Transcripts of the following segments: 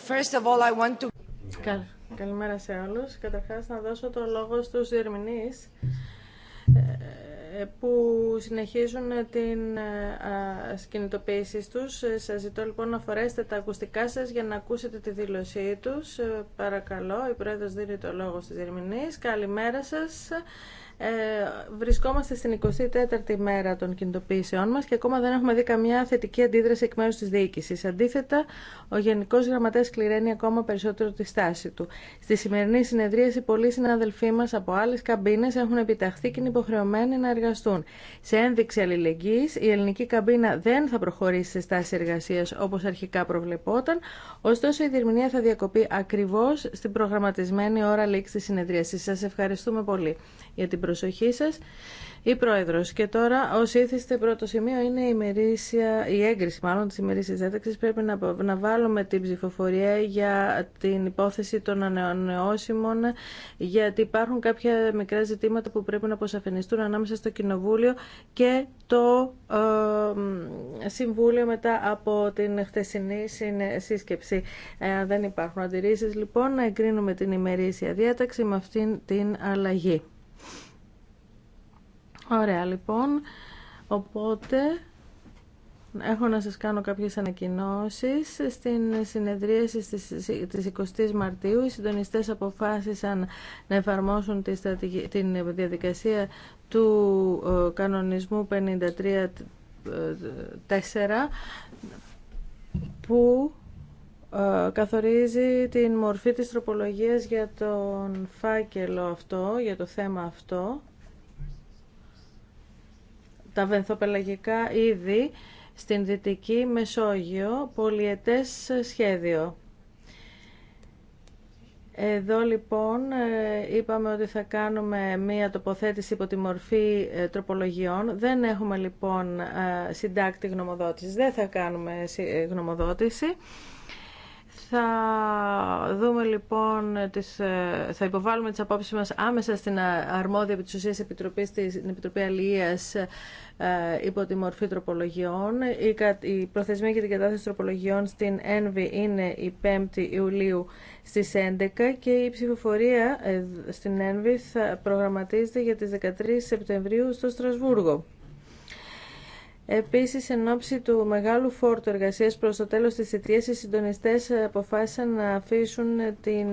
First of all, I want to... Καλημέρα σε όλους. Καταρχάς να δώσω το λόγο στους διερμηνείς ε, που συνεχίζουν την σκηνητοποίησή ε, τους. Ε, σας ζητώ λοιπόν να φορέσετε τα ακουστικά σας για να ακούσετε τη δήλωσή τους. Παρακαλώ, η Πρόεδρος δίνει το λόγο στους διερμηνείς. Καλημέρα σας. Ε, βρισκόμαστε στην 24η μέρα των κινητοποιήσεών μας και ακόμα δεν έχουμε δει καμιά θετική αντίδραση εκ μέρους της διοίκησης. Αντίθετα, ο Γενικός Γραμματέας κληραίνει ακόμα περισσότερο τη στάση του. Στη σημερινή συνεδρίαση, πολλοί συναδελφοί μας από άλλες καμπίνες έχουν επιταχθεί και είναι υποχρεωμένοι να εργαστούν. Σε ένδειξη αλληλεγγύης, η ελληνική καμπίνα δεν θα προχωρήσει σε στάση εργασίας όπως αρχικά προβλεπόταν, ωστόσο η διερμηνία θα διακοπεί ακριβώς στην προγραμματισμένη ώρα λήξη της Σας ευχαριστούμε πολύ για την προσοχή προσοχή η Πρόεδρος. Και τώρα, ω ήθιστε, πρώτο σημείο είναι η, μερίσια, η έγκριση μάλλον τη ημερήσια διάταξη. Πρέπει να, να βάλουμε την ψηφοφορία για την υπόθεση των ανανεώσιμων, γιατί υπάρχουν κάποια μικρά ζητήματα που πρέπει να αποσαφενιστούν ανάμεσα στο Κοινοβούλιο και το ε, Συμβούλιο μετά από την χτεσινή σύσκεψη. Ε, δεν υπάρχουν αντιρρήσει, λοιπόν, να εγκρίνουμε την ημερήσια διάταξη με αυτήν την αλλαγή. Ωραία, λοιπόν. Οπότε, έχω να σας κάνω κάποιες ανακοινώσεις. Στην συνεδρίαση της 20ης Μαρτίου, οι συντονιστές αποφάσισαν να εφαρμόσουν την διαδικασία του ε, κανονισμού 53 4 ε, που ε, καθορίζει την μορφή της τροπολογίας για τον φάκελο αυτό, για το θέμα αυτό τα βενθοπελαγικά είδη στην Δυτική Μεσόγειο, πολιετές σχέδιο. Εδώ λοιπόν ε, είπαμε ότι θα κάνουμε μία τοποθέτηση υπό τη μορφή ε, τροπολογιών. Δεν έχουμε λοιπόν ε, συντάκτη γνωμοδότηση, δεν θα κάνουμε γνωμοδότηση. Θα δούμε λοιπόν, τις, ε, θα υποβάλουμε τις απόψεις μας άμεσα στην ε, αρμόδια επί της ουσίας επιτροπή, στην Επιτροπή Αλληλείας ε, υπό τη μορφή τροπολογιών. Η, προθεσμία για την κατάθεση τροπολογιών στην ΕΝΒΗ είναι η 5η Ιουλίου στις 11 και η ψηφοφορία στην ΕΝΒΗ θα προγραμματίζεται για τις 13 Σεπτεμβρίου στο Στρασβούργο. Επίσης, εν ώψη του μεγάλου φόρτου εργασίας προς το τέλος της θητείας, οι συντονιστές αποφάσισαν να αφήσουν την,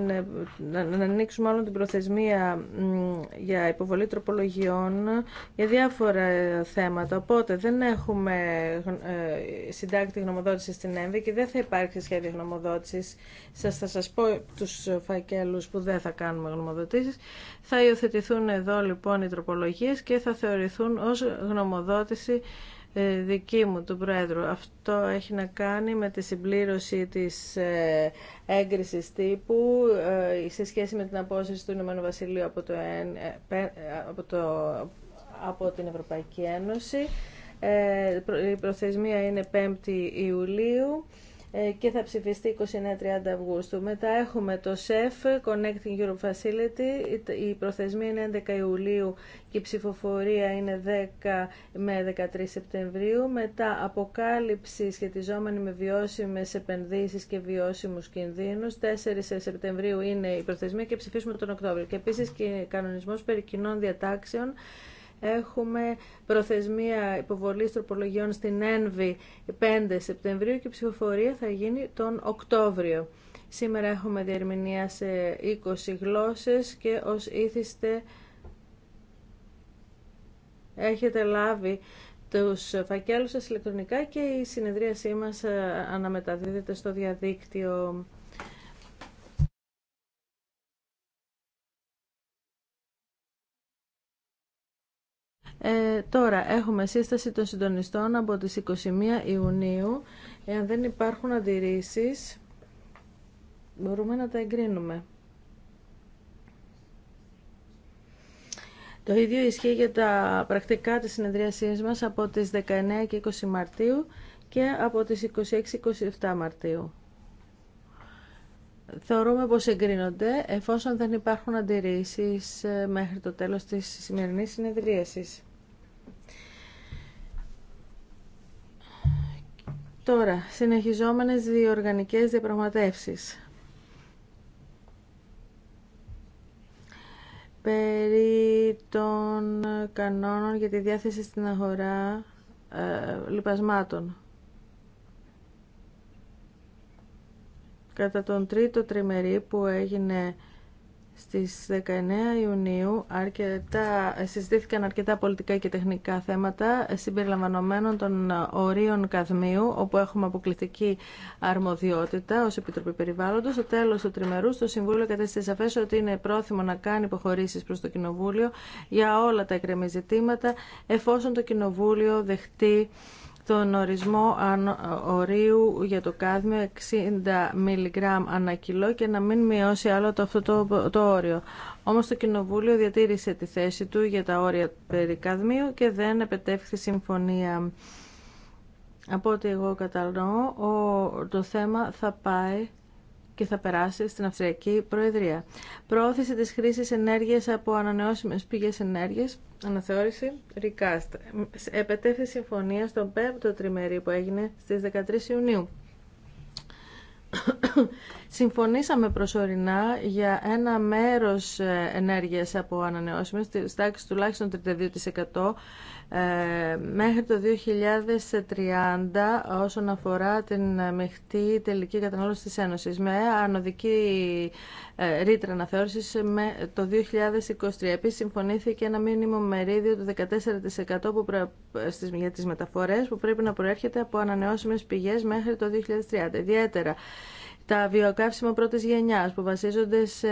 να ανοίξουν την προθεσμία για υποβολή τροπολογιών για διάφορα θέματα. Οπότε δεν έχουμε ε, συντάκτη γνωμοδότηση στην ΕΜΒΗ και δεν θα υπάρξει σχέδιο γνωμοδότηση. Σας θα σας πω τους φακέλους που δεν θα κάνουμε γνωμοδοτήσεις. Θα υιοθετηθούν εδώ λοιπόν οι τροπολογίες και θα θεωρηθούν ως γνωμοδότηση ε, δική μου του Πρόεδρου. Αυτό έχει να κάνει με τη συμπλήρωση της ε, έγκρισης τύπου ε, σε σχέση με την απόσταση του Ηνωμένου Βασιλείου από, το, από, το, από την Ευρωπαϊκή Ένωση. Η προθεσμία είναι 5η Ιουλίου. Ε, και θα ψηφιστεί 29-30 Αυγούστου. Μετά έχουμε το SEF, Connecting Europe Facility, η προθεσμία είναι 11 Ιουλίου και η ψηφοφορία είναι 10 με 13 Σεπτεμβρίου. Μετά αποκάλυψη σχετιζόμενη με βιώσιμες επενδύσεις και βιώσιμους κινδύνους. 4 Σεπτεμβρίου είναι η προθεσμία και ψηφίσουμε τον Οκτώβριο. Και επίσης και κανονισμός περί κοινών διατάξεων Έχουμε προθεσμία υποβολής τροπολογιών στην ΕΝΒΗ 5 Σεπτεμβρίου και η ψηφοφορία θα γίνει τον Οκτώβριο. Σήμερα έχουμε διερμηνία σε 20 γλώσσες και ως ήθιστε έχετε λάβει τους φακέλους σας ηλεκτρονικά και η συνεδρίασή μας αναμεταδίδεται στο διαδίκτυο. Ε, τώρα έχουμε σύσταση των συντονιστών από τις 21 Ιουνίου. Εάν δεν υπάρχουν αντιρρήσεις, μπορούμε να τα εγκρίνουμε. Το ίδιο ισχύει για τα πρακτικά της συνεδρίασής μας από τις 19 και 20 Μαρτίου και από τις 26-27 Μαρτίου. Θεωρούμε πως εγκρίνονται εφόσον δεν υπάρχουν αντιρρήσεις ε, μέχρι το τέλος της σημερινής συνεδρίασης. Τώρα, συνεχιζόμενες διοργανικές διαπραγματεύσεις. Περί των κανόνων για τη διάθεση στην αγορά ε, Κατά τον τρίτο τριμερή που έγινε στις 19 Ιουνίου αρκετά, συζητήθηκαν αρκετά πολιτικά και τεχνικά θέματα ε, συμπεριλαμβανομένων των ε, ορίων Καδμίου, όπου έχουμε αποκλειστική αρμοδιότητα ως Επιτροπή Περιβάλλοντος. Στο τέλος του τριμερού, στο Συμβούλιο κατέστησε σαφές ότι είναι πρόθυμο να κάνει υποχωρήσεις προς το Κοινοβούλιο για όλα τα εκκρεμή ζητήματα, εφόσον το Κοινοβούλιο δεχτεί τον ορισμό ε, ορίου για το κάδμιο 60 mg ανά κιλό και να μην μειώσει άλλο το, αυτό το, όριο. Όμως το Κοινοβούλιο διατήρησε τη θέση του για τα όρια περί καδμίου και δεν επετέφθη συμφωνία. Από ό,τι εγώ ο το θέμα θα πάει και θα περάσει στην Αυστριακή Προεδρία. Πρόωθηση της χρήσης ενέργειας από ανανεώσιμες πηγές ενέργειας, αναθεώρηση Recast. Επετέθη συμφωνία στον πέμπτο τριμερή που έγινε στις 13 Ιουνίου. Συμφωνήσαμε προσωρινά για ένα μέρος ενέργειας από ανανεώσιμες, της τουλάχιστον 32% ε, μέχρι το 2030 όσον αφορά την μεχτή τελική κατανάλωση της Ένωσης με ανωδική ε, ρήτρα αναθεώρησης με το 2023. Επίσης συμφωνήθηκε ένα μήνυμο μερίδιο του 14% που για τις μεταφορές που πρέπει να προέρχεται από ανανεώσιμες πηγές μέχρι το 2030. Ιδιαίτερα τα βιοκαύσιμα πρώτης γενιάς που βασίζονται σε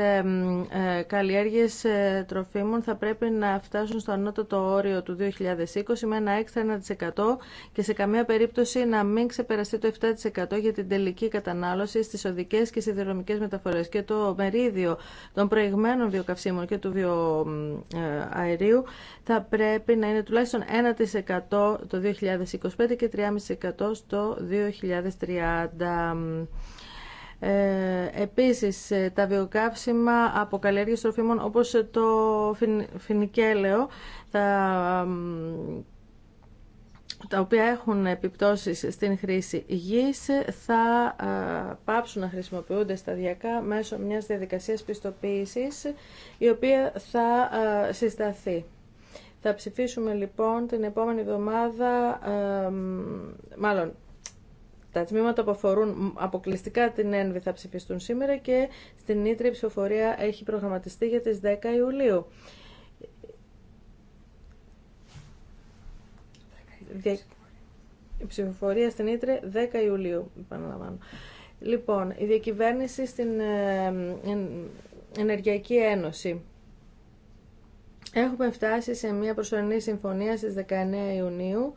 ε, καλλιέργειες ε, τροφίμων θα πρέπει να φτάσουν στο ανώτατο όριο του 2020 με ένα έξτρα 1% και σε καμία περίπτωση να μην ξεπεραστεί το 7% για την τελική κατανάλωση στις οδικές και σιδηροδρομικές μεταφορές. Και το μερίδιο των προηγμένων βιοκαυσίμων και του βιοαερίου ε, θα πρέπει να είναι τουλάχιστον 1% το 2025 και 3,5% στο 2030. Ε, επίσης, ε, τα βιοκάψιμα από καλλιέργειες τροφίμων όπως ε, το φινικέλαιο, τα τα οποία έχουν επιπτώσεις στην χρήση γης θα πάψουν να χρησιμοποιούνται σταδιακά μέσω μιας διαδικασίας πιστοποίησης η οποία θα συσταθεί. Θα ψηφίσουμε λοιπόν την επόμενη εβδομάδα, μάλλον τα τμήματα που αφορούν αποκλειστικά την ΕΝΒΗ θα ψηφιστούν σήμερα και στην Ήτρη η ψηφοφορία έχει προγραμματιστεί για τις 10 Ιουλίου. Η ψηφοφορία στην Ήτρε 10 Ιουλίου, επαναλαμβάνω. Λοιπόν, η διακυβέρνηση στην ε, Ενεργειακή Ένωση. Έχουμε φτάσει σε μια προσωρινή συμφωνία στις 19 Ιουνίου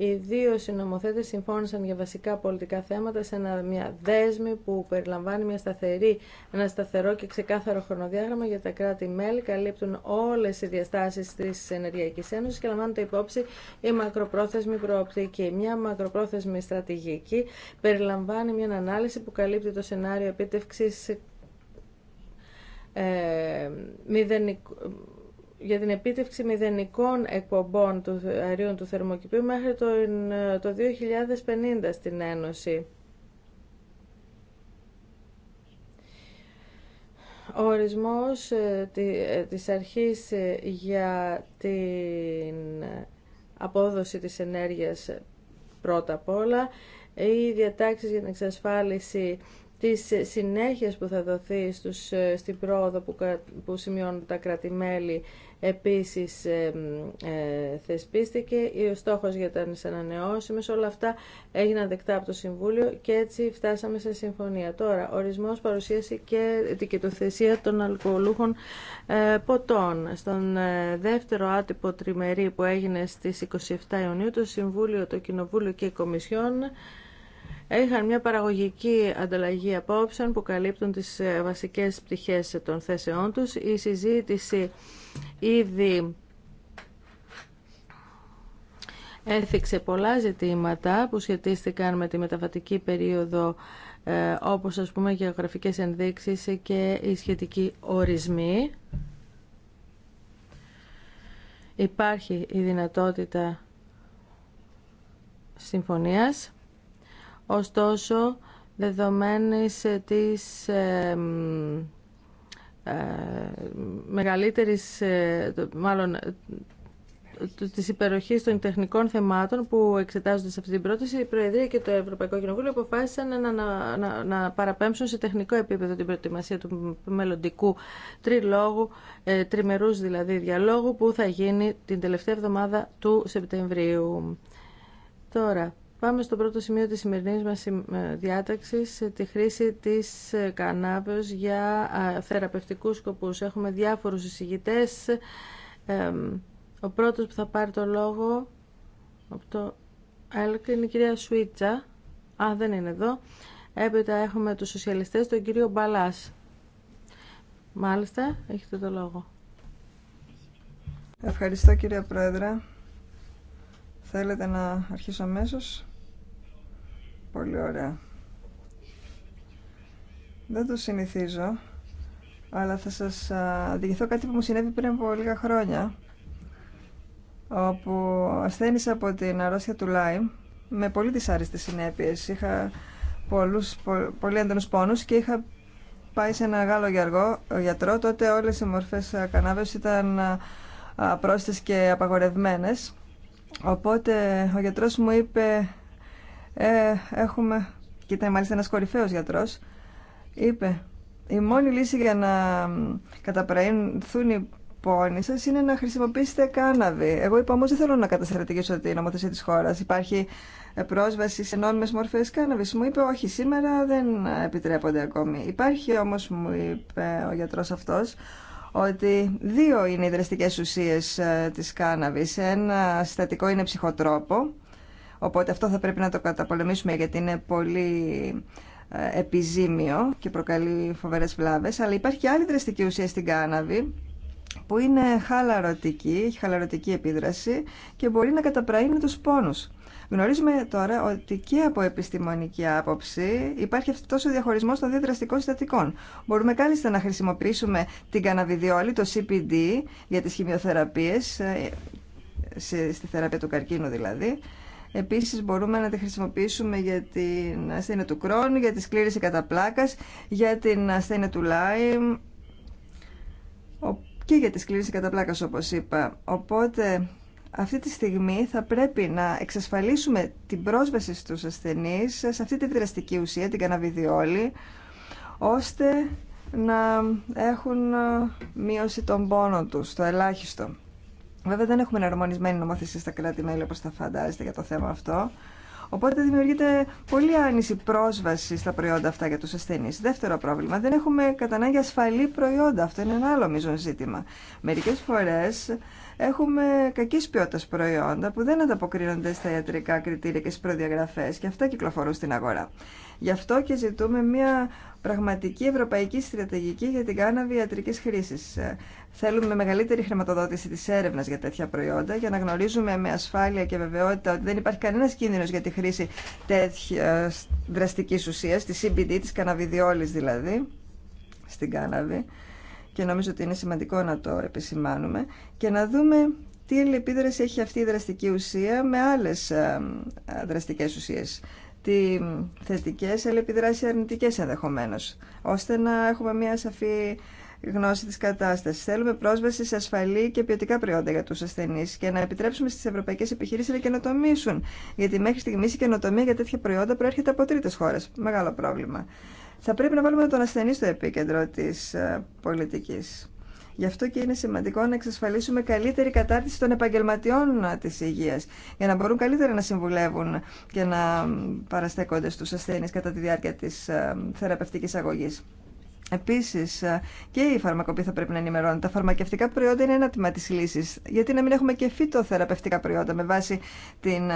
οι δύο συνομοθέτες συμφώνησαν για βασικά πολιτικά θέματα σε μια δέσμη που περιλαμβάνει μια σταθερή, ένα σταθερό και ξεκάθαρο χρονοδιάγραμμα για τα κράτη-μέλη. Καλύπτουν όλες οι διαστάσει τη Ενεργειακή Ένωση και λαμβάνονται υπόψη η μακροπρόθεσμη προοπτική. Μια μακροπρόθεσμη στρατηγική περιλαμβάνει μια ανάλυση που καλύπτει το σενάριο επίτευξη ε, για την επίτευξη μηδενικών εκπομπών του αερίων του θερμοκηπίου μέχρι ε, το, το 2050 στην Ένωση. Ο ορισμός ε, ε, της αρχής για την απόδοση της ενέργειας πρώτα απ' όλα, ή διατάξεις για την εξασφάλιση της συνέχειας που θα δοθεί στους, στην πρόοδο που, που σημειώνουν τα κρατημέλη Επίσης ε, ε, θεσπίστηκε ο στόχος για τα ανανεώσιμες. Όλα αυτά έγιναν δεκτά από το Συμβούλιο και έτσι φτάσαμε σε συμφωνία. Τώρα, ορισμός παρουσίαση και ετικετοθεσία των αλκοολούχων ε, ποτών. Στον δεύτερο άτυπο τριμερή που έγινε στις 27 Ιουνίου, το Συμβούλιο, το Κοινοβούλιο και η Κομισιόν είχαν μια παραγωγική ανταλλαγή απόψεων που καλύπτουν τις ε, βασικές πτυχές των θέσεών τους. Η συζήτηση ήδη έθιξε πολλά ζητήματα που σχετίστηκαν με τη μεταβατική περίοδο ε, όπως ας πούμε γεωγραφικές ενδείξεις και οι σχετικοί ορισμοί. Υπάρχει η δυνατότητα συμφωνίας. Ωστόσο, δεδομένης ε, της ε, ε, μεγαλύτερης, μάλλον υπεροχής των τεχνικών θεμάτων που εξετάζονται σε αυτή την πρόταση, η Προεδρία και το Ευρωπαϊκό Κοινοβούλιο αποφάσισαν να, να, να, παραπέμψουν σε τεχνικό επίπεδο την προετοιμασία του μελλοντικού τριλόγου, τριμερούς δηλαδή διαλόγου, που θα γίνει την τελευταία εβδομάδα του Σεπτεμβρίου. Τώρα, Πάμε στο πρώτο σημείο της σημερινής μας ε, διάταξης, ε, τη χρήση της κανάβεως για θεραπευτικούς σκοπούς. Έχουμε διάφορους εισηγητές. Ο πρώτος που θα πάρει το λόγο από το ΕΛΚ είναι η κυρία Σουίτσα. Α, δεν είναι εδώ. Έπειτα έχουμε τους σοσιαλιστές, τον κύριο Μπαλάς. Μάλιστα, έχετε το λόγο. Ευχαριστώ κυρία Πρόεδρε. Θέλετε να αρχίσω αμέσως. Πολύ ωραία. Δεν το συνηθίζω, αλλά θα σας διηγηθώ κάτι που μου συνέβη πριν από λίγα χρόνια, όπου ασθένησα από την αρρώστια του Λάιμ με πολύ δυσάρεστες συνέπειες. Είχα πολλούς, πολύ έντονους πόνους και είχα πάει σε ένα Γάλλο γιατρό. Τότε όλες οι μορφές κανάβες ήταν πρόσθετες και απαγορευμένες. Οπότε ο γιατρός μου είπε ε, έχουμε, και μάλιστα ένας κορυφαίος γιατρός, είπε η μόνη λύση για να καταπραϊνθούν οι πόνοι σας είναι να χρησιμοποιήσετε κάναβη. Εγώ είπα όμως δεν θέλω να καταστρατηγήσω την νομοθεσία της χώρας. Υπάρχει ε, πρόσβαση σε νόμιμες μορφές κάναβης. Μου είπε όχι σήμερα δεν επιτρέπονται ακόμη. Υπάρχει όμως μου είπε ο γιατρός αυτός ότι δύο είναι οι δραστικές ουσίες ε, της κάναβης. Ένα συστατικό είναι ψυχοτρόπο Οπότε αυτό θα πρέπει να το καταπολεμήσουμε γιατί είναι πολύ ε, επιζήμιο και προκαλεί φοβερές βλάβες. Αλλά υπάρχει και άλλη δραστική ουσία στην κάναβη που είναι χαλαρωτική, έχει χαλαρωτική επίδραση και μπορεί να καταπραίνει τους πόνους. Γνωρίζουμε τώρα ότι και από επιστημονική άποψη υπάρχει αυτό ο διαχωρισμό των δύο δραστικών συστατικών. Μπορούμε κάλλιστα να χρησιμοποιήσουμε την καναβιδιόλη, το CPD, για τι χημειοθεραπείε, ε, στη θεραπεία του καρκίνου δηλαδή, Επίσης μπορούμε να τη χρησιμοποιήσουμε για την ασθένεια του κρόνου, για τη σκλήριση κατά πλάκας, για την ασθένεια του λάιμ και για τη σκλήριση κατά πλάκας όπως είπα. Οπότε αυτή τη στιγμή θα πρέπει να εξασφαλίσουμε την πρόσβαση στους ασθενείς σε αυτή τη δραστική ουσία, την καναβιδιόλη, ώστε να έχουν μείωση των πόνων τους, το ελάχιστο. Βέβαια δεν έχουμε εναρμονισμένη νομοθεσία στα κράτη-μέλη όπως θα φαντάζεστε για το θέμα αυτό. Οπότε δημιουργείται πολύ άνηση πρόσβαση στα προϊόντα αυτά για του ασθενεί. Δεύτερο πρόβλημα, δεν έχουμε κατά ανάγκη ασφαλή προϊόντα. Αυτό είναι ένα άλλο μείζον ζήτημα. Μερικέ φορέ έχουμε κακή ποιότητα προϊόντα που δεν ανταποκρίνονται στα ιατρικά κριτήρια και στι προδιαγραφέ και αυτά κυκλοφορούν στην αγορά. Γι' αυτό και ζητούμε μια πραγματική ευρωπαϊκή στρατηγική για την κάναβη ιατρική χρήση. Ε, θέλουμε μεγαλύτερη χρηματοδότηση τη έρευνα για τέτοια προϊόντα, για να γνωρίζουμε με ασφάλεια και βεβαιότητα ότι δεν υπάρχει κανένα κίνδυνο για τη χρήση τέτοια ε, δραστική ουσία, τη CBD, τη καναβιδιόλη δηλαδή, στην κάναβη. Και νομίζω ότι είναι σημαντικό να το επισημάνουμε και να δούμε τι αλληλεπίδραση έχει αυτή η δραστική ουσία με άλλες ε, δραστικές ουσίες ότι θετικές επιδράσει αρνητικές ενδεχομένω. ώστε να έχουμε μια σαφή γνώση της κατάστασης. Θέλουμε πρόσβαση σε ασφαλή και ποιοτικά προϊόντα για τους ασθενείς και να επιτρέψουμε στις ευρωπαϊκές επιχειρήσεις να καινοτομήσουν, γιατί μέχρι στιγμής η καινοτομία για τέτοια προϊόντα προέρχεται από τρίτες χώρες. Μεγάλο πρόβλημα. Θα πρέπει να βάλουμε τον ασθενή στο επίκεντρο της ε, πολιτικής. Γι' αυτό και είναι σημαντικό να εξασφαλίσουμε καλύτερη κατάρτιση των επαγγελματιών τη υγεία, για να μπορούν καλύτερα να συμβουλεύουν και να παραστέκονται στου ασθένειε κατά τη διάρκεια τη ε, θεραπευτική αγωγή. Επίση, ε, και η φαρμακοποίηση θα πρέπει να ενημερώνουν. Τα φαρμακευτικά προϊόντα είναι ένα τμήμα τη λύση. Γιατί να μην έχουμε και φυτοθεραπευτικά προϊόντα με βάση την ε,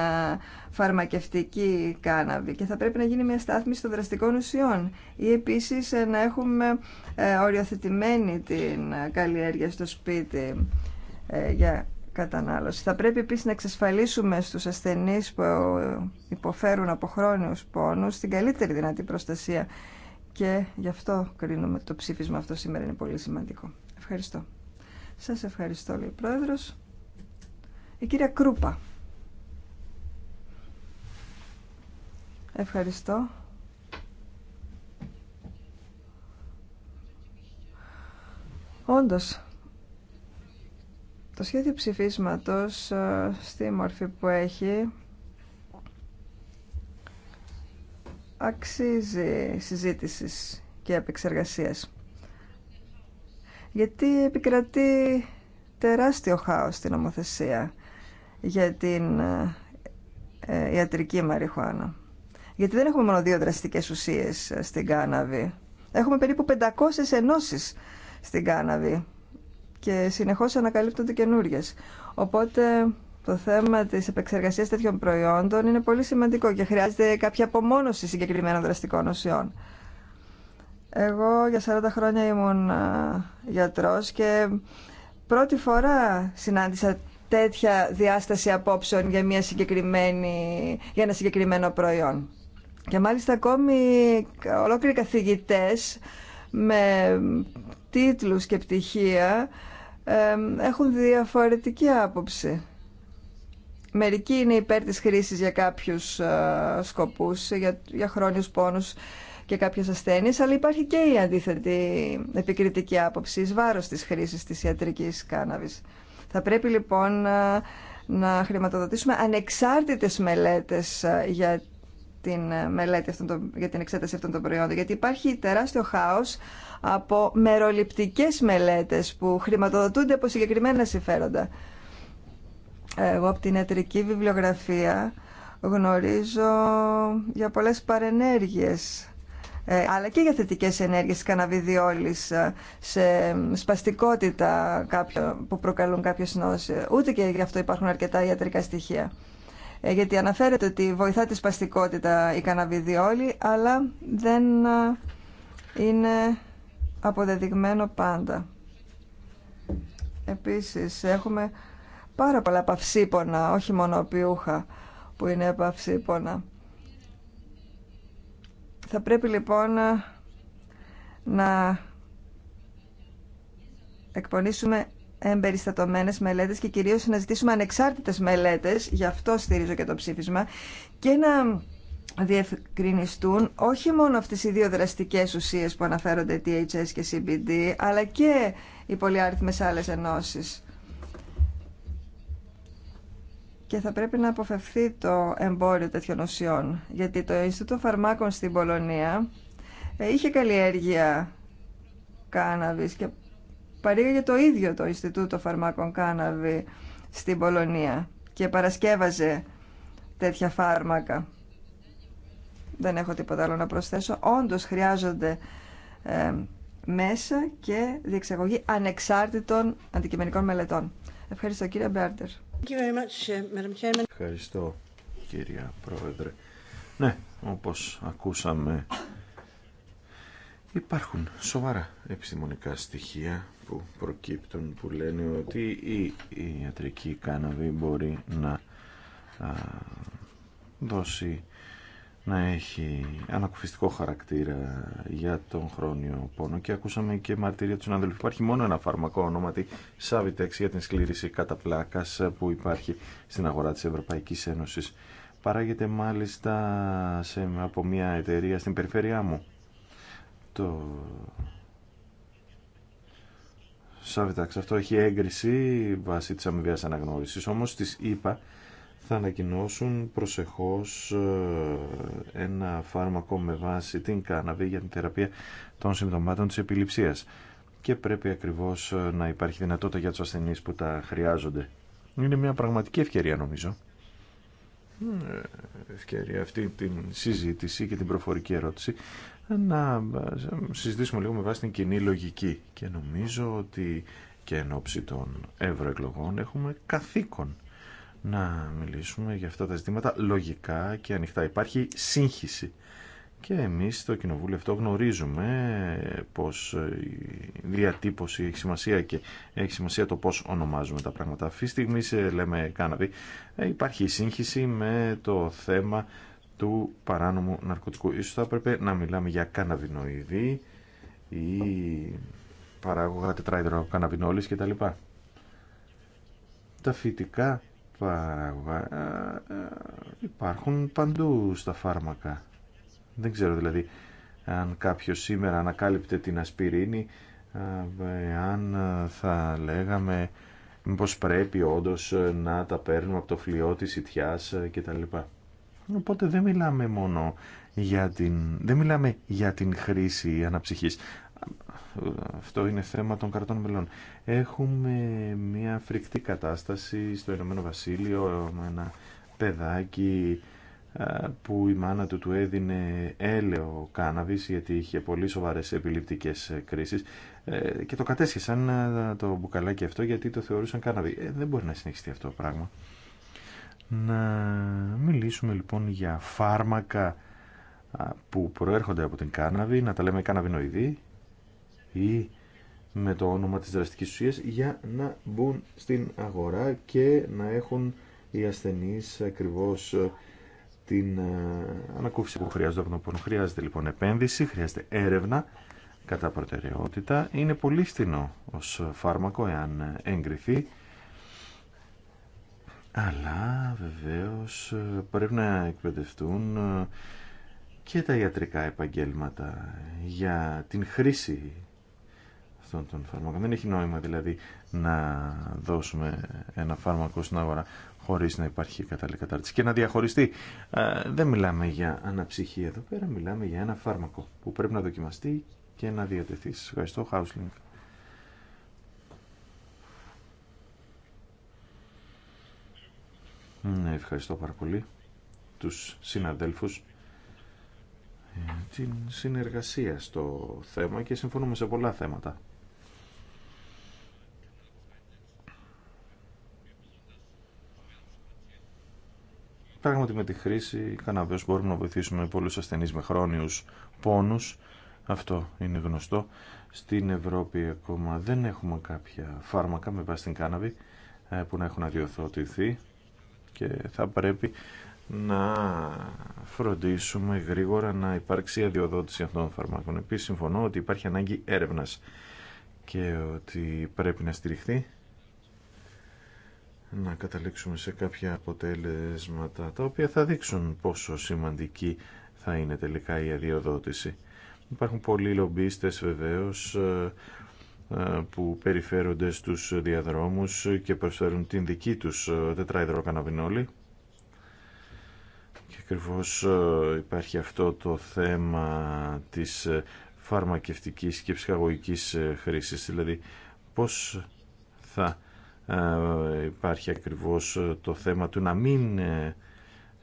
φαρμακευτική κάναβη. Και θα πρέπει να γίνει μια στάθμιση των δραστικών ουσιών. Ή επίση ε, να έχουμε οριοθετημένη την καλλιέργεια στο σπίτι για κατανάλωση. Θα πρέπει επίση να εξασφαλίσουμε στου ασθενεί που υποφέρουν από χρόνιους πόνου την καλύτερη δυνατή προστασία και γι' αυτό κρίνουμε το ψήφισμα αυτό σήμερα είναι πολύ σημαντικό. Ευχαριστώ. Σας ευχαριστώ, λέει ο Πρόεδρος. Η κυρία Κρούπα. Ευχαριστώ. Όντως, το σχέδιο ψηφίσματος ε, στη μορφή που έχει αξίζει συζήτησης και επεξεργασίας. Γιατί επικρατεί τεράστιο χάος στην νομοθεσία για την ε, ε ιατρική μαριχουάνα. Γιατί δεν έχουμε μόνο δύο δραστικές ουσίες ε, στην κάναβη. Έχουμε περίπου 500 ενώσεις στην κάναβη και συνεχώς ανακαλύπτονται καινούριε. Οπότε το θέμα της επεξεργασίας τέτοιων προϊόντων είναι πολύ σημαντικό και χρειάζεται κάποια απομόνωση συγκεκριμένων δραστικών ουσιών. Εγώ για 40 χρόνια ήμουν γιατρός και πρώτη φορά συνάντησα τέτοια διάσταση απόψεων για, μια συγκεκριμένη, για ένα συγκεκριμένο προϊόν. Και μάλιστα ακόμη ολόκληροι καθηγητές με τίτλους και πτυχία έχουν διαφορετική άποψη μερικοί είναι υπέρ της χρήσης για κάποιους ε, σκοπούς, ε, για, για χρόνιους πόνους και κάποιες ασθένειες, αλλά υπάρχει και η αντίθετη επικριτική άποψη εις βάρος της χρήσης της ιατρικής κάναβης. Θα πρέπει λοιπόν ε, να χρηματοδοτήσουμε ανεξάρτητες μελέτες για την μελέτη αυτών για την εξέταση αυτών των προϊόντων. Γιατί υπάρχει τεράστιο χάος από μεροληπτικές μελέτες που χρηματοδοτούνται από συγκεκριμένα συμφέροντα. Εγώ από την ιατρική βιβλιογραφία γνωρίζω για πολλές παρενέργειες ε, αλλά και για θετικές ενέργειες καναβιδιόλης ε, σε σπαστικότητα που προκαλούν κάποιες νόσες. Ούτε και γι' αυτό υπάρχουν αρκετά ιατρικά στοιχεία. Ε, γιατί αναφέρεται ότι βοηθά τη σπαστικότητα η καναβιδιόλη, αλλά δεν είναι αποδεδειγμένο πάντα. Επίσης, έχουμε πάρα πολλά παυσίπονα, όχι μόνο πιούχα που είναι παυσίπονα. Θα πρέπει λοιπόν ε, να εκπονήσουμε εμπεριστατωμένες μελέτες και κυρίως να ζητήσουμε ανεξάρτητες μελέτες, γι' αυτό στηρίζω και το ψήφισμα, και να διευκρινιστούν όχι μόνο αυτές οι δύο δραστικές ουσίες που αναφέρονται THS και CBD, αλλά και οι πολυάριθμες άλλες ενώσεις και θα πρέπει να αποφευθεί το εμπόριο τέτοιων ουσιών. Γιατί το Ινστιτούτο Φαρμάκων στην Πολωνία ε, είχε καλλιέργεια κάναβης και παρήγαγε το ίδιο το Ινστιτούτο Φαρμάκων Κάναβη στην Πολωνία και παρασκεύαζε τέτοια φάρμακα. Δεν έχω τίποτα άλλο να προσθέσω. Όντως χρειάζονται ε, μέσα και διεξαγωγή ανεξάρτητων αντικειμενικών μελετών. Ευχαριστώ κύριε Μπέρτερ. Uh, Ευχαριστώ κυρία Πρόεδρε. Ναι, όπως ακούσαμε υπάρχουν σοβαρά επιστημονικά στοιχεία που προκύπτουν που λένε ότι η ιατρική κάναβη μπορεί να δώσει να έχει ανακουφιστικό χαρακτήρα για τον χρόνιο πόνο και ακούσαμε και μαρτυρία του συναδέλφου. Υπάρχει μόνο ένα φάρμακο ονόματι Savitex για την σκλήρηση κατά πλάκας που υπάρχει στην αγορά της Ευρωπαϊκής Ένωσης. Παράγεται μάλιστα σε, από μια εταιρεία στην περιφέρειά μου. Το Savitex αυτό έχει έγκριση βάσει της αμοιβαίας αναγνώρισης, όμως της είπα θα ανακοινώσουν προσεχώς ε, ένα φάρμακο με βάση την κάναβη για την θεραπεία των συμπτωμάτων της επιληψίας και πρέπει ακριβώς ε, να υπάρχει δυνατότητα για τους ασθενείς που τα χρειάζονται. Είναι μια πραγματική ευκαιρία νομίζω. Ε, ευκαιρία αυτή την συζήτηση και την προφορική ερώτηση να συζητήσουμε λίγο με βάση την κοινή λογική και νομίζω ότι και εν ώψη των ευρωεκλογών έχουμε καθήκον να μιλήσουμε για αυτά τα ζητήματα λογικά και ανοιχτά. Υπάρχει σύγχυση. Και εμείς στο Κοινοβούλιο αυτό γνωρίζουμε πως η διατύπωση έχει σημασία και έχει σημασία το πώς ονομάζουμε τα πράγματα. Αυτή τη στιγμή λέμε καναβι. Ε, υπάρχει σύγχυση με το θέμα του παράνομου ναρκωτικού. Ίσως θα έπρεπε να μιλάμε για καναβινοειδή ή παράγωγα τετράιδρο καναβινόλης κτλ. Τα φυτικά υπάρχουν παντού στα φάρμακα. Δεν ξέρω δηλαδή αν κάποιος σήμερα ανακάλυπτε την ασπιρίνη, αν θα λέγαμε πως πρέπει όντως ε, να τα παίρνουμε από το φλοιό της ιτιάς ε, κτλ. Οπότε δεν μιλάμε μόνο για την, δεν μιλάμε για την χρήση αναψυχής αυτό είναι θέμα των κρατών μελών. Έχουμε μια φρικτή κατάσταση στο Ηνωμένο Βασίλειο με ένα παιδάκι που η μάνα του του έδινε έλαιο κάναβης γιατί είχε πολύ σοβαρές επιληπτικές κρίσεις ε, και το κατέσχεσαν το μπουκαλάκι αυτό γιατί το θεωρούσαν κάναβη. Ε, δεν μπορεί να συνεχιστεί αυτό το πράγμα. Να μιλήσουμε λοιπόν για φάρμακα που προέρχονται από την κάναβη, να τα λέμε καναβινοειδή ή με το όνομα της δραστικής ουσίας για να μπουν στην αγορά και να έχουν οι ασθενείς ακριβώς ε, την ε, ανακούφιση που χρειάζονται. από Χρειάζεται λοιπόν επένδυση, χρειάζεται έρευνα κατά προτεραιότητα. Είναι πολύ φθηνό ως φάρμακο εάν εγκριθεί. Αλλά βεβαίως πρέπει να εκπαιδευτούν ε, και τα ιατρικά επαγγέλματα για την χρήση αυτών των φάρμακων. Δεν έχει νόημα δηλαδή να δώσουμε ένα φάρμακο στην αγορά χωρίς να υπάρχει κατάλληλη κατάρτιση και να διαχωριστεί. Ε, δεν μιλάμε για αναψυχή εδώ πέρα, μιλάμε για ένα φάρμακο που πρέπει να δοκιμαστεί και να διατεθεί. Σα ευχαριστώ, Χάουσλινγκ. Ναι, ευχαριστώ πάρα πολύ τους συναδέλφους την συνεργασία στο θέμα και συμφωνούμε σε πολλά θέματα. Πράγματι με τη χρήση καναβέως μπορούμε να βοηθήσουμε πολλούς ασθενείς με χρόνιους πόνους. Αυτό είναι γνωστό. Στην Ευρώπη ακόμα δεν έχουμε κάποια φάρμακα με βάση την κάναβη ε, που να έχουν αδειοδοτηθεί και θα πρέπει να φροντίσουμε γρήγορα να υπάρξει αδειοδότηση αυτών των φαρμάκων. Επίσης συμφωνώ ότι υπάρχει ανάγκη έρευνας και ότι πρέπει να στηριχθεί να καταλήξουμε σε κάποια αποτέλεσματα τα οποία θα δείξουν πόσο σημαντική θα είναι τελικά η αδειοδότηση. Υπάρχουν πολλοί λομπίστες βεβαίως ε, ε, που περιφέρονται στους διαδρόμους και προσφέρουν την δική τους ε, τετράιδρο Και ακριβώ υπάρχει αυτό το θέμα της φαρμακευτικής και ψυχαγωγικής χρήσης, δηλαδή πώς θα υπάρχει ακριβώς το θέμα του να μην ε,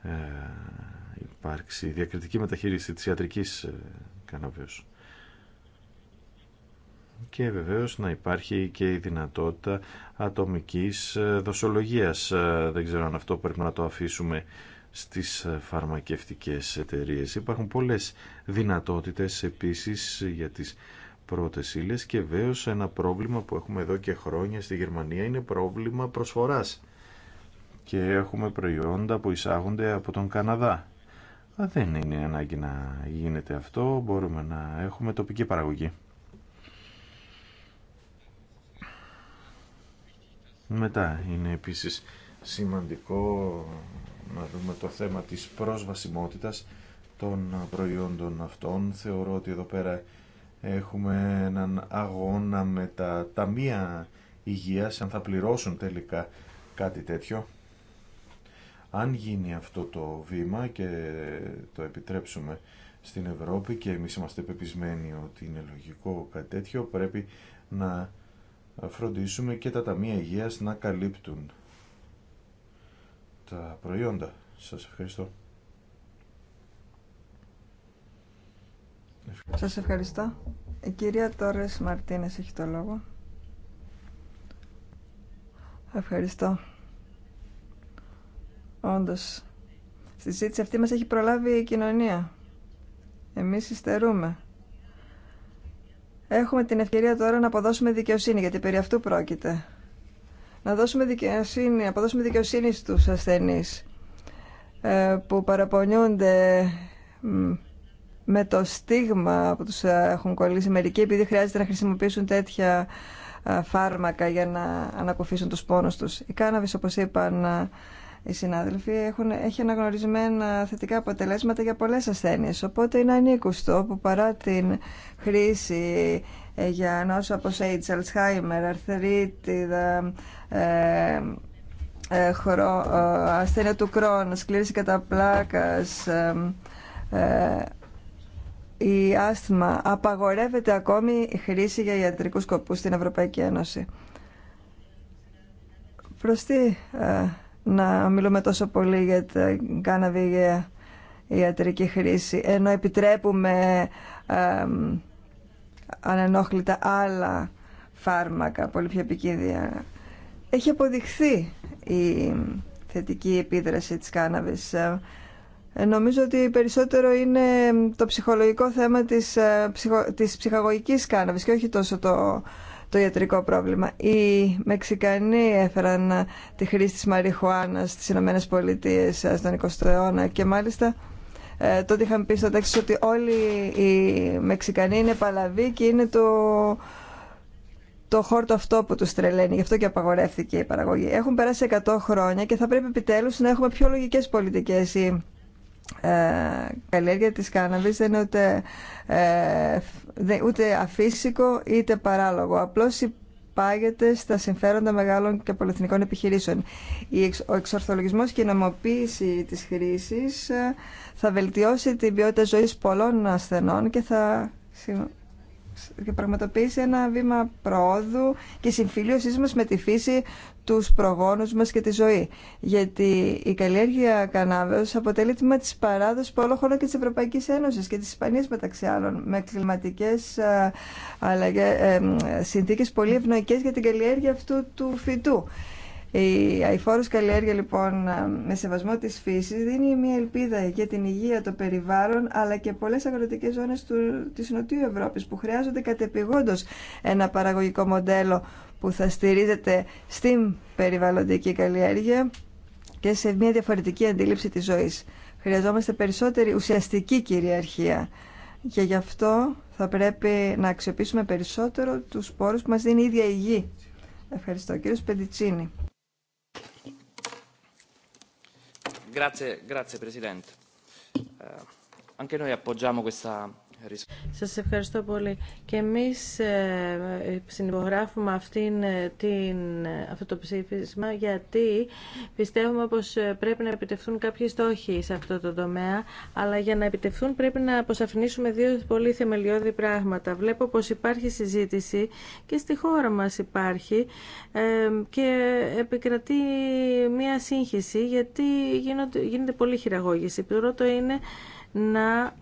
ε, υπάρξει διακριτική μεταχείριση της ιατρικής ε, καναβίως. Και βεβαίως να υπάρχει και η δυνατότητα ατομικής δοσολογίας. Δεν ξέρω αν αυτό πρέπει να το αφήσουμε στις φαρμακευτικές εταιρείες. Υπάρχουν πολλές δυνατότητες επίσης για τις πρώτες ύλες και βέβαιω ένα πρόβλημα που έχουμε εδώ και χρόνια στη Γερμανία είναι πρόβλημα προσφοράς και έχουμε προϊόντα που εισάγονται από τον Καναδά. Α, δεν είναι ανάγκη να γίνεται αυτό, μπορούμε να έχουμε τοπική παραγωγή. Μετά είναι επίσης σημαντικό να δούμε το θέμα της προσβασιμότητας των προϊόντων αυτών. Θεωρώ ότι εδώ πέρα έχουμε έναν αγώνα με τα ταμεία υγείας, αν θα πληρώσουν τελικά κάτι τέτοιο. Αν γίνει αυτό το βήμα και το επιτρέψουμε στην Ευρώπη και εμείς είμαστε πεπισμένοι ότι είναι λογικό κάτι τέτοιο, πρέπει να φροντίσουμε και τα ταμεία υγείας να καλύπτουν τα προϊόντα. Σας ευχαριστώ. Σας ευχαριστώ. Η κυρία Τόρες Μαρτίνες έχει το λόγο. Ευχαριστώ. Όντως, στη συζήτηση αυτή μας έχει προλάβει η κοινωνία. Εμείς υστερούμε. Έχουμε την ευκαιρία τώρα να αποδώσουμε δικαιοσύνη, γιατί περί αυτού πρόκειται. Να δώσουμε δικαιοσύνη, να αποδώσουμε δικαιοσύνη στους ασθενείς ε, που παραπονιούνται με το στίγμα που τους ε, έχουν κολλήσει μερικοί επειδή χρειάζεται να χρησιμοποιήσουν τέτοια ε, φάρμακα για να ανακουφίσουν τους πόνους τους. Η κάναβης, όπως είπαν ε, οι συνάδελφοι, έχουν, έχει αναγνωρισμένα θετικά αποτελέσματα για πολλές ασθένειες. Οπότε είναι ανήκουστο που παρά την χρήση για νόσο από AIDS, Alzheimer, αρθρίτιδα, ε, ασθένεια του Κρόνου, σκλήρηση κατά πλάκας, ε, η άσθμα. Απαγορεύεται ακόμη η χρήση για ιατρικούς σκοπούς στην Ευρωπαϊκή Ένωση. Προς τι ε, να μιλούμε τόσο πολύ για την κάναβη για ιατρική χρήση, ενώ επιτρέπουμε ε, ανενόχλητα άλλα φάρμακα, πολύ πιο Έχει αποδειχθεί η θετική επίδραση της κάναβης ε, ε, νομίζω ότι περισσότερο είναι το ψυχολογικό θέμα της, ε, της ψυχαγωγικής κάναβης και όχι τόσο το, το ιατρικό πρόβλημα. Οι Μεξικανοί έφεραν ε, τη χρήση της μαριχουάνας στις Ηνωμένες Πολιτείες στον 20ο αιώνα και μάλιστα ε, τότε είχαν πει στο τέξι ότι όλοι οι Μεξικανοί είναι παλαβοί και είναι το, το χόρτο αυτό που του τρελαίνει. Γι' αυτό και απαγορεύτηκε η παραγωγή. Έχουν περάσει 100 χρόνια και θα πρέπει επιτέλου να έχουμε πιο λογικέ πολιτικέ καλλιέργεια ε, της κάναβης δεν είναι ούτε, ε, ούτε αφύσικο είτε παράλογο. Απλώς υπάγεται στα συμφέροντα μεγάλων και πολυεθνικών επιχειρήσεων. Ο εξορθολογισμός και η νομοποίηση της χρήσης ε, θα βελτιώσει την ποιότητα ζωής πολλών ασθενών και θα και πραγματοποιήσει ένα βήμα προόδου και συμφιλίωσής μας με τη φύση τους προγόνους μας και τη ζωή. Γιατί η καλλιέργεια κανάβεως αποτελεί τμήμα της παράδοσης όλο χωρών και της Ευρωπαϊκής Ένωσης και της Ισπανίας μεταξύ άλλων με κλιματικές ε, αλλαγές, ε, συνθήκες πολύ ευνοϊκές για την καλλιέργεια αυτού του φυτού. Η αηφόρος καλλιέργεια λοιπόν ε, με σεβασμό της φύσης δίνει μια ελπίδα για την υγεία των περιβάλλων, αλλά και πολλές αγροτικές ζώνες του, της Νοτιού Ευρώπης που χρειάζονται κατεπηγόντως ένα παραγωγικό μοντέλο που θα στηρίζεται στην περιβαλλοντική καλλιέργεια και σε μια διαφορετική αντίληψη της ζωής. Χρειαζόμαστε περισσότερη ουσιαστική κυριαρχία και γι' αυτό θα πρέπει να αξιοποιήσουμε περισσότερο τους πόρους που μας δίνει η ίδια η γη. Ευχαριστώ. Κύριος Πεντιτσίνη. Grazie, grazie Presidente. Eh, anche noi appoggiamo questa σας ευχαριστώ πολύ. Και εμείς ε, συνυπογράφουμε αυτήν, ε, την, ε, αυτό το ψήφισμα γιατί πιστεύουμε πως πρέπει να επιτευχθούν κάποιοι στόχοι σε αυτό το τομέα αλλά για να επιτευχθούν πρέπει να αποσαφηνίσουμε δύο πολύ θεμελιώδη πράγματα. Βλέπω πως υπάρχει συζήτηση και στη χώρα μας υπάρχει και επικρατεί μια σύγχυση γιατί γίνεται πολύ χειραγώγηση. πρώτο είναι να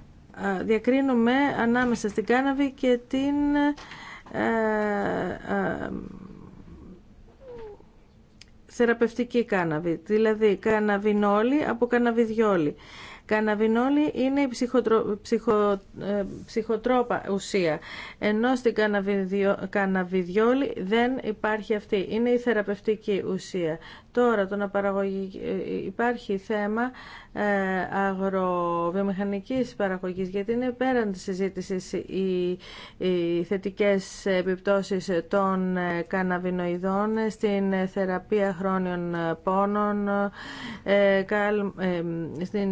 διακρίνουμε ανάμεσα στην κάναβη και την ε, ε, ε, θεραπευτική κάναβη, δηλαδή καναβινόλη από καναβιδιόλη. Καναβινόλη είναι η ψυχο... ψυχοτρόπα ουσία, ενώ στην καναβιδιο... καναβιδιόλη δεν υπάρχει αυτή. Είναι η θεραπευτική ουσία. Τώρα το να παραγωγή... Ε, υπάρχει θέμα ε, αγροβιομηχανικής παραγωγής γιατί είναι πέραν της συζήτησης οι, οι θετικές επιπτώσεις των ε, καναβινοειδών στην θεραπεία χρόνιων πόνων, στην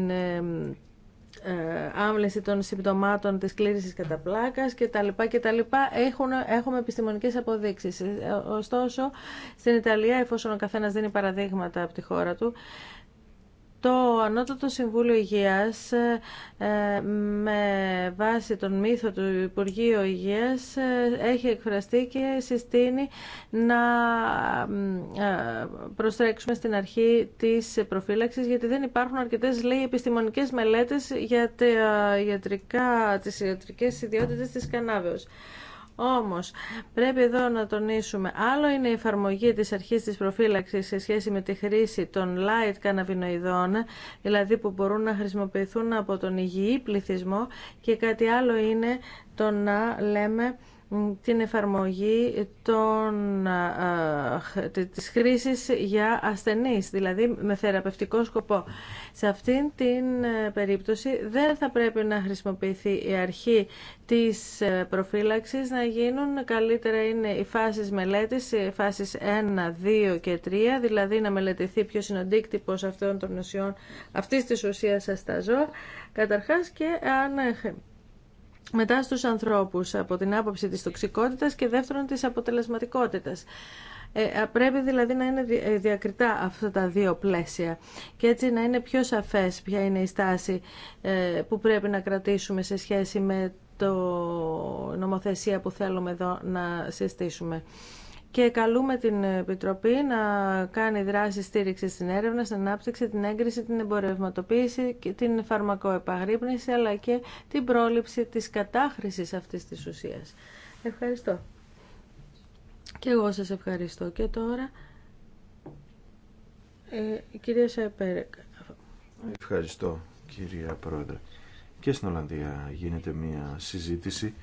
ε, άμβλεση των συμπτωμάτων της κλήρησης κατά πλάκας και τα λοιπά και τα λοιπά έχουν, έχουμε επιστημονικές αποδείξεις. Ε, ωστόσο, στην Ιταλία, εφόσον ο καθένας δίνει παραδείγματα από τη χώρα του, το Ανώτατο Συμβούλιο Υγείας ε, με βάση τον μύθο του Υπουργείου Υγείας ε, έχει εκφραστεί και συστήνει να ε, προστρέξουμε στην αρχή της προφύλαξης γιατί δεν υπάρχουν αρκετές λέει επιστημονικές μελέτες για, ιατρικά, τις ιατρικές ιδιότητες της κανάβεως. Όμως πρέπει εδώ να τονίσουμε άλλο είναι η εφαρμογή της αρχής της προφύλαξης σε σχέση με τη χρήση των light καναβινοειδών δηλαδή που μπορούν να χρησιμοποιηθούν από τον υγιή πληθυσμό και κάτι άλλο είναι το να λέμε την εφαρμογή των, ε, ε, της χρήσης για ασθενείς, δηλαδή με θεραπευτικό σκοπό. Σε αυτήν την ε, περίπτωση δεν θα πρέπει να χρησιμοποιηθεί η αρχή της προφύλαξης, να γίνουν καλύτερα είναι οι φάσεις μελέτης, οι φάσεις 1, 2 και 3, δηλαδή να μελετηθεί ποιος είναι ο αντίκτυπος αυτών των νοσιών, αυτής της ουσίας στα ζώα, καταρχάς και αν μετά στους ανθρώπους από την άποψη της τοξικότητας και δεύτερον της αποτελεσματικότητας. Ε, πρέπει δηλαδή να είναι ε, διακριτά αυτά τα δύο πλαίσια και έτσι να είναι πιο σαφές ποια είναι η στάση ε, που πρέπει να κρατήσουμε σε σχέση με το νομοθεσία που θέλουμε εδώ να συστήσουμε και καλούμε την Επιτροπή να κάνει δράση στήριξη στην έρευνα, στην ανάπτυξη, την έγκριση, την εμπορευματοποίηση, την φαρμακοεπαγρύπνηση αλλά και την πρόληψη της κατάχρησης αυτής της ουσίας. Ευχαριστώ. Και εγώ σας ευχαριστώ. Και τώρα, ε, κυρία Σαϊπέρεκ. Ευχαριστώ, κυρία Πρόεδρε. Και στην Ολλανδία γίνεται μια συζήτηση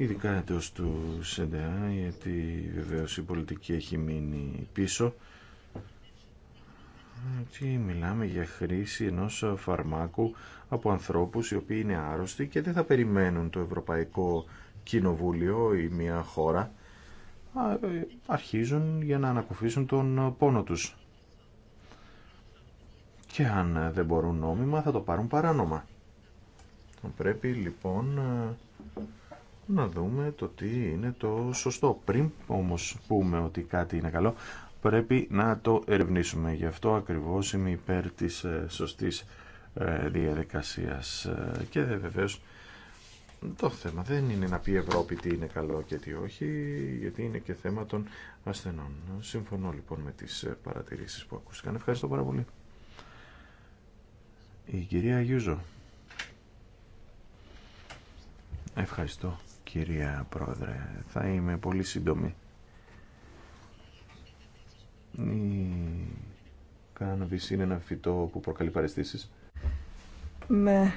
ειδικά εντός του ΣΕΝΤΕΑ, γιατί βεβαίως η πολιτική έχει μείνει πίσω. Τι μιλάμε για χρήση ενός φαρμάκου από ανθρώπους οι οποίοι είναι άρρωστοι και δεν θα περιμένουν το Ευρωπαϊκό Κοινοβούλιο ή μια χώρα αρχίζουν για να ανακουφίσουν τον πόνο τους. Και αν δεν μπορούν νόμιμα θα το πάρουν παράνομα. Πρέπει λοιπόν να δούμε το τι είναι το σωστό. Πριν όμως πούμε ότι κάτι είναι καλό, πρέπει να το ερευνήσουμε. Γι' αυτό ακριβώς είμαι υπέρ της ε, σωστής ε, διαδικασίας. Ε, και βεβαίως το θέμα δεν είναι να πει η Ευρώπη τι είναι καλό και τι όχι, γιατί είναι και θέμα των ασθενών. Συμφωνώ λοιπόν με τις παρατηρήσεις που ακούστηκαν. Ευχαριστώ πάρα πολύ. Η κυρία Γιούζο. Ευχαριστώ κυρία Πρόεδρε. Θα είμαι πολύ σύντομη. Η κάναβης είναι ένα φυτό που προκαλεί παρεστήσεις. Με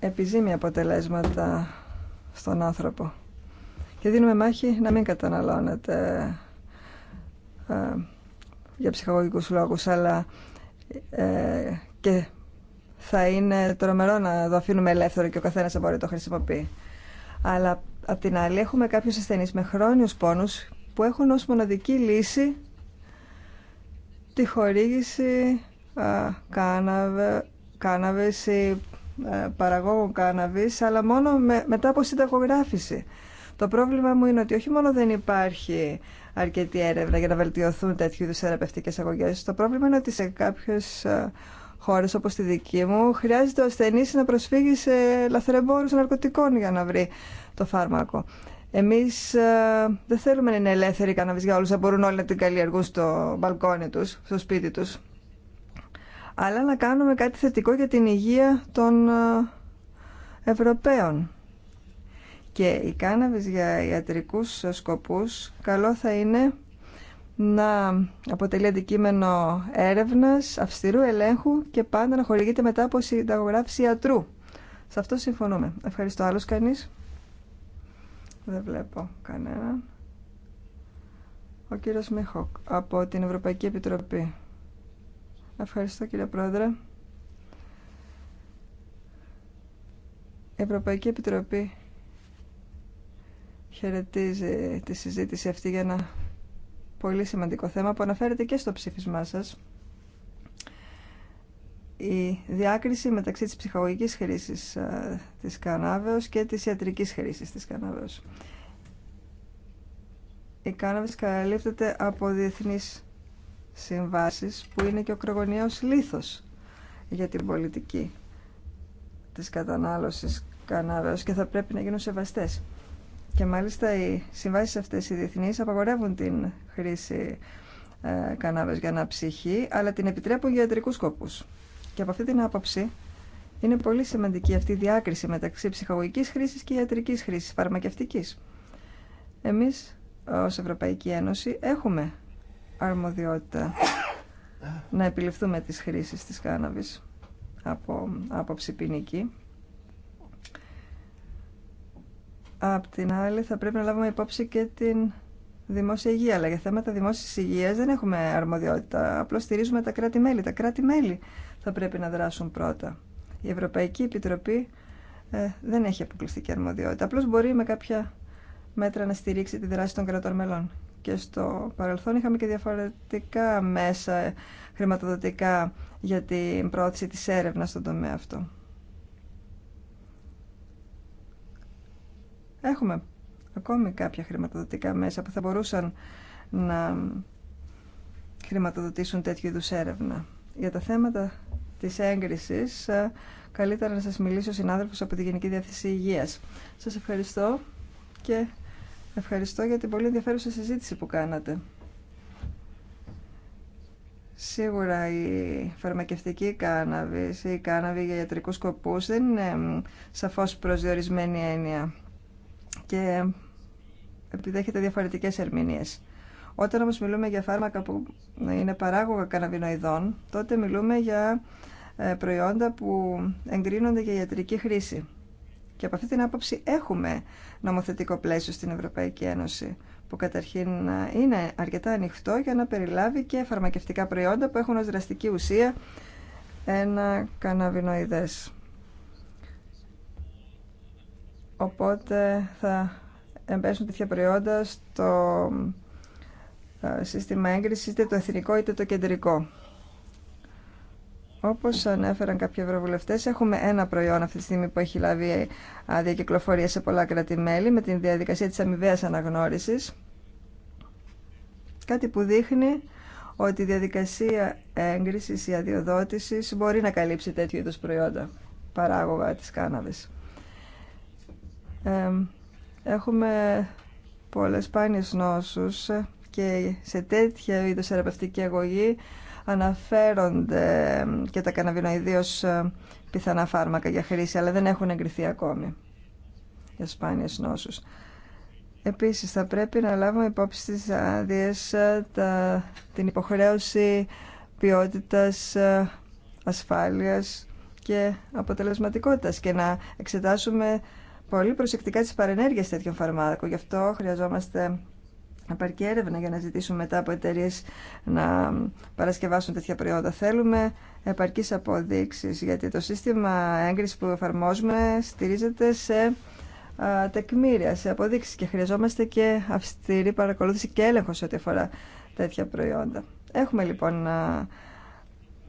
επιζήμια αποτελέσματα στον άνθρωπο. Και δίνουμε μάχη να μην καταναλώνεται ε, για ψυχαγωγικούς λόγους, αλλά ε, και θα είναι τρομερό να το αφήνουμε ελεύθερο και ο καθένας θα μπορεί να το χρησιμοποιεί. Αλλά απ' την άλλη έχουμε κάποιου ασθενεί με χρόνιου πόνου που έχουν ως μοναδική λύση τη χορήγηση κάναβε, ή ε, παραγόγων κάναβης, αλλά μόνο μετά από συνταγογράφηση. Το πρόβλημα μου είναι ότι όχι μόνο δεν υπάρχει αρκετή έρευνα για να βελτιωθούν τέτοιου είδου θεραπευτικέ αγωγέ. Το πρόβλημα είναι ότι σε κάποιε ε, χώρες όπως τη δική μου, χρειάζεται ο ασθενής να προσφύγει σε λαθρεμπόρους ναρκωτικών για να βρει το φάρμακο. Εμείς ε, δεν θέλουμε να είναι ελεύθεροι καναβής για όλους, να μπορούν όλοι να την καλλιεργούν στο μπαλκόνι τους, στο σπίτι τους. Αλλά να κάνουμε κάτι θετικό για την υγεία των ε, Ευρωπαίων. Και η κάναβης για ιατρικούς σκοπούς καλό θα είναι να αποτελεί αντικείμενο έρευνας, αυστηρού ελέγχου και πάντα να χορηγείται μετά από συνταγογράφηση ιατρού. Σε αυτό συμφωνούμε. Ευχαριστώ. Άλλος κανείς? Δεν βλέπω κανέναν. Ο κύριος Μιχόκ από την Ευρωπαϊκή Επιτροπή. Ευχαριστώ κύριε Πρόεδρε. Η Ευρωπαϊκή Επιτροπή χαιρετίζει τη συζήτηση αυτή για να πολύ σημαντικό θέμα που αναφέρεται και στο ψήφισμά σας. Η διάκριση μεταξύ της ψυχαγωγικής χρήσης ε, της κανάβεως και της ιατρικής χρήσης της κανάβεως. Η κάναβης καλύπτεται από διεθνείς συμβάσεις που είναι και ο κρογωνιαίος λήθος για την πολιτική της κατανάλωσης κανάβεως και θα πρέπει να γίνουν σεβαστές. Και μάλιστα οι συμβάσεις αυτές οι διεθνείς απαγορεύουν την χρήση ε, κανάβες για ψυχεί, αλλά την επιτρέπουν για ιατρικού σκοπούς. Και από αυτή την άποψη είναι πολύ σημαντική αυτή η διάκριση μεταξύ ψυχαγωγική χρήση και ιατρική χρήση φαρμακευτικής. Εμείς ως Ευρωπαϊκή Ένωση έχουμε αρμοδιότητα να επιληφθούμε τις χρήσεις της κάναβης από άποψη ποινική. Απ' την άλλη θα πρέπει να λάβουμε υπόψη και την δημόσια υγεία. Αλλά για θέματα δημόσια υγεία δεν έχουμε αρμοδιότητα. Απλώ στηρίζουμε τα κράτη-μέλη. Τα κράτη-μέλη θα πρέπει να δράσουν πρώτα. Η Ευρωπαϊκή Επιτροπή ε, δεν έχει αποκλειστική αρμοδιότητα. Απλώ μπορεί με κάποια μέτρα να στηρίξει τη δράση των κρατών μελών. Και στο παρελθόν είχαμε και διαφορετικά μέσα ε, χρηματοδοτικά για την πρόθεση της έρευνας στον τομέα αυτό. Έχουμε ακόμη κάποια χρηματοδοτικά μέσα που θα μπορούσαν να χρηματοδοτήσουν τέτοιου είδου έρευνα. Για τα θέματα της έγκρισης, καλύτερα να σας μιλήσει ο συνάδελφος από τη Γενική Διάθεση Υγείας. Σας ευχαριστώ και ευχαριστώ για την πολύ ενδιαφέρουσα συζήτηση που κάνατε. Σίγουρα η φαρμακευτική κάναβη ή η κάναβη για ιατρικούς σκοπούς δεν είναι σαφώς προσδιορισμένη έννοια και έχετε διαφορετικές ερμηνείε. Όταν όμως μιλούμε για φάρμακα που είναι παράγωγα καναβινοειδών, τότε μιλούμε για ε, προϊόντα που εγκρίνονται για ιατρική χρήση. Και από αυτή την άποψη έχουμε νομοθετικό πλαίσιο στην Ευρωπαϊκή Ένωση, που καταρχήν ε, είναι αρκετά ανοιχτό για να περιλάβει και φαρμακευτικά προϊόντα που έχουν ως δραστική ουσία ένα καναβινοειδές. Οπότε θα εμπέσουν τέτοια προϊόντα στο ε, σύστημα έγκρισης, είτε το εθνικό είτε το κεντρικό. Όπως ανέφεραν κάποιοι ευρωβουλευτές, έχουμε ένα προϊόν αυτή τη στιγμή που έχει λάβει άδεια κυκλοφορία σε πολλά κράτη-μέλη με την διαδικασία της αμοιβαίας αναγνώρισης. Κάτι που δείχνει ότι η διαδικασία έγκρισης ή αδειοδότησης μπορεί να καλύψει τέτοιου είδους προϊόντα, παράγωγα της κάναβης. Έχουμε πολλές σπάνιες νόσους και σε τέτοια είδους θεραπευτική αγωγή αναφέρονται και τα καναβινοειδή ε, πιθανά φάρμακα για χρήση, αλλά δεν έχουν εγκριθεί ακόμη για σπάνιες νόσους. Επίσης, θα πρέπει να λάβουμε υπόψη στις άδειες ε, την υποχρέωση ποιότητας ε, ασφάλειας και αποτελεσματικότητας και να εξετάσουμε πολύ προσεκτικά τις παρενέργειες τέτοιων φαρμάκων. Γι' αυτό χρειαζόμαστε επαρκή έρευνα για να ζητήσουμε μετά από εταιρείε να παρασκευάσουν τέτοια προϊόντα. Θέλουμε επαρκείς αποδείξεις, γιατί το σύστημα έγκρισης που εφαρμόζουμε στηρίζεται σε τεκμήρια, σε αποδείξεις και χρειαζόμαστε και αυστηρή παρακολούθηση και έλεγχο σε ό,τι αφορά τέτοια προϊόντα. Έχουμε λοιπόν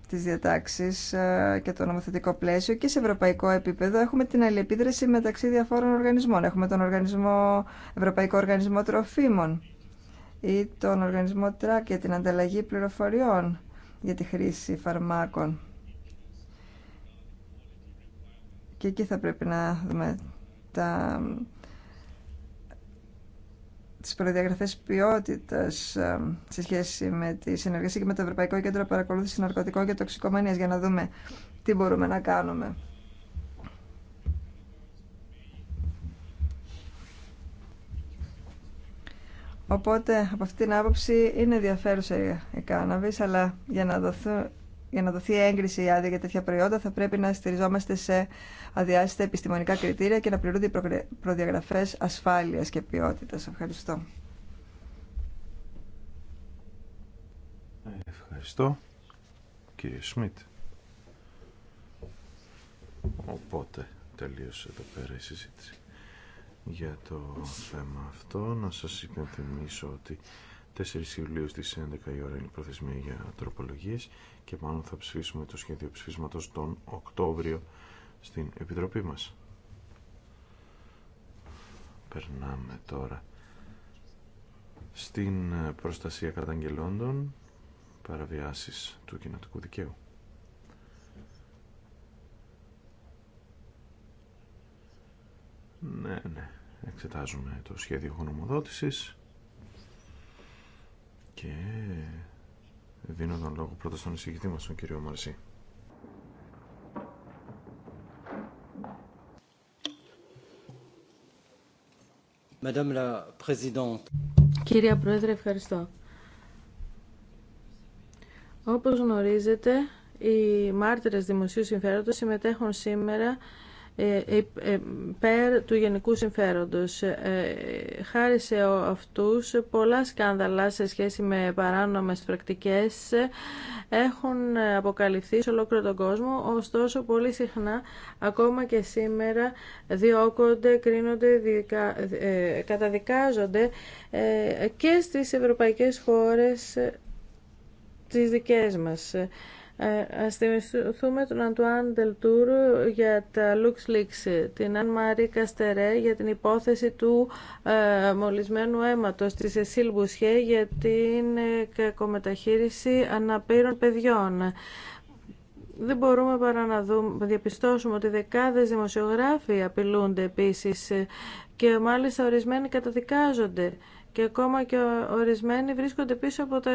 τις διατάξεις ε, και το νομοθετικό πλαίσιο και σε ευρωπαϊκό επίπεδο έχουμε την αλληλεπίδραση μεταξύ διαφόρων οργανισμών. Έχουμε τον οργανισμό, Ευρωπαϊκό Οργανισμό Τροφίμων ή τον οργανισμό ΤΡΑΚ για την ανταλλαγή πληροφοριών για τη χρήση φαρμάκων. Και εκεί θα πρέπει να δούμε τα τις προδιαγραφές ποιότητας σε σχέση με τη συνεργασία και με το Ευρωπαϊκό Κέντρο Παρακολούθησης Ναρκωτικών και Τοξικομανίας για να δούμε τι μπορούμε να κάνουμε. Οπότε από αυτήν την άποψη είναι ενδιαφέρουσα η κάναβης, αλλά για να, δοθούν, για να δοθεί έγκριση η άδεια για τέτοια προϊόντα θα πρέπει να στηριζόμαστε σε αδειάστα επιστημονικά κριτήρια και να πληρούνται οι προδιαγραφές ασφάλειας και ποιότητας. Ευχαριστώ. Ευχαριστώ, κύριε Σμιτ. Οπότε τελείωσε εδώ πέρα η συζήτηση για το θέμα αυτό. Να σας υπενθυμίσω ότι 4 Ιουλίου στις 11 η ώρα είναι η προθεσμία για τροπολογίες και μάλλον θα ψηφίσουμε το σχέδιο ψηφίσματος τον Οκτώβριο στην Επιτροπή μας. Περνάμε τώρα στην ε, προστασία καταγγελόντων παραβιάσεις του κοινοτικού δικαίου. Ναι, ναι. Εξετάζουμε το σχέδιο γνωμοδότησης και Δίνω τον λόγο πρώτα στον εισηγητή μας, τον κύριο Μαρσή. Κύριε Πρόεδρε, ευχαριστώ. Όπως γνωρίζετε, οι μάρτυρες δημοσίου συμφέροντος συμμετέχουν σήμερα πέρ του γενικού συμφέροντος. Ε, χάρη σε αυτούς πολλά σκάνδαλα σε σχέση με παράνομες πρακτικές έχουν αποκαλυφθεί σε ολόκληρο τον κόσμο, ωστόσο πολύ συχνά ακόμα και σήμερα διώκονται, κρίνονται, ε, καταδικάζονται ε, και στις ευρωπαϊκές χώρες τις δικές μας. Α ε, ας θυμηθούμε τον Αντουάν Ντελτούρ για τα Λουξ Λίξη, την Αν Μαρή Καστερέ για την υπόθεση του ε, μολυσμένου αίματος, τη Σεσίλ Μπουσιέ για την ε, κακομεταχείριση αναπήρων παιδιών. Δεν μπορούμε παρά να δούμε, διαπιστώσουμε ότι δεκάδες δημοσιογράφοι απειλούνται επίσης και μάλιστα ορισμένοι καταδικάζονται και ακόμα και ορισμένοι βρίσκονται πίσω από τα,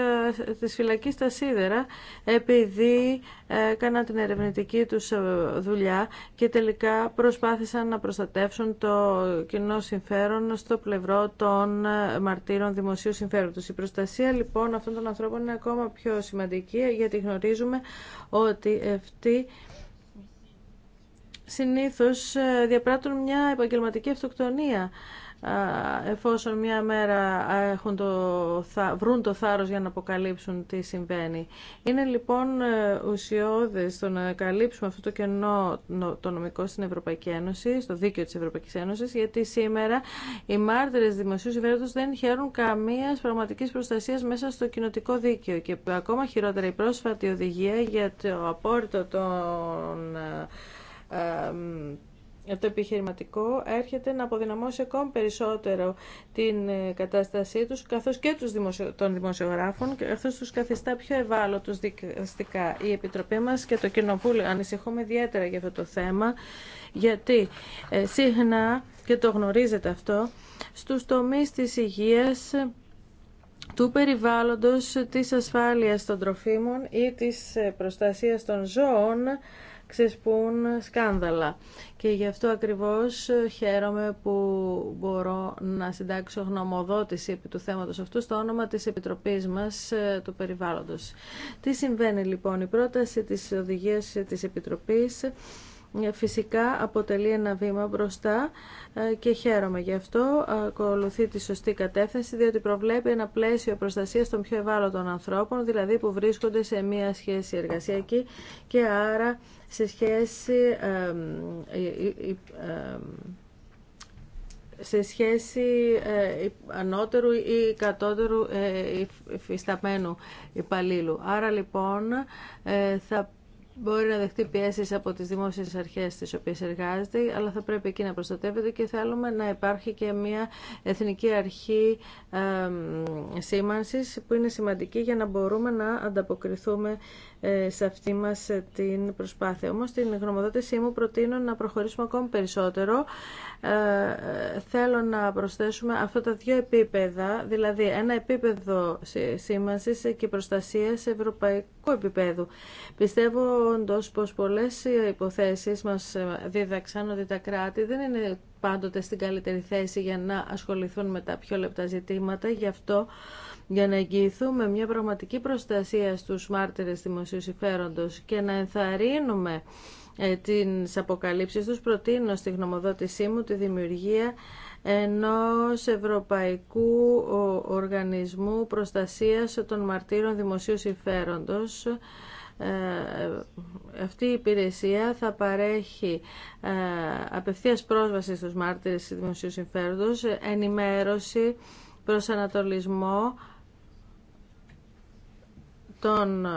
τις φυλακή στα σίδερα επειδή ε, έκαναν την ερευνητική τους ε, δουλειά και τελικά προσπάθησαν να προστατεύσουν το κοινό συμφέρον στο πλευρό των ε, μαρτύρων δημοσίου συμφέροντος. Η προστασία λοιπόν αυτών των ανθρώπων είναι ακόμα πιο σημαντική γιατί γνωρίζουμε ότι αυτοί συνήθως διαπράττουν μια επαγγελματική αυτοκτονία εφόσον μια μέρα έχουν το, θα, βρουν το θάρρος για να αποκαλύψουν τι συμβαίνει. Είναι λοιπόν ε, ουσιώδες το να καλύψουμε αυτό το κενό το νομικό στην Ευρωπαϊκή Ένωση, στο δίκαιο της Ευρωπαϊκής Ένωσης, γιατί σήμερα οι μάρτυρες δημοσίου συμφέροντος δεν χαίρουν καμίας πραγματικής προστασίας μέσα στο κοινοτικό δίκαιο και ακόμα χειρότερα η πρόσφατη οδηγία για το απόρριτο των ε, ε, ε, το επιχειρηματικό έρχεται να αποδυναμώσει ακόμη περισσότερο την ε, κατάστασή τους καθώς και τους δημοσιο... των δημοσιογράφων καθώς τους καθιστά πιο ευάλωτους δικαστικά. Η Επιτροπή μας και το Κοινοβούλιο ανησυχούμε ιδιαίτερα για αυτό το θέμα γιατί ε, συχνά και το γνωρίζετε αυτό στους τομείς της υγείας του περιβάλλοντος, της ασφάλειας των τροφίμων ή της προστασίας των ζώων ξεσπούν σκάνδαλα. Και γι' αυτό ακριβώς χαίρομαι που μπορώ να συντάξω γνωμοδότηση επί του θέματος αυτού στο όνομα της Επιτροπής μας ε, του Περιβάλλοντος. Τι συμβαίνει λοιπόν η πρόταση της οδηγίας της Επιτροπής ε, φυσικά αποτελεί ένα βήμα μπροστά ε, και χαίρομαι γι' αυτό. Ακολουθεί τη σωστή κατεύθυνση, διότι προβλέπει ένα πλαίσιο προστασίας των πιο ευάλωτων ανθρώπων, δηλαδή που βρίσκονται σε μία σχέση εργασιακή και άρα σε σχέση σε σχέση ε, ανώτερου ή κατώτερου υφισταμένου υπαλλήλου. Άρα λοιπόν θα μπορεί να δεχτεί πιέσεις από τις δημόσιες αρχές τις οποίες εργάζεται, αλλά θα πρέπει εκεί να προστατεύεται και θέλουμε να υπάρχει και μια εθνική αρχή σήμανσης που είναι σημαντική για να μπορούμε να ανταποκριθούμε ε, σε αυτή μας ε, την προσπάθεια. Όμως την γνωμοδότησή μου προτείνω να προχωρήσουμε ακόμη περισσότερο. Ε, θέλω να προσθέσουμε αυτά τα δύο επίπεδα, δηλαδή ένα επίπεδο σήμανσης και προστασίας ευρωπαϊκή Πιστεύω όντω πω πολλέ υποθέσεις μας ε, δίδαξαν ότι τα κράτη δεν είναι πάντοτε στην καλύτερη θέση για να ασχοληθούν με τα πιο λεπτά ζητήματα. Γι' αυτό, για να εγγυηθούμε μια πραγματική προστασία στους μάρτυρες δημοσίου συμφέροντος και να ενθαρρύνουμε ε, τις αποκαλύψεις τους, προτείνω στη γνωμοδότησή μου τη δημιουργία ενός Ευρωπαϊκού Οργανισμού Προστασίας των Μαρτύρων Δημοσίου Συμφέροντος. Ε, αυτή η υπηρεσία θα παρέχει ε, απευθείας πρόσβαση στους μάρτυρες δημοσίου συμφέροντος, ενημέρωση, ανατολισμό των ε,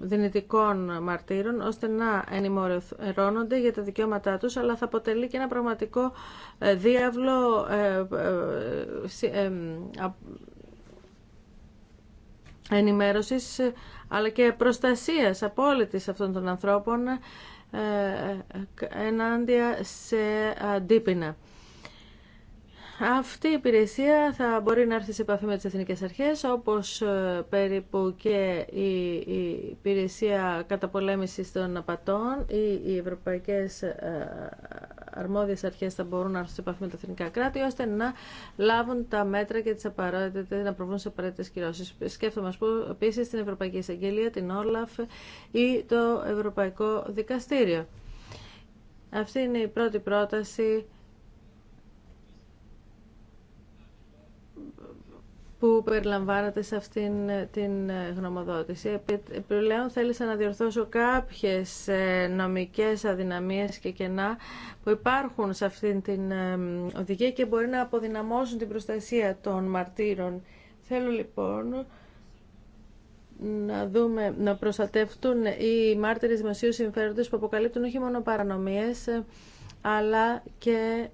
δυνητικών μαρτύρων ώστε να ενημερώνονται για τα δικαιώματά τους αλλά θα αποτελεί και ένα πραγματικό ε, διάβλο ε, ενημέρωσης αλλά και προστασίας απόλυτης αυτών των ανθρώπων ενάντια σε αντίπεινα. Αυτή η υπηρεσία θα μπορεί να έρθει σε επαφή με τις εθνικές αρχές, όπως ε, περίπου και η υπηρεσία καταπολέμησης των απατών ή οι ευρωπαϊκές ε, αρμόδιες αρχές θα μπορούν να έρθουν σε επαφή με τα εθνικά κράτη, ώστε να λάβουν τα μέτρα και τις απαραίτητες, να προβούν σε απαραίτητες κυρώσεις. Σκέφτομαι, ας πούμε, επίσης την Ευρωπαϊκή Εισαγγελία, την Όλαφ ή το Ευρωπαϊκό Δικαστήριο. Αυτή είναι η πρώτη πρόταση που περιλαμβάνεται σε αυτήν ε, την ε, γνωμοδότηση. Επιπλέον θέλησα να διορθώσω κάποιες ε, νομικές αδυναμίες και κενά που υπάρχουν σε αυτήν την οδηγία και μπορεί να αποδυναμώσουν την προστασία των μαρτύρων. Θέλω λοιπόν να δούμε, να προστατευτούν οι μάρτυρες δημοσίου συμφέροντος που αποκαλύπτουν όχι μόνο παρανομίες αλλά και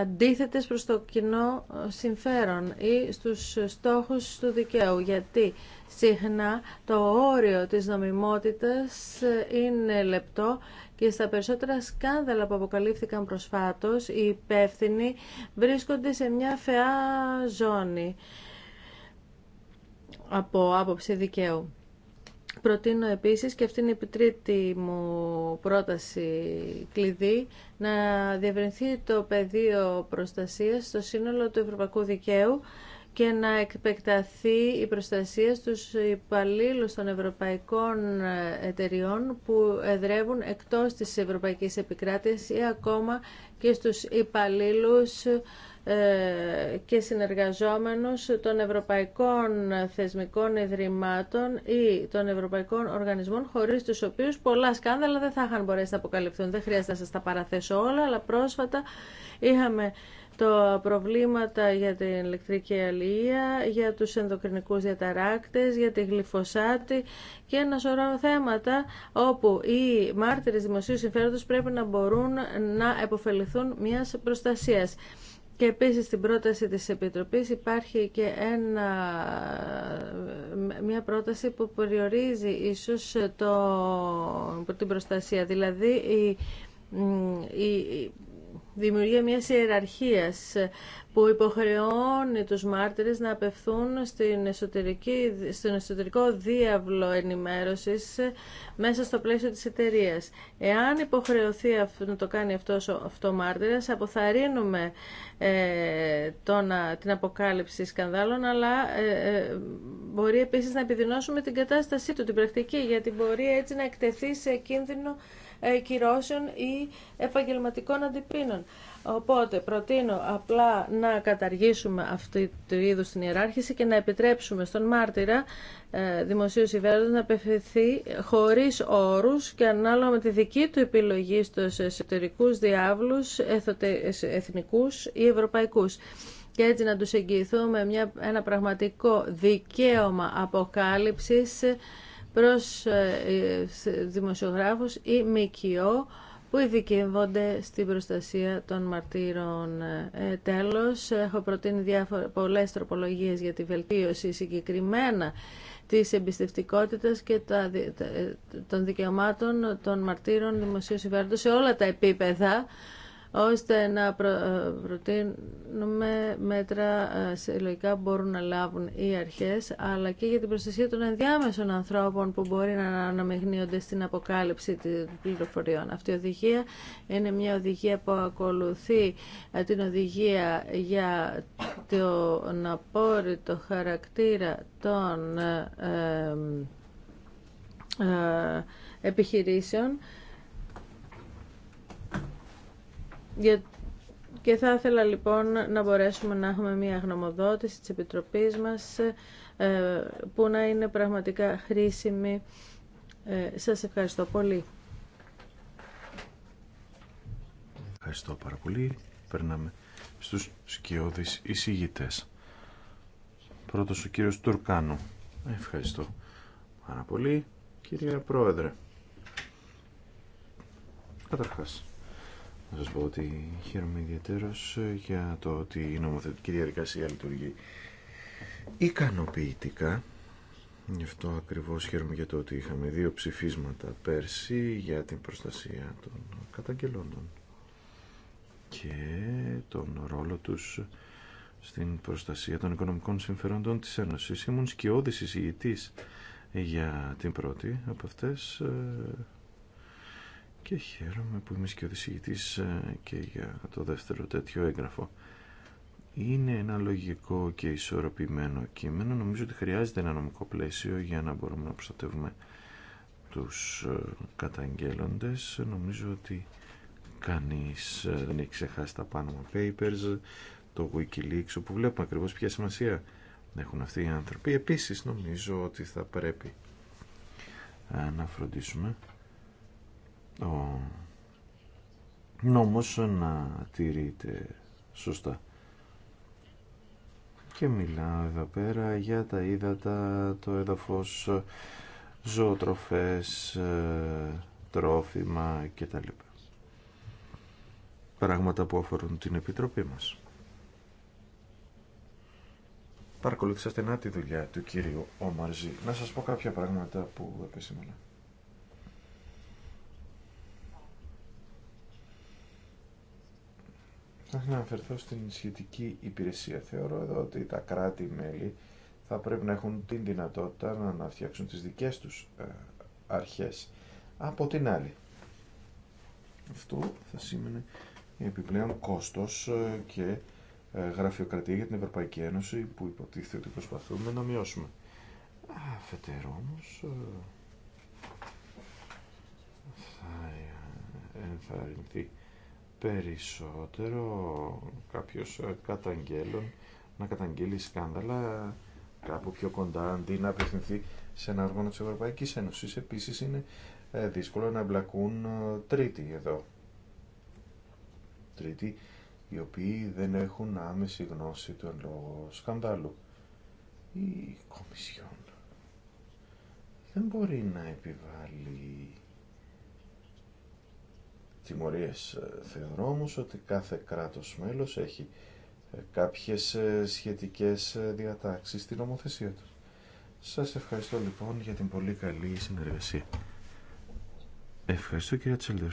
αντίθετες προς το κοινό συμφέρον ή στους στόχους του δικαίου, γιατί συχνά το όριο της νομιμότητας είναι λεπτό και στα περισσότερα σκάνδαλα που αποκαλύφθηκαν προσφάτως οι υπεύθυνοι βρίσκονται σε μια φαιά ζώνη από άποψη δικαίου. Προτείνω επίσης, και αυτή είναι η τρίτη μου πρόταση κλειδί, να διευρυνθεί το πεδίο προστασίας στο σύνολο του Ευρωπαϊκού Δικαίου και να εκπεκταθεί η προστασία στους υπαλλήλους των ευρωπαϊκών εταιριών που εδρεύουν εκτός της ευρωπαϊκής επικράτειας ή ακόμα και στους υπαλλήλους ε, και συνεργαζόμενος των ευρωπαϊκών θεσμικών ιδρυμάτων ή των ευρωπαϊκών οργανισμών χωρίς τους οποίους πολλά σκάνδαλα δεν θα είχαν μπορέσει να αποκαλυφθούν. Δεν χρειάζεται να σας τα παραθέσω όλα, αλλά πρόσφατα είχαμε το προβλήματα για την ηλεκτρική αλληλεία, για τους ενδοκρινικούς διαταράκτες, για τη γλυφοσάτη και ένα σωρό θέματα όπου οι μάρτυρες δημοσίου συμφέροντος πρέπει να μπορούν να επωφεληθούν μιας προστασίας. Και επίση στην πρόταση της Επιτροπής υπάρχει και ένα, μια πρόταση που περιορίζει ίσως το, την προστασία. Δηλαδή δημιουργία μία ιεραρχίας που υποχρεώνει τους μάρτυρες να απευθούν στην εσωτερική, στον εσωτερικό διάβλο ενημέρωσης μέσα στο πλαίσιο της εταιρεία. Εάν υποχρεωθεί να το κάνει αυτός αυτό ο μάρτυρας, αποθαρρύνουμε ε, τον, την αποκάλυψη σκανδάλων, αλλά ε, ε, μπορεί επίσης να επιδεινώσουμε την κατάστασή του, την πρακτική, γιατί μπορεί έτσι να εκτεθεί σε κίνδυνο ε, κυρώσεων ή επαγγελματικών αντιπίνων. Οπότε προτείνω απλά να καταργήσουμε αυτή του είδους την ιεράρχηση και να επιτρέψουμε στον μάρτυρα ε, δημοσίου συμβέροντος να απευθυνθεί χωρίς όρους και ανάλογα με τη δική του επιλογή στους εσωτερικού διάβλους εθνικούς ή ευρωπαϊκούς και έτσι να τους εγγυηθούμε μια, ένα πραγματικό δικαίωμα αποκάλυψης προς ε, δημοσιογράφους ή ΜΚΟ που ειδικεύονται στην προστασία των μαρτύρων. Ε, τέλος, έχω προτείνει διάφορα, πολλές τροπολογίες για τη βελτίωση συγκεκριμένα της εμπιστευτικότητας και τα, ε, των δικαιωμάτων των μαρτύρων δημοσίου σε όλα τα επίπεδα ώστε να ε, προτείνουμε μέτρα ε, συλλογικά που μπορούν να λάβουν οι αρχές, αλλά και για την προστασία των ενδιάμεσων ανθρώπων που μπορεί να αναμειγνύονται στην αποκάλυψη των πληροφοριών. Αυτή η οδηγία είναι μια οδηγία που ακολουθεί ε, την οδηγία για το τον το χαρακτήρα των επιχειρήσεων Και θα ήθελα λοιπόν να μπορέσουμε να έχουμε μια γνωμοδότηση της Επιτροπής μας ε, που να είναι πραγματικά χρήσιμη. Ε, σας ευχαριστώ πολύ. Ευχαριστώ πάρα πολύ. Περνάμε στους σκιώδεις εισηγητές. Πρώτος ο κύριος Τουρκάνου. Ευχαριστώ πάρα πολύ, Κύριε Πρόεδρε. Καταρχάς, να σας πω ότι χαίρομαι για το ότι η νομοθετική διαδικασία λειτουργεί ικανοποιητικά. Γι' αυτό ακριβώς χαίρομαι για το ότι είχαμε δύο ψηφίσματα πέρσι για την προστασία των καταγγελόντων και τον ρόλο τους στην προστασία των οικονομικών συμφερόντων της Ένωσης. Ήμουν σκιώδη εισηγητής για την πρώτη από αυτές ε, και χαίρομαι που είμαι και ε, και για το δεύτερο τέτοιο έγγραφο. Είναι ένα λογικό και ισορροπημένο κείμενο. Νομίζω ότι χρειάζεται ένα νομικό πλαίσιο για να μπορούμε να προστατεύουμε τους ε, καταγγέλλοντες. Νομίζω ότι κανείς ε, δεν έχει ξεχάσει τα Panama Papers, το Wikileaks, όπου βλέπουμε ακριβώς ποια σημασία έχουν αυτοί οι άνθρωποι. Επίσης νομίζω ότι θα πρέπει να φροντίσουμε ο νόμος να τηρείται σωστά. Και μιλάω εδώ πέρα για τα ύδατα, το έδαφος, ζωοτροφές, τρόφιμα λοιπά. Πράγματα που αφορούν την Επιτροπή μας. Παρακολουθήσατε να, τη δουλειά του κύριου Ομαρζή. Να σας πω κάποια πράγματα που επεσήμανα. να αναφερθώ στην σχετική υπηρεσία. Θεωρώ εδώ ότι τα κράτη-μέλη θα πρέπει να έχουν την δυνατότητα να αναφτιάξουν τις δικές τους ε, αρχές. Από την άλλη, αυτό θα σήμαινε επιπλέον κόστος ε, και ε, γραφειοκρατία για την Ευρωπαϊκή Ένωση που υποτίθεται ότι προσπαθούμε να μειώσουμε. Αφετέρου όμως θα ενθαρρυνθεί περισσότερο κάποιος ε, καταγγέλων να καταγγείλει σκάνδαλα κάπου πιο κοντά αντί να απευθυνθεί σε ένα όργανο της Ευρωπαϊκής Ένωσης. Επίσης είναι ε, δύσκολο να εμπλακούν ε, τρίτοι εδώ. Τρίτοι οι οποίοι δεν έχουν άμεση γνώση του εν λόγω σκανδάλου. Η Κομισιόν δεν μπορεί να επιβάλλει τιμωρίες. Ε, θεωρώ όμως ότι κάθε κράτος μέλος έχει ε, κάποιες ε, σχετικές διατάξεις στην νομοθεσία του. Σας ευχαριστώ λοιπόν για την πολύ καλή συνεργασία. Ευχαριστώ κύριε Τσέλντερ.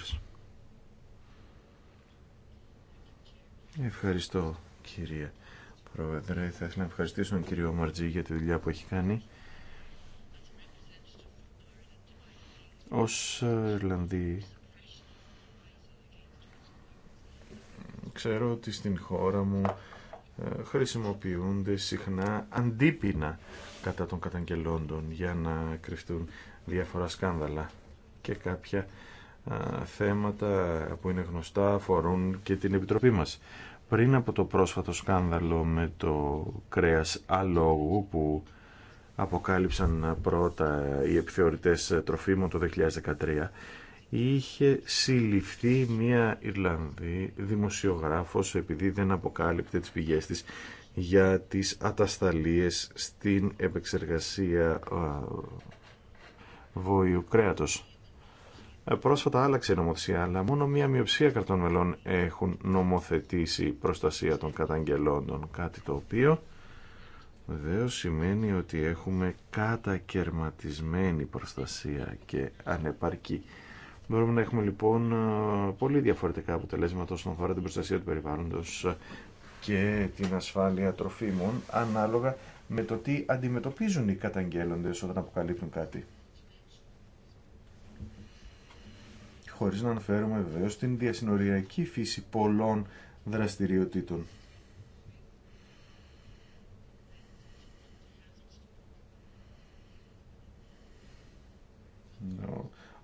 Ευχαριστώ κυρία Πρόεδρε. Θα ήθελα να ευχαριστήσω τον κύριο Μαρτζή για τη δουλειά που έχει κάνει. Ως Ιρλανδοί Ξέρω ότι στην χώρα μου ε, χρησιμοποιούνται συχνά αντίπεινα κατά των καταγγελόντων για να κρυφτούν διάφορα σκάνδαλα και κάποια θέματα που είναι γνωστά αφορούν και την Επιτροπή μας. Πριν από το πρόσφατο σκάνδαλο με το κρέας αλόγου που αποκάλυψαν πρώτα οι επιθεωρητές τροφίμων το 2013 είχε συλληφθεί μία Ιρλανδή δημοσιογράφος επειδή δεν αποκάλυπτε τις πηγές της για τις ατασταλίες στην επεξεργασία βοηου κρέατος. Ε, πρόσφατα άλλαξε η νομοθεσία, αλλά μόνο μία μειοψία κρατών μελών έχουν νομοθετήσει προστασία των καταγγελόντων, κάτι το οποίο βεβαίω σημαίνει ότι έχουμε κατακερματισμένη προστασία και ανεπαρκή Μπορούμε να έχουμε λοιπόν ε, πολύ διαφορετικά αποτελέσματα όσον αφορά την προστασία του περιβάλλοντος και την ασφάλεια τροφίμων ανάλογα με το τι αντιμετωπίζουν οι καταγγέλλοντες όταν αποκαλύπτουν κάτι. Χωρίς να αναφέρουμε βεβαίω την διασυνοριακή φύση πολλών δραστηριοτήτων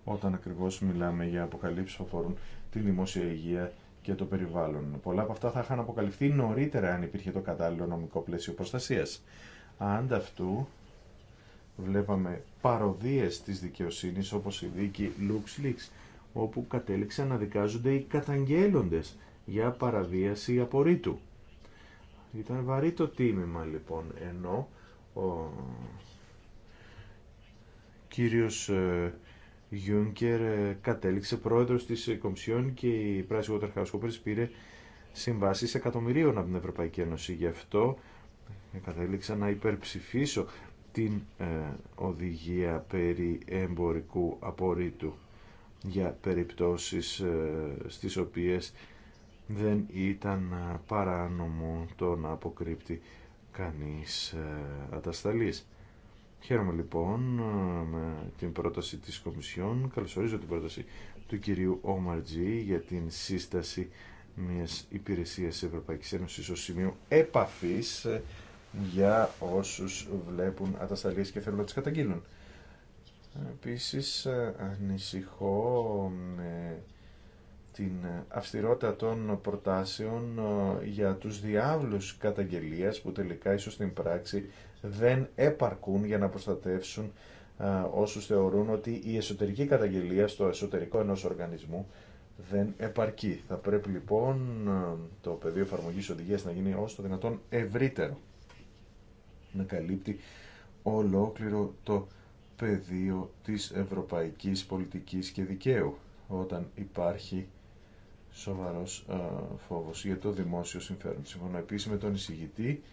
όταν ακριβώς μιλάμε για αποκαλύψεις που αφορούν τη δημόσια υγεία και το περιβάλλον. Πολλά από αυτά θα είχαν αποκαλυφθεί νωρίτερα αν υπήρχε το κατάλληλο νομικό πλαίσιο προστασίας. αυτού βλέπαμε παροδίες της δικαιοσύνης όπως η δίκη LuxLeaks όπου κατέληξαν να δικάζονται οι καταγγέλλοντες για παραβίαση απορρίτου. Ήταν βαρύ το τίμημα λοιπόν, ενώ ο κύριος ε, Γιούνκερ ε, κατέληξε πρόεδρος της ε, Κομισιόν και η PricewaterhouseCoopers πήρε συμβάσεις εκατομμυρίων από την Ευρωπαϊκή Ένωση. Γι' αυτό ε, κατέληξα να υπερψηφίσω την οδηγία περί εμπορικού απορρίτου για περιπτώσεις ε, στις οποίες δεν ήταν παράνομο το να αποκρύπτει κανείς ε, Χαίρομαι λοιπόν με την πρόταση της Κομισιόν. Καλωσορίζω την πρόταση του κυρίου Όμαρτζή για την σύσταση μιας υπηρεσίας Ευρωπαϊκής Ένωσης ως σημείο επαφής για όσους βλέπουν ατασταλίες και θέλουν να τις καταγγείλουν. Επίσης ανησυχώ με την αυστηρότητα των προτάσεων για τους διάβλους καταγγελίας που τελικά ίσως στην πράξη δεν επαρκούν για να προστατεύσουν όσους θεωρούν ότι η εσωτερική καταγγελία στο εσωτερικό ενός οργανισμού δεν επαρκεί. Θα πρέπει λοιπόν το πεδίο εφαρμογή οδηγίας να γίνει όσο το δυνατόν ευρύτερο. Να καλύπτει ολόκληρο το πεδίο της ευρωπαϊκής πολιτικής και δικαίου όταν υπάρχει σοβαρός φόβος για το δημόσιο συμφέρον. Συμφωνώ επίσης με τον εισηγητή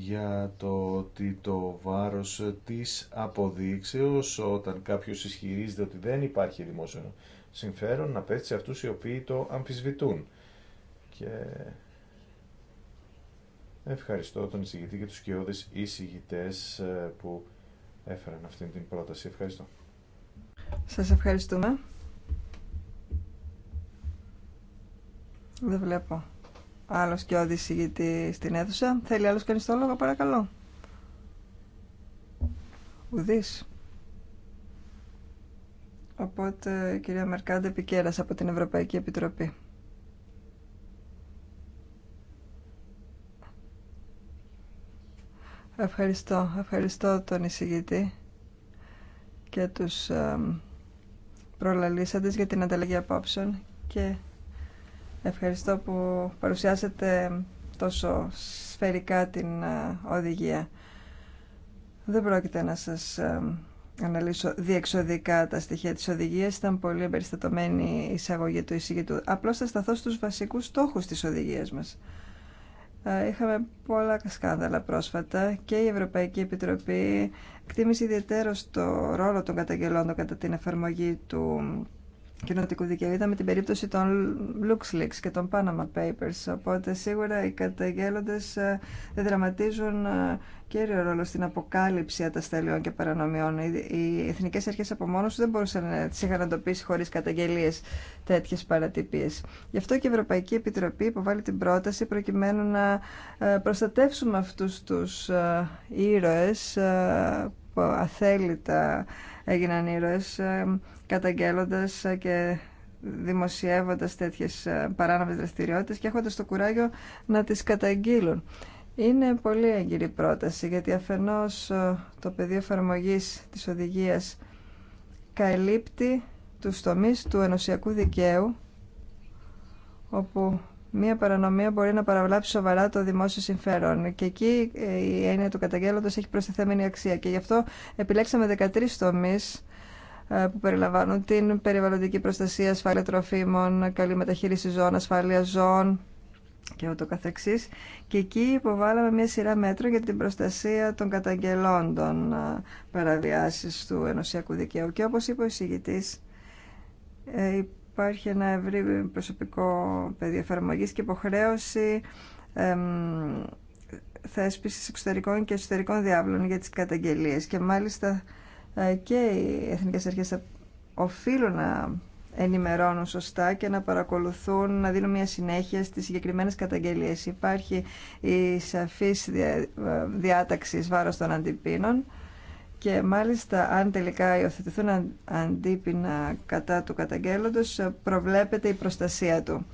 για το ότι το βάρος της αποδείξεως όταν κάποιος ισχυρίζεται ότι δεν υπάρχει δημόσιο συμφέρον να πέφτει σε αυτούς οι οποίοι το αμφισβητούν. Και ευχαριστώ τον εισηγητή και τους κοιόδες εισηγητέ ε, που έφεραν αυτή την πρόταση. Ευχαριστώ. Σας ευχαριστούμε. Δεν βλέπω Άλλο και ο στην αίθουσα. Θέλει άλλος κανεί το λόγο, παρακαλώ. Ουδή. Οπότε η κυρία Μερκάντε Πικέρα από την Ευρωπαϊκή Επιτροπή. Ευχαριστώ. Ευχαριστώ τον εισηγητή και τους προλαλήσαντες για την ανταλλαγή απόψεων και Ευχαριστώ που παρουσιάσατε τόσο σφαιρικά την ε, οδηγία. Δεν πρόκειται να σας ε, αναλύσω διεξοδικά τα στοιχεία της οδηγίας. Ήταν πολύ εμπεριστατωμένη η εισαγωγή του εισηγητού. Απλώς θα σταθώ στους βασικούς στόχους της οδηγίας μας. Ε, είχαμε πολλά σκάνδαλα πρόσφατα και η Ευρωπαϊκή Επιτροπή εκτίμησε ιδιαίτερο το ρόλο των καταγγελόντων κατά την εφαρμογή του κοινοτικού δικαίου. Είδαμε την περίπτωση των LuxLeaks και των Panama Papers. Οπότε σίγουρα οι ε, δεν δραματίζουν ε, κύριο ρόλο στην αποκάλυψη ατασταλιών και παρανομιών. Οι Εθνικέ αρχέ από του δεν μπορούσαν να τι είχαν εντοπίσει χωρίς καταγγελίες τέτοιες παρατυπίες. Γι' αυτό και η Ευρωπαϊκή Επιτροπή υποβάλλει την πρόταση προκειμένου να ε, προστατεύσουμε αυτού του ήρωε που αθέλητα έγιναν ήρωες καταγγέλλοντας και δημοσιεύοντας τέτοιες ε, παράνομες δραστηριότητες και έχοντας το κουράγιο να τις καταγγείλουν. Είναι πολύ έγκυρη πρόταση γιατί αφενός ε, το πεδίο εφαρμογή της οδηγίας καλύπτει τους τομείς του ενωσιακού δικαίου όπου μία παρανομία μπορεί να παραβλάψει σοβαρά το δημόσιο συμφέρον. Και εκεί ε, η έννοια του καταγγέλλοντος έχει προσθεθέμενη αξία. Και γι' αυτό επιλέξαμε 13 τομείς ε, που περιλαμβάνουν την περιβαλλοντική προστασία, ασφάλεια τροφίμων, καλή μεταχείριση ζώων, ασφάλεια ζώων και ούτω καθεξής. Και εκεί υποβάλαμε μια σειρά μέτρων για την προστασία των καταγγελών των ε, παραβιάσεις του ενωσιακού δικαίου. Και όπως είπε ο εισηγητής, ε, υπάρχει ένα ευρύ προσωπικό πεδίο εφαρμογή και υποχρέωση θέσπισης εξωτερικών και εσωτερικών διάβλων για τις καταγγελίες. Και μάλιστα ε, και οι εθνικές αρχές οφείλουν να ενημερώνουν σωστά και να παρακολουθούν, να δίνουν μια συνέχεια στις συγκεκριμένες καταγγελίες. Υπάρχει η σαφής ε, διάταξη βάρος των αντιπίνων και μάλιστα αν τελικά υιοθετηθούν αντίπινα κατά του καταγγέλλοντος ε, προβλέπεται η προστασία του.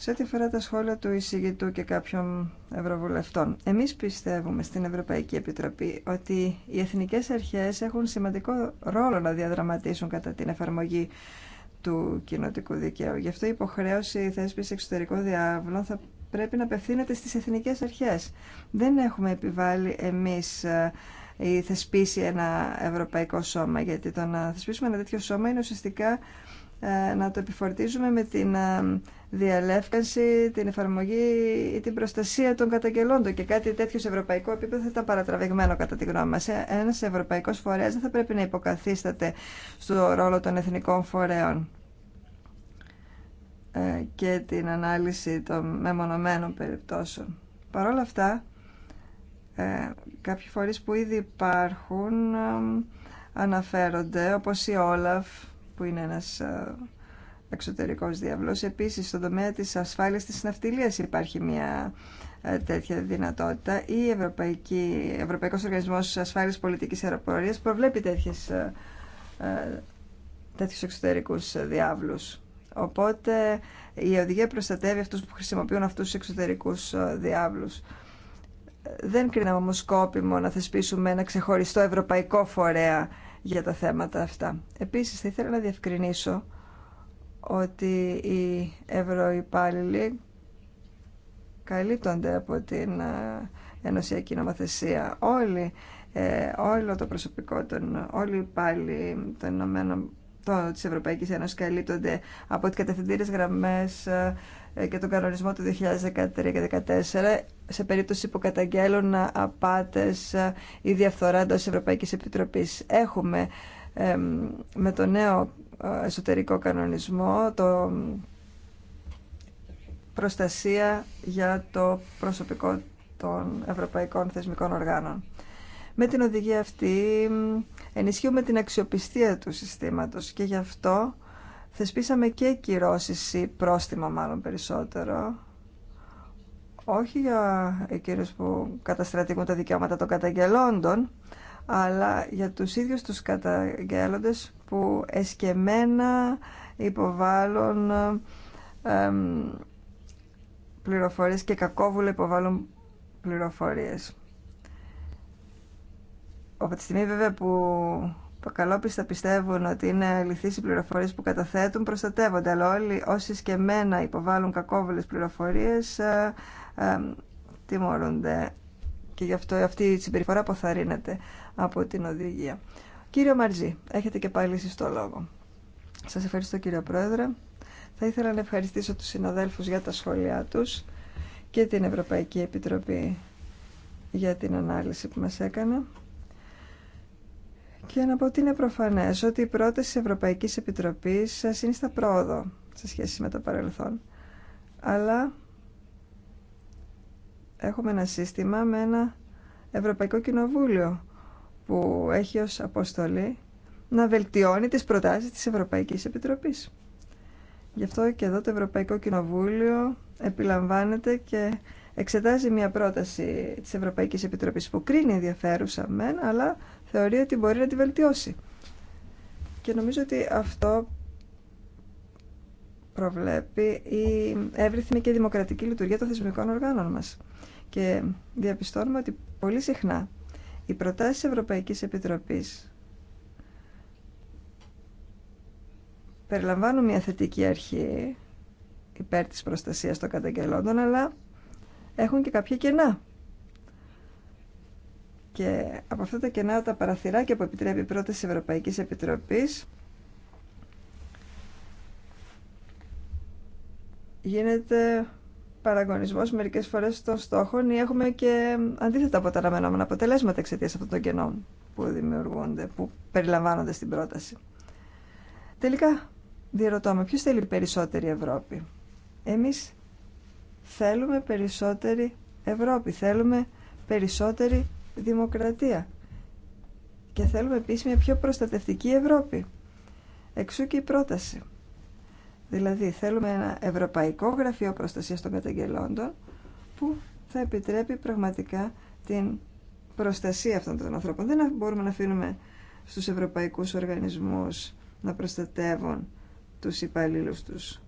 Σε ό,τι αφορά τα σχόλια του εισηγητού και κάποιων ευρωβουλευτών, εμείς πιστεύουμε στην Ευρωπαϊκή Επιτροπή ότι οι εθνικές αρχές έχουν σημαντικό ρόλο να διαδραματίσουν κατά την εφαρμογή του κοινοτικού δικαίου. Γι' αυτό η υποχρέωση θέσπιση εξωτερικών διάβλων θα πρέπει να απευθύνεται στις εθνικές αρχές. Δεν έχουμε επιβάλει εμείς ε, ή θεσπίσει ένα ευρωπαϊκό σώμα, γιατί το να θεσπίσουμε ένα τέτοιο σώμα είναι ουσιαστικά ε, να το επιφορτίζουμε με την ε, διαλεύκανση, την εφαρμογή ή την προστασία των καταγγελόντων και κάτι τέτοιο σε ευρωπαϊκό επίπεδο θα ήταν παρατραβηγμένο κατά τη γνώμη μας. Ε, ένας ευρωπαϊκός φορέας δεν θα πρέπει να υποκαθίσταται στο ρόλο των εθνικών φορέων και την ανάλυση των μεμονωμένων περιπτώσεων. Παρ' όλα αυτά, κάποιοι φορείς που ήδη υπάρχουν αναφέρονται, όπως η Όλαφ, που είναι ένας ε, εξωτερικός διάβλος. Επίσης, στον τομέα της ασφάλειας της ναυτιλίας υπάρχει μια ε, τέτοια δυνατότητα. Η Ευρωπαϊκή, Ευρωπαϊκός Οργανισμός Ασφάλειας Πολιτικής Αεροπορίας προβλέπει τέτοιες, ε, τέτοιους εξωτερικούς διάβλους. Οπότε η οδηγία προστατεύει αυτούς που χρησιμοποιούν αυτούς τους εξωτερικούς διάβλους. Δεν κρίναμε όμως σκόπιμο να θεσπίσουμε ένα ξεχωριστό ευρωπαϊκό φορέα για τα θέματα αυτά. Επίσης, θα ήθελα να διευκρινίσω ότι οι ευρωυπάλληλοι καλύπτονται από την ε, ενωσιακή νομοθεσία. Όλοι, ε, όλο το προσωπικό, των, όλοι οι υπάλληλοι των Ηνωμένων της Ευρωπαϊκής Ένωσης καλύπτονται από τις κατευθυντήρες γραμμές ε, ε, και τον κανονισμό του 2013 και 2014 σε περίπτωση που καταγγέλουν ε, απάτες ε, ή διαφθορά εντός Ευρωπαϊκής Επιτροπής. Έχουμε με το νέο εσωτερικό κανονισμό το προστασία για το προσωπικό των ευρωπαϊκών θεσμικών οργάνων. Με την οδηγία αυτή ενισχύουμε την αξιοπιστία του συστήματος και γι' αυτό θεσπίσαμε και κυρώσει ή πρόστιμα μάλλον περισσότερο, όχι για εκείνους που καταστρατηγούν τα δικαιώματα των καταγγελόντων, αλλά για τους ίδιους τους καταγγέλλοντες που εσκεμένα υποβάλλουν εμ, πληροφορίες και κακόβουλα υποβάλλουν πληροφορίες. Από τη στιγμή βέβαια που καλόπιστα πιστεύουν ότι είναι αληθείς οι πληροφορίες που καταθέτουν προστατεύονται, αλλά όλοι όσοι και εμένα υποβάλλουν κακόβουλες πληροφορίες ε, ε, τιμωρούνται και γι' αυτό αυτή η συμπεριφορά αποθαρρύνεται από την οδηγία. Κύριο Μαρζή, έχετε και πάλι εσείς το λόγο. Σας ευχαριστώ κύριο Πρόεδρε. Θα ήθελα να ευχαριστήσω τους συναδέλφους για τα σχόλιά τους και την Ευρωπαϊκή Επιτροπή για την ανάλυση που μας έκανε. Και να πω ότι είναι προφανές ότι η πρόταση της Ευρωπαϊκής Επιτροπής στα πρόοδο σε σχέση με το παρελθόν. Αλλά έχουμε ένα σύστημα με ένα Ευρωπαϊκό Κοινοβούλιο που έχει ως αποστολή να βελτιώνει τις προτάσεις της Ευρωπαϊκής Επιτροπής. Γι' αυτό και εδώ το Ευρωπαϊκό Κοινοβούλιο επιλαμβάνεται και εξετάζει μια πρόταση της Ευρωπαϊκής Επιτροπής που κρίνει ενδιαφέρουσα μεν, αλλά θεωρεί ότι μπορεί να τη βελτιώσει. Και νομίζω ότι αυτό προβλέπει η εύρυθμη και δημοκρατική λειτουργία των θεσμικών οργάνων μας. Και διαπιστώνουμε ότι πολύ συχνά οι προτάσεις Ευρωπαϊκής Επιτροπής περιλαμβάνουν μια θετική αρχή υπέρ της προστασίας των καταγγελόντων, αλλά έχουν και κάποια κενά. Και από αυτά τα κενά τα παραθυράκια που επιτρέπει η πρόταση Ευρωπαϊκής Επιτροπής γίνεται παραγωνισμός μερικές φορές των στόχων ή έχουμε και αντίθετα από αποτελέσματα εξαιτία αυτών των κενών που δημιουργούνται, που περιλαμβάνονται στην πρόταση. Τελικά, διερωτώμε ποιος θέλει περισσότερη Ευρώπη. Εμείς θέλουμε περισσότερη Ευρώπη, θέλουμε περισσότερη δημοκρατία. Και θέλουμε επίσης μια πιο προστατευτική Ευρώπη. Εξού και η πρόταση. Δηλαδή θέλουμε ένα ευρωπαϊκό γραφείο προστασίας των καταγγελόντων που θα επιτρέπει πραγματικά την προστασία αυτών των ανθρώπων. Δεν μπορούμε να αφήνουμε στους ευρωπαϊκούς οργανισμούς να προστατεύουν τους υπαλλήλου τους.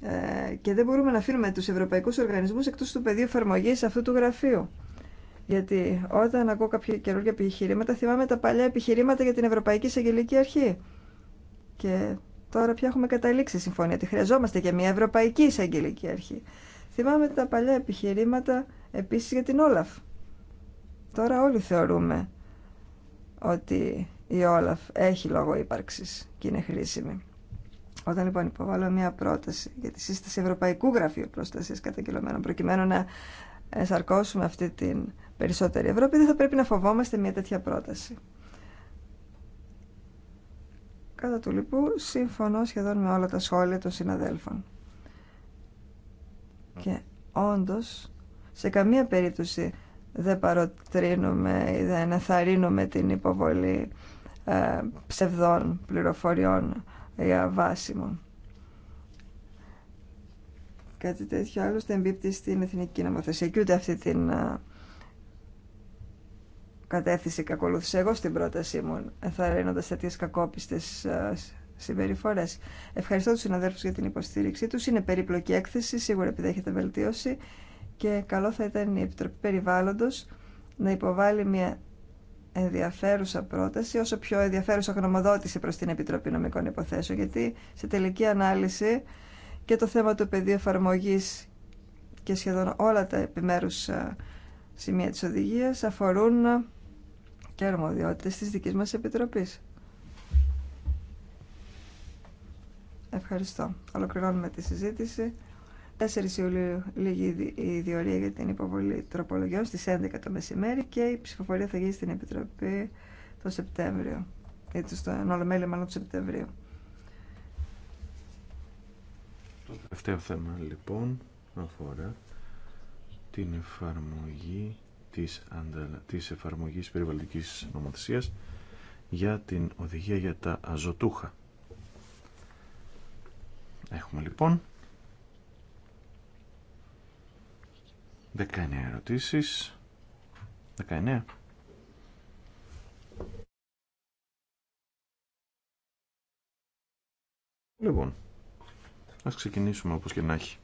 Ε, και δεν μπορούμε να αφήνουμε τους ευρωπαϊκούς οργανισμούς εκτός του πεδίου εφαρμογή αυτού του γραφείου. Γιατί όταν ακούω κάποια καινούργια επιχειρήματα, θυμάμαι τα παλιά επιχειρήματα για την Ευρωπαϊκή Εισαγγελική Αρχή. Και τώρα πια έχουμε καταλήξει συμφωνία ότι χρειαζόμαστε και μια Ευρωπαϊκή Εισαγγελική Αρχή. Θυμάμαι τα παλιά επιχειρήματα επίσης για την Όλαφ. Τώρα όλοι θεωρούμε ότι η Όλαφ έχει λόγο ύπαρξης και είναι χρήσιμη. Όταν λοιπόν υποβάλλω μια πρόταση για τη σύσταση Ευρωπαϊκού Γραφείου Προστασία Καταγγελωμένων προκειμένου να εσαρκώσουμε αυτή την περισσότερη Ευρώπη, δεν θα πρέπει να φοβόμαστε μια τέτοια πρόταση. Κατά του λοιπού, συμφωνώ σχεδόν με όλα τα σχόλια των συναδέλφων. Και όντως, σε καμία περίπτωση δεν παροτρύνουμε ή δεν ενθαρρύνουμε την υποβολή ε, ψευδών πληροφοριών για βάσιμο. Κάτι τέτοιο άλλωστε εμπίπτει στην εθνική νομοθεσία και ούτε αυτή την ε, κατεύθυνση ακολούθησε εγώ στην πρότασή μου, ενθαρρύνοντα τέτοιε κακόπιστε ε, συμπεριφορέ. Ευχαριστώ του συναδέλφου για την υποστήριξή του. Είναι περίπλοκη έκθεση, σίγουρα επιδέχεται βελτίωση και καλό θα ήταν η Επιτροπή Περιβάλλοντο να υποβάλει μια ενδιαφέρουσα πρόταση, όσο πιο ενδιαφέρουσα γνωμοδότηση προ την Επιτροπή Νομικών Υποθέσεων, γιατί σε τελική ανάλυση και το θέμα του πεδίου εφαρμογή και σχεδόν όλα τα επιμέρους ε, σημεία της οδηγίας αφορούν και αρμοδιότητε τη δική μας επιτροπή. Ευχαριστώ. Ολοκληρώνουμε τη συζήτηση. 4 Ιουλίου λήγει η διορία για την υποβολή τροπολογιών στις 11 το μεσημέρι και η ψηφοφορία θα γίνει στην Επιτροπή το Σεπτέμβριο. Έτσι, στο ενολομέλη μάλλον του Σεπτεμβρίου. Το τελευταίο θέμα λοιπόν αφορά την εφαρμογή της, της εφαρμογής περιβαλλοντικής νομοθεσίας για την οδηγία για τα αζωτούχα. Έχουμε λοιπόν 19 ερωτήσεις. 19. Λοιπόν, ας ξεκινήσουμε όπως και να έχει.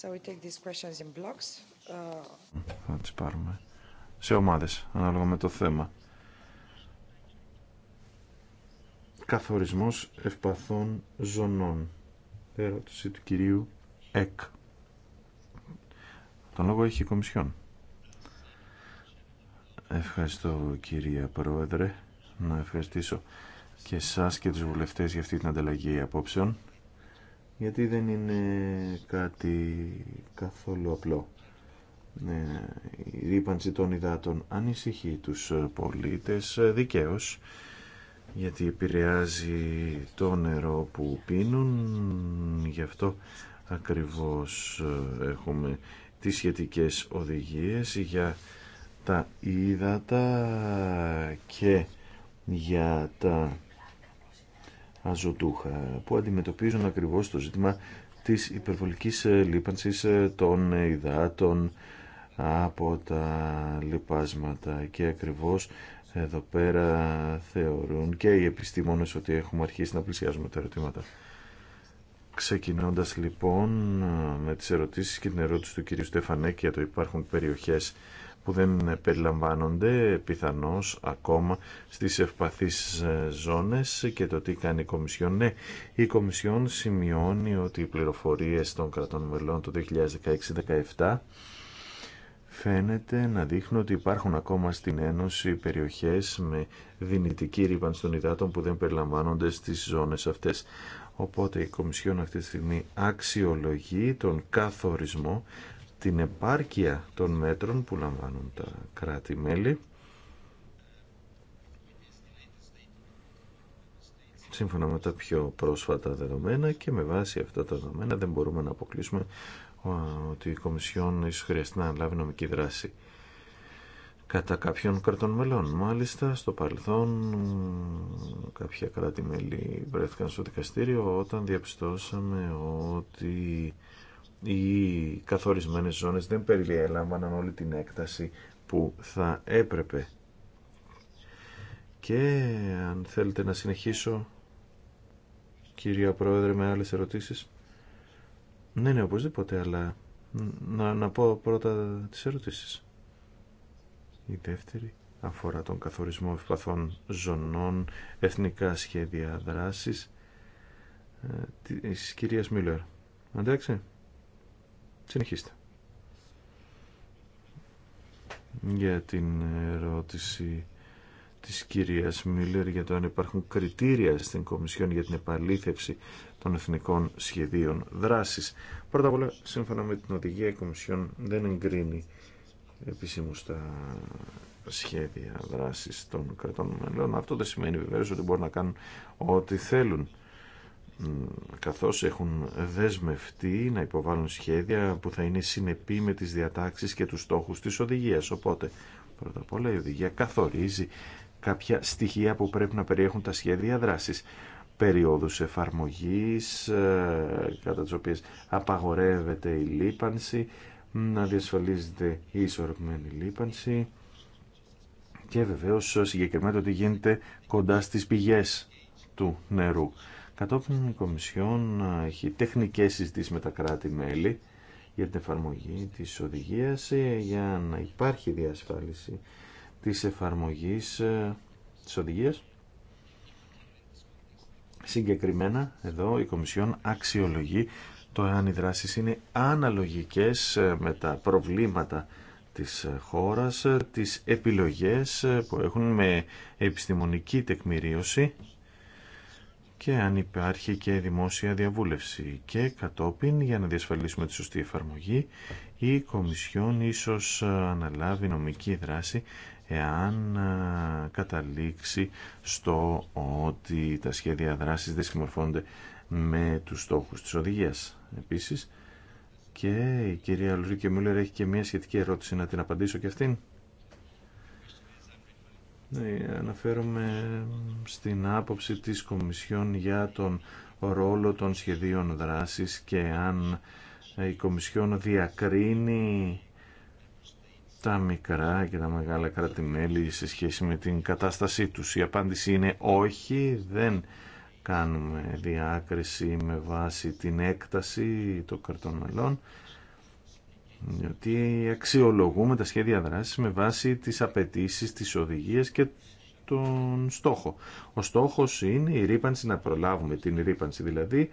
So in blocks. Uh, Θα τις πάρουμε σε ομάδες, ανάλογα με το θέμα. Καθορισμός ευπαθών ζωνών. Ερώτηση του κυρίου ΕΚ. Τον λόγο έχει η Κομισιόν. Ευχαριστώ κυρία Πρόεδρε. Να ευχαριστήσω και εσάς και τους βουλευτές για αυτή την ανταλλαγή απόψεων γιατί δεν είναι κάτι καθόλου απλό. Ναι, η ρήπανση των υδάτων ανησυχεί τους πολίτες δικαίως γιατί επηρεάζει το νερό που πίνουν γι' αυτό ακριβώς ε, έχουμε τις σχετικές οδηγίες για τα ύδατα και για τα που αντιμετωπίζουν ακριβώς το ζήτημα της υπερβολικής ε, λίπανσης ε, των υδάτων από τα λιπάσματα και ακριβώς εδώ πέρα θεωρούν και οι επιστήμονες ότι έχουμε αρχίσει να πλησιάζουμε τα ερωτήματα. Ξεκινώντας λοιπόν ε, με τις ερωτήσεις και την ερώτηση του κυρίου Στεφανέκη για το υπάρχουν περιοχές που δεν περιλαμβάνονται πιθανώς ακόμα στις ευπαθείς ε, ζώνες και το τι κάνει η Κομισιόν. Ναι, η Κομισιόν σημειώνει ότι οι πληροφορίες των κρατών μελών το 2016-2017 φαίνεται να δείχνουν ότι υπάρχουν ακόμα στην Ένωση περιοχές με δυνητική ρήπανση των υδάτων που δεν περιλαμβάνονται στις ζώνες αυτές. Οπότε η Κομισιόν αυτή τη στιγμή αξιολογεί τον καθορισμό την επάρκεια των μέτρων που λαμβάνουν τα κράτη-μέλη σύμφωνα με τα πιο πρόσφατα δεδομένα και με βάση αυτά τα δεδομένα δεν μπορούμε να αποκλείσουμε ότι η Κομισιόν ίσως χρειαστεί να λάβει νομική δράση κατά κάποιων κρατών μελών. Μάλιστα, στο παρελθόν κάποια κράτη-μέλη βρέθηκαν στο δικαστήριο όταν διαπιστώσαμε ότι οι καθορισμένες ζώνες δεν περιέλαμβαναν όλη την έκταση που θα έπρεπε. Και αν θέλετε να συνεχίσω, κυρία Πρόεδρε, με άλλες ερωτήσεις. Ναι, ναι, οπωσδήποτε, αλλά να, πω πρώτα τις ερωτήσεις. Η δεύτερη αφορά τον καθορισμό ευπαθών ζωνών, εθνικά σχέδια δράσης ε, της κυρίας Μίλλερ. Αντάξει. Συνεχίστε. Για την ερώτηση της κυρίας Μίλλερ για το αν υπάρχουν κριτήρια στην Κομισιόν για την επαλήθευση των εθνικών σχεδίων δράσης. Πρώτα απ' όλα, σύμφωνα με την οδηγία, η Κομισιόν δεν εγκρίνει επισήμως τα σχέδια δράσης των κρατών μελών. Αυτό δεν σημαίνει βεβαίως ότι μπορούν να κάνουν ό,τι θέλουν καθώς έχουν δεσμευτεί να υποβάλουν σχέδια που θα είναι συνεπή με τις διατάξεις και τους στόχους της οδηγίας. Οπότε, πρώτα απ' όλα η οδηγία καθορίζει κάποια στοιχεία που πρέπει να περιέχουν τα σχέδια δράσης. Περιόδους εφαρμογής, ε, κατά τις οποίες απαγορεύεται η λύπανση να διασφαλίζεται η ισορροπημένη λίπανση και βεβαίως συγκεκριμένα ότι γίνεται κοντά στις πηγές του νερού. Κατόπιν η Κομισιόν έχει τεχνικές συζητήσεις με τα κράτη-μέλη για την εφαρμογή της οδηγίας ε, για να υπάρχει διασφάλιση της εφαρμογής ε, της οδηγίας. Συγκεκριμένα εδώ η Κομισιόν αξιολογεί το εάν οι δράσεις είναι αναλογικές ε, με τα προβλήματα της χώρας, τις επιλογές που έχουν με επιστημονική τεκμηρίωση και αν υπάρχει και δημόσια διαβούλευση και κατόπιν για να διασφαλίσουμε τη σωστή εφαρμογή η Κομισιόν ίσως ε, αναλάβει νομική δράση εάν ε, καταλήξει στο ότι τα σχέδια δράσης δεν συμμορφώνονται με τους στόχους της οδηγίας επίσης και η κυρία Λουρίκε Μούλερ έχει και μια σχετική ερώτηση να την απαντήσω και αυτήν. Ναι, αναφέρομαι στην άποψη της Κομισιόν για τον ρόλο των σχεδίων δράσης και αν η Κομισιόν διακρίνει τα μικρά και τα μεγαλα κρατημέλη σε σχέση με την κατάστασή τους. Η απάντηση είναι όχι, δεν κάνουμε διάκριση με βάση την έκταση των κρατών μελών ότι αξιολογούμε τα σχέδια δράσης με βάση τις απαιτήσει, τις οδηγίες και τον στόχο. Ο στόχος είναι η ρήπανση, να προλάβουμε την ρήπανση δηλαδή,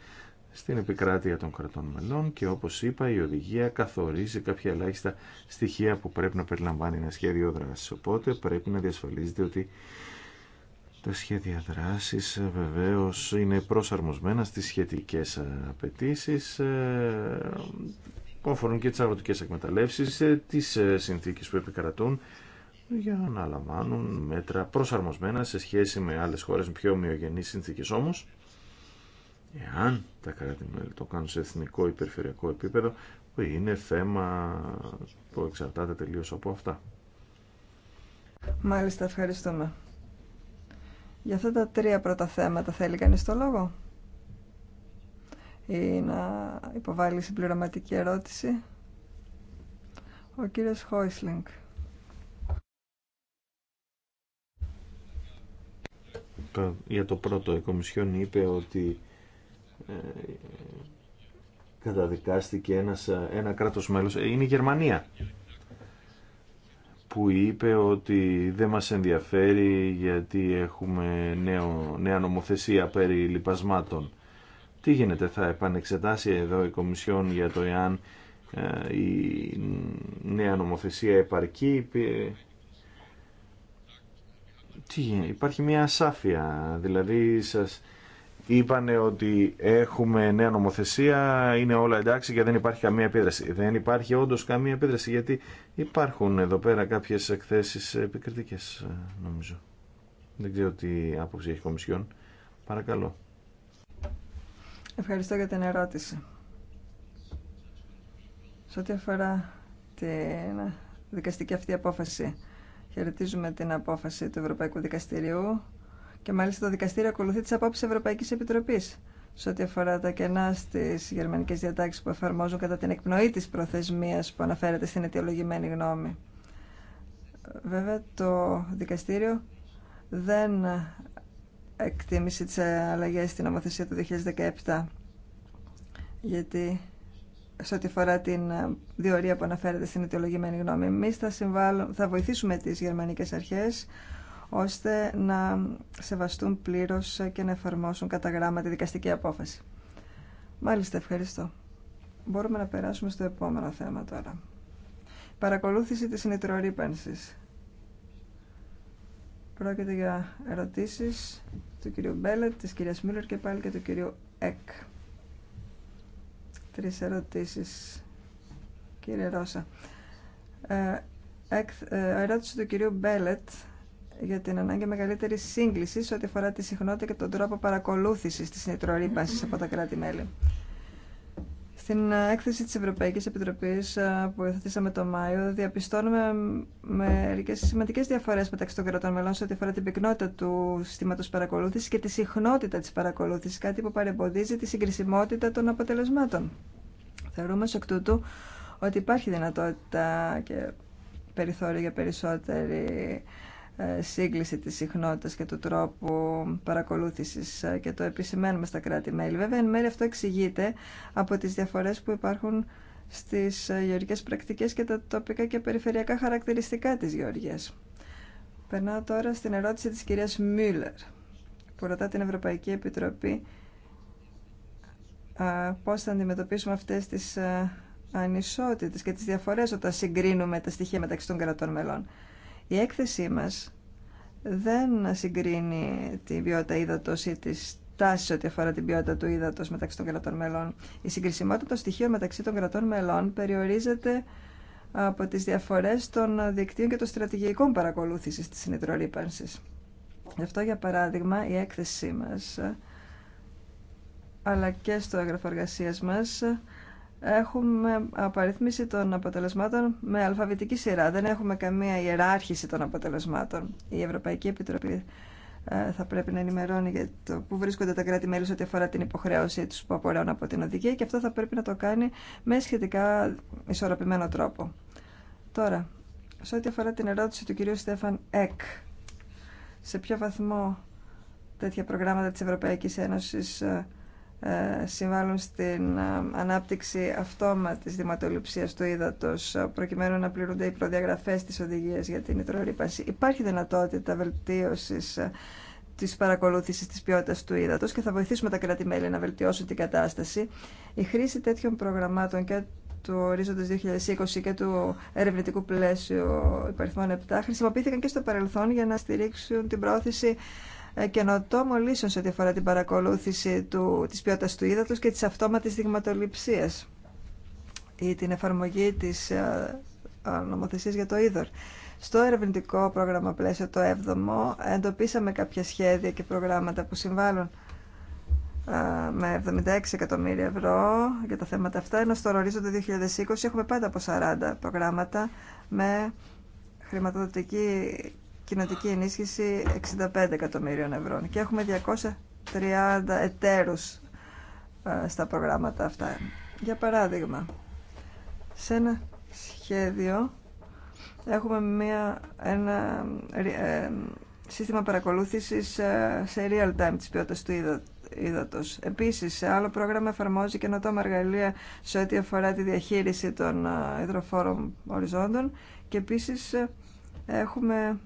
στην επικράτεια των κρατών μελών και όπως είπα η οδηγία καθορίζει κάποια ελάχιστα στοιχεία που πρέπει να περιλαμβάνει ένα σχέδιο δράσης. Οπότε πρέπει να διασφαλίζεται ότι τα σχέδια δράση ε, βεβαίω είναι προσαρμοσμένα στι σχετικέ ε, απαιτήσει ε, που αφορούν και τι αγροτικέ εκμεταλλεύσει τις ε, ε, συνθήκες που επικρατούν για να λαμβάνουν μέτρα προσαρμοσμένα σε σχέση με άλλες χώρες με πιο ομοιογενεί συνθήκε όμως. Εάν τα κράτη-μέλη το κάνουν σε εθνικό ή περιφερειακό επίπεδο, που είναι θέμα που εξαρτάται τελείως από αυτά. Μάλιστα, ευχαριστούμε. Για αυτά τα τρία πρώτα θέματα θέλει κανείς το λόγο ή να υποβάλει συμπληρωματική ερώτηση. Ο κύριος Χόισλινγκ. Για το πρώτο, η Κομισιόν είπε ότι ε, καταδικάστηκε ένας, ένα κράτος μέλος, ε, είναι η Γερμανία, που είπε ότι δεν μας ενδιαφέρει γιατί έχουμε νέο, νέα νομοθεσία περί λοιπασμάτων. Τι γίνεται, θα επανεξετάσει εδώ η Κομισιόν για το εάν ε, η νέα νομοθεσία επαρκεί. Τι γίνεται, υπάρχει μια ασάφεια, δηλαδή σας είπανε ότι έχουμε νέα νομοθεσία, είναι όλα εντάξει και δεν υπάρχει καμία επίδραση. Δεν υπάρχει όντως καμία επίδραση γιατί υπάρχουν εδώ πέρα κάποιες εκθέσεις επικριτικές νομίζω. Δεν ξέρω τι άποψη έχει η Κομισιόν. Παρακαλώ. Ευχαριστώ για την ερώτηση. Σε ό,τι αφορά την δικαστική αυτή απόφαση, χαιρετίζουμε την απόφαση του Ευρωπαϊκού Δικαστηρίου και μάλιστα το δικαστήριο ακολουθεί τις απόψεις Ευρωπαϊκής Επιτροπής σε ό,τι αφορά τα κενά στις γερμανικές διατάξεις που εφαρμόζουν κατά την εκπνοή της προθεσμίας που αναφέρεται στην αιτιολογημένη γνώμη. Βέβαια, το δικαστήριο δεν εκτίμηση της αλλαγής στην νομοθεσία του 2017 γιατί σε ό,τι αφορά την ε, διορία που αναφέρεται στην αιτιολογημένη γνώμη εμεί θα, θα βοηθήσουμε τις γερμανικές αρχές ώστε να σεβαστούν πλήρως και να εφαρμόσουν κατά γράμμα τη δικαστική απόφαση. Μάλιστα, ευχαριστώ. Μπορούμε να περάσουμε στο επόμενο θέμα τώρα. Παρακολούθηση της συνητρορύπανσης. Πρόκειται για ερωτήσεις του κυρίου Μπέλετ, της κυρίας Μίλλερ και πάλι και του κυρίου Εκ. Τρεις ερωτήσεις, κύριε Ρώσα. Ε, ε, ερώτηση του κυρίου Μπέλετ για την ανάγκη μεγαλύτερη σύγκληση ό,τι αφορά τη συχνότητα και τον τρόπο παρακολούθησης τη νητρορύπανσης από τα κράτη-μέλη. Στην έκθεση της Ευρωπαϊκής Επιτροπής ε, που εθετήσαμε το Μάιο, διαπιστώνουμε μερικές σημαντικές διαφορές μεταξύ των κρατών μελών σε ό,τι αφορά την πυκνότητα του συστήματος παρακολούθησης και τη συχνότητα της παρακολούθησης, κάτι που παρεμποδίζει τη συγκρισιμότητα των αποτελεσμάτων. Θεωρούμε σε εκ τούτου ότι υπάρχει δυνατότητα και περιθώριο για περισσότερη ε, σύγκληση της συχνότητας και του τρόπου παρακολούθησης ε, και το επισημαίνουμε στα κράτη-μέλη. Βέβαια, εν μέρει αυτό εξηγείται από τις διαφορές που υπάρχουν στις ε, γεωργικές πρακτικές και τα τοπικά και περιφερειακά χαρακτηριστικά της γεωργίας. Περνάω τώρα στην ερώτηση της κυρίας Μιούλερ, που ρωτά την Ευρωπαϊκή Επιτροπή πώς θα αντιμετωπίσουμε αυτές τις ανισότητες και τις διαφορές όταν συγκρίνουμε τα στοιχεία μεταξύ των κρατών μελών. Η έκθεσή μας δεν συγκρίνει την ποιότητα ύδατος ή τις τάσεις ό,τι αφορά την ποιότητα του ύδατος μεταξύ των κρατών μελών. Η συγκρισιμότητα των στοιχείων μεταξύ των κρατών μελών περιορίζεται από τις διαφορές των δικτύων και των στρατηγικών παρακολούθησης της συνετρορύπανσης. Γι' αυτό, για παράδειγμα, η έκθεσή μας, αλλά και στο έγγραφο εργασία μας, έχουμε απαριθμίσει των αποτελεσμάτων με αλφαβητική σειρά. Δεν έχουμε καμία ιεράρχηση των αποτελεσμάτων. Η Ευρωπαϊκή Επιτροπή ε, θα πρέπει να ενημερώνει για το που βρίσκονται τα κράτη-μέλη ό,τι αφορά την υποχρέωσή του που απορρέουν από την οδηγία και αυτό θα πρέπει να το κάνει με σχετικά ισορροπημένο τρόπο. Τώρα, σε ό,τι αφορά την ερώτηση του κυρίου Στέφαν Εκ, σε ποιο βαθμό τέτοια προγράμματα της Ευρωπαϊκής Ένωσης ε, ε, συμβάλλουν στην ε, ανάπτυξη αυτόματης δηματοληψίας του ύδατος ε, προκειμένου να πληρούνται οι προδιαγραφές της οδηγίας για την υδρορύπανση. Υπάρχει δυνατότητα βελτίωσης τη παρακολούθηση τη ποιότητα του ύδατο και θα βοηθήσουμε τα κράτη-μέλη να βελτιώσουν την κατάσταση. Η χρήση τέτοιων προγραμμάτων και του ορίζοντα 2020 και του ερευνητικού πλαίσιου υπαριθμών 7 χρησιμοποιήθηκαν και στο παρελθόν για να στηρίξουν την πρόθεση ε, καινοτόμο λύσεων σε ό,τι αφορά την παρακολούθηση του, της ποιότητας του ύδατος και της αυτόματης δειγματοληψίας ή την εφαρμογή της ε, ε, νομοθεσίας για το είδωρ. Στο ερευνητικό πρόγραμμα πλαίσιο το 7ο εντοπίσαμε κάποια σχέδια και προγράμματα που συμβάλλουν με 76 εκατομμύρια ευρώ για τα θέματα αυτά, ενώ στο ορίζοντα 2020 έχουμε πάντα από 40 προγράμματα με χρηματοδοτική κοινοτική ενίσχυση 65 εκατομμύριων ευρώ και έχουμε 230 εταίρους ε, στα προγράμματα αυτά. Για παράδειγμα, σε ένα σχέδιο έχουμε μια, ένα ε, ε, σύστημα παρακολούθησης σε real time της ποιότητας του ύδατος. Επίσης, σε άλλο πρόγραμμα εφαρμόζει καινοτόμα εργαλεία σε ό,τι αφορά τη διαχείριση των υδροφόρων οριζόντων και επίσης έχουμε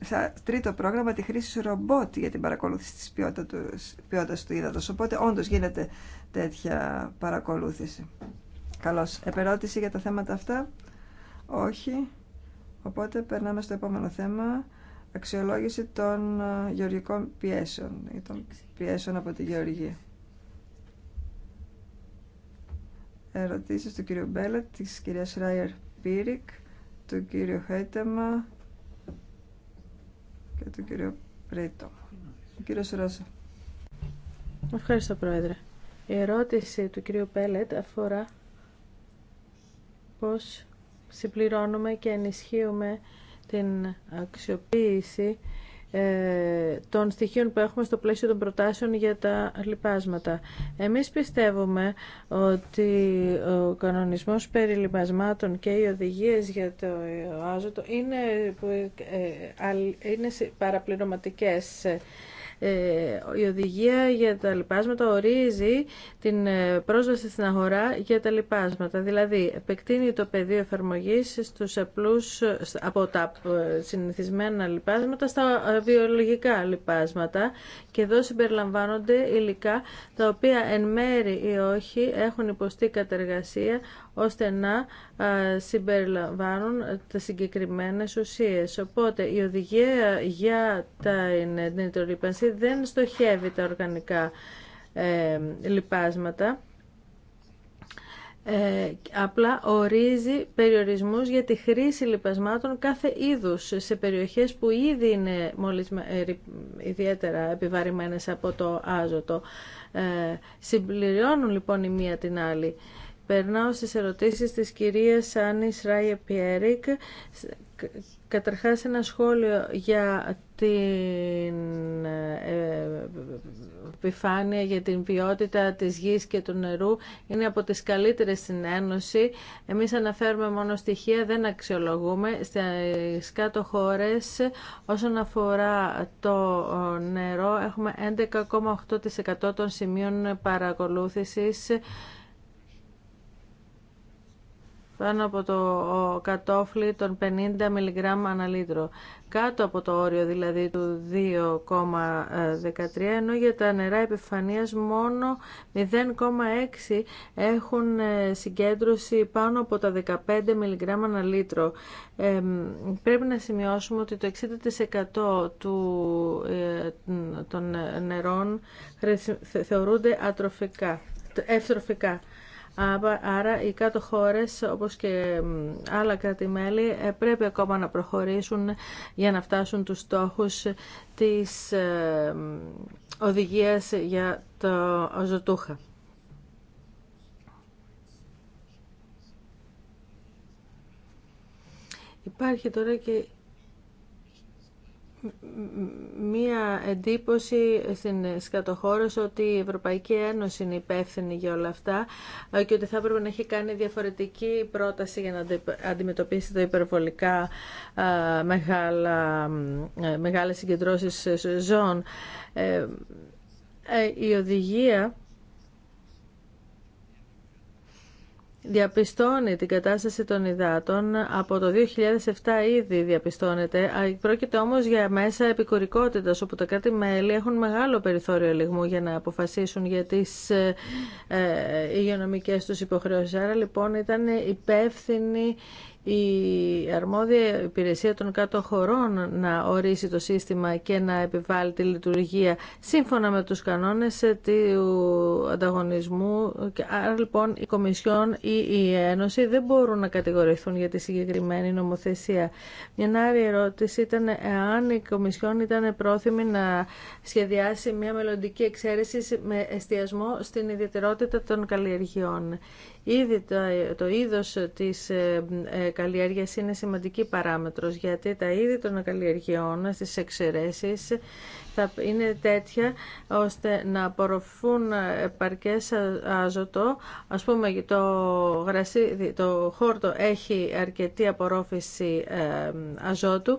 σαν τρίτο πρόγραμμα τη χρήση ρομπότ για την παρακολούθηση της ποιότητας του, ύδατος. Οπότε όντως γίνεται τέτοια παρακολούθηση. Καλώς. Επερώτηση για τα θέματα αυτά. Όχι. Οπότε περνάμε στο επόμενο θέμα. Αξιολόγηση των γεωργικών πιέσεων ή των πιέσεων από τη γεωργία. Ερωτήσεις του κυρίου Μπέλα, της κυρίας Ράιερ Πύρικ τον κύριο Χαϊτέμα και του κύριο Πρέτο. Ο κύριος Ρώσο. Ευχαριστώ, Πρόεδρε. Η ερώτηση του κύριου Πέλετ αφορά πώς συμπληρώνουμε και ενισχύουμε την αξιοποίηση ε, των στοιχείων που έχουμε στο πλαίσιο των προτάσεων για τα λοιπάσματα. Εμείς πιστεύουμε ότι ο κανονισμός περί λοιπασμάτων και οι οδηγίες για το άζωτο είναι, ε, ε, είναι παραπληρωματικές ε, η οδηγία για τα λοιπάσματα ορίζει την ε, πρόσβαση στην αγορά για τα λοιπάσματα. Δηλαδή, επεκτείνει το πεδίο εφαρμογή στους από τα ε, συνηθισμένα λοιπάσματα στα βιολογικά λοιπάσματα και εδώ συμπεριλαμβάνονται υλικά τα οποία εν μέρη ή όχι έχουν υποστεί κατεργασία ώστε να ε, συμπεριλαμβάνουν τα συγκεκριμένα ουσίες. Οπότε η οδηγία για την νητρολίπανση δεν στοχεύει τα οργανικά ε, λιπάσματα, ε, απλά ορίζει περιορισμούς για τη χρήση λιπασμάτων κάθε είδους σε περιοχές που ήδη είναι μόλις, ε, ιδιαίτερα επιβαρημένες από το άζωτο. Ε, συμπληρώνουν λοιπόν η μία την άλλη. Περνάω στις ερωτήσεις της κυρίας Άννης Ράιε Πιέρικ. Καταρχάς ένα σχόλιο για την ε, επιφάνεια, για την ποιότητα της γης και του νερού. Είναι από τις καλύτερες στην Ένωση. Εμείς αναφέρουμε μόνο στοιχεία, δεν αξιολογούμε. Στις κάτω χώρες όσον αφορά το νερό έχουμε 11,8% των σημείων παρακολούθησης πάνω από το κατόφλι των 50 mg ανά λίτρο. Κάτω από το όριο δηλαδή του 2,13 ε, ενώ για τα νερά επιφανείας μόνο 0,6 έχουν ε, συγκέντρωση πάνω από τα 15 mg ανά λίτρο. πρέπει να σημειώσουμε ότι το 60% του, ε, των νερών θεωρούνται ατροφικά, ευτροφικά. Άρα οι κάτω χώρες όπως και άλλα κράτη-μέλη ε, πρέπει ακόμα να προχωρήσουν για να φτάσουν τους στόχους της ε, οδηγίας για το ζωτούχα. Υπάρχει τώρα και μία εντύπωση στην σκατοχώρος ότι η Ευρωπαϊκή Ένωση είναι υπεύθυνη για όλα αυτά και ότι θα έπρεπε να έχει κάνει διαφορετική πρόταση για να αντιμετωπίσει τα υπερβολικά μεγάλα, μεγάλες συγκεντρώσεις ζώων. Ε, ε, η οδηγία διαπιστώνει την κατάσταση των υδάτων. Από το 2007 ήδη διαπιστώνεται. Πρόκειται όμως για μέσα επικορικότητας, όπου τα κράτη-μέλη έχουν μεγάλο περιθώριο λιγμού για να αποφασίσουν για τις ε, ε, υγειονομικές τους υποχρεώσεις. Άρα λοιπόν ήταν υπεύθυνοι η αρμόδια υπηρεσία των κάτω χωρών να ορίσει το σύστημα και να επιβάλλει τη λειτουργία σύμφωνα με τους κανόνες του ανταγωνισμού. Άρα λοιπόν η Κομισιόν ή η Ένωση δεν μπορούν να κατηγορηθούν για τη συγκεκριμένη νομοθεσία. Μια άλλη ερώτηση ήταν εάν η Κομισιόν ήταν πρόθυμη να σχεδιάσει μια μελλοντική εξαίρεση με εστιασμό στην ιδιαιτερότητα των καλλιεργειών. Ήδη το είδος της ε, ε, καλλιέργειας είναι σημαντική παράμετρος γιατί τα είδη των καλλιεργειών στις εξαιρέσεις θα είναι τέτοια ώστε να απορροφούν παρκές άζωτο. Ας πούμε το, γρασίδι το χόρτο έχει αρκετή απορρόφηση ε, αζότου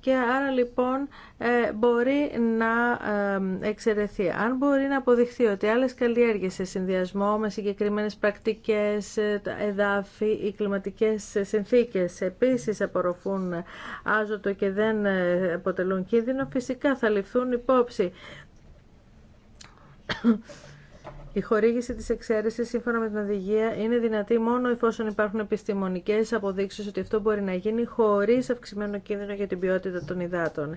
και άρα λοιπόν ε, μπορεί να ε, εξαιρεθεί. Αν μπορεί να αποδειχθεί ότι άλλες καλλιέργειες σε συνδυασμό με συγκεκριμένες πρακτικές, ε, εδάφη ή κλιματικές συνθήκες επίσης απορροφούν άζωτο και δεν αποτελούν κίνδυνο, φυσικά θα ληφθούν υπόψη. Η χορήγηση της εξαίρεσης σύμφωνα με την οδηγία είναι δυνατή μόνο εφόσον υπάρχουν επιστημονικές αποδείξεις ότι αυτό μπορεί να γίνει χωρίς αυξημένο κίνδυνο για την ποιότητα των υδάτων.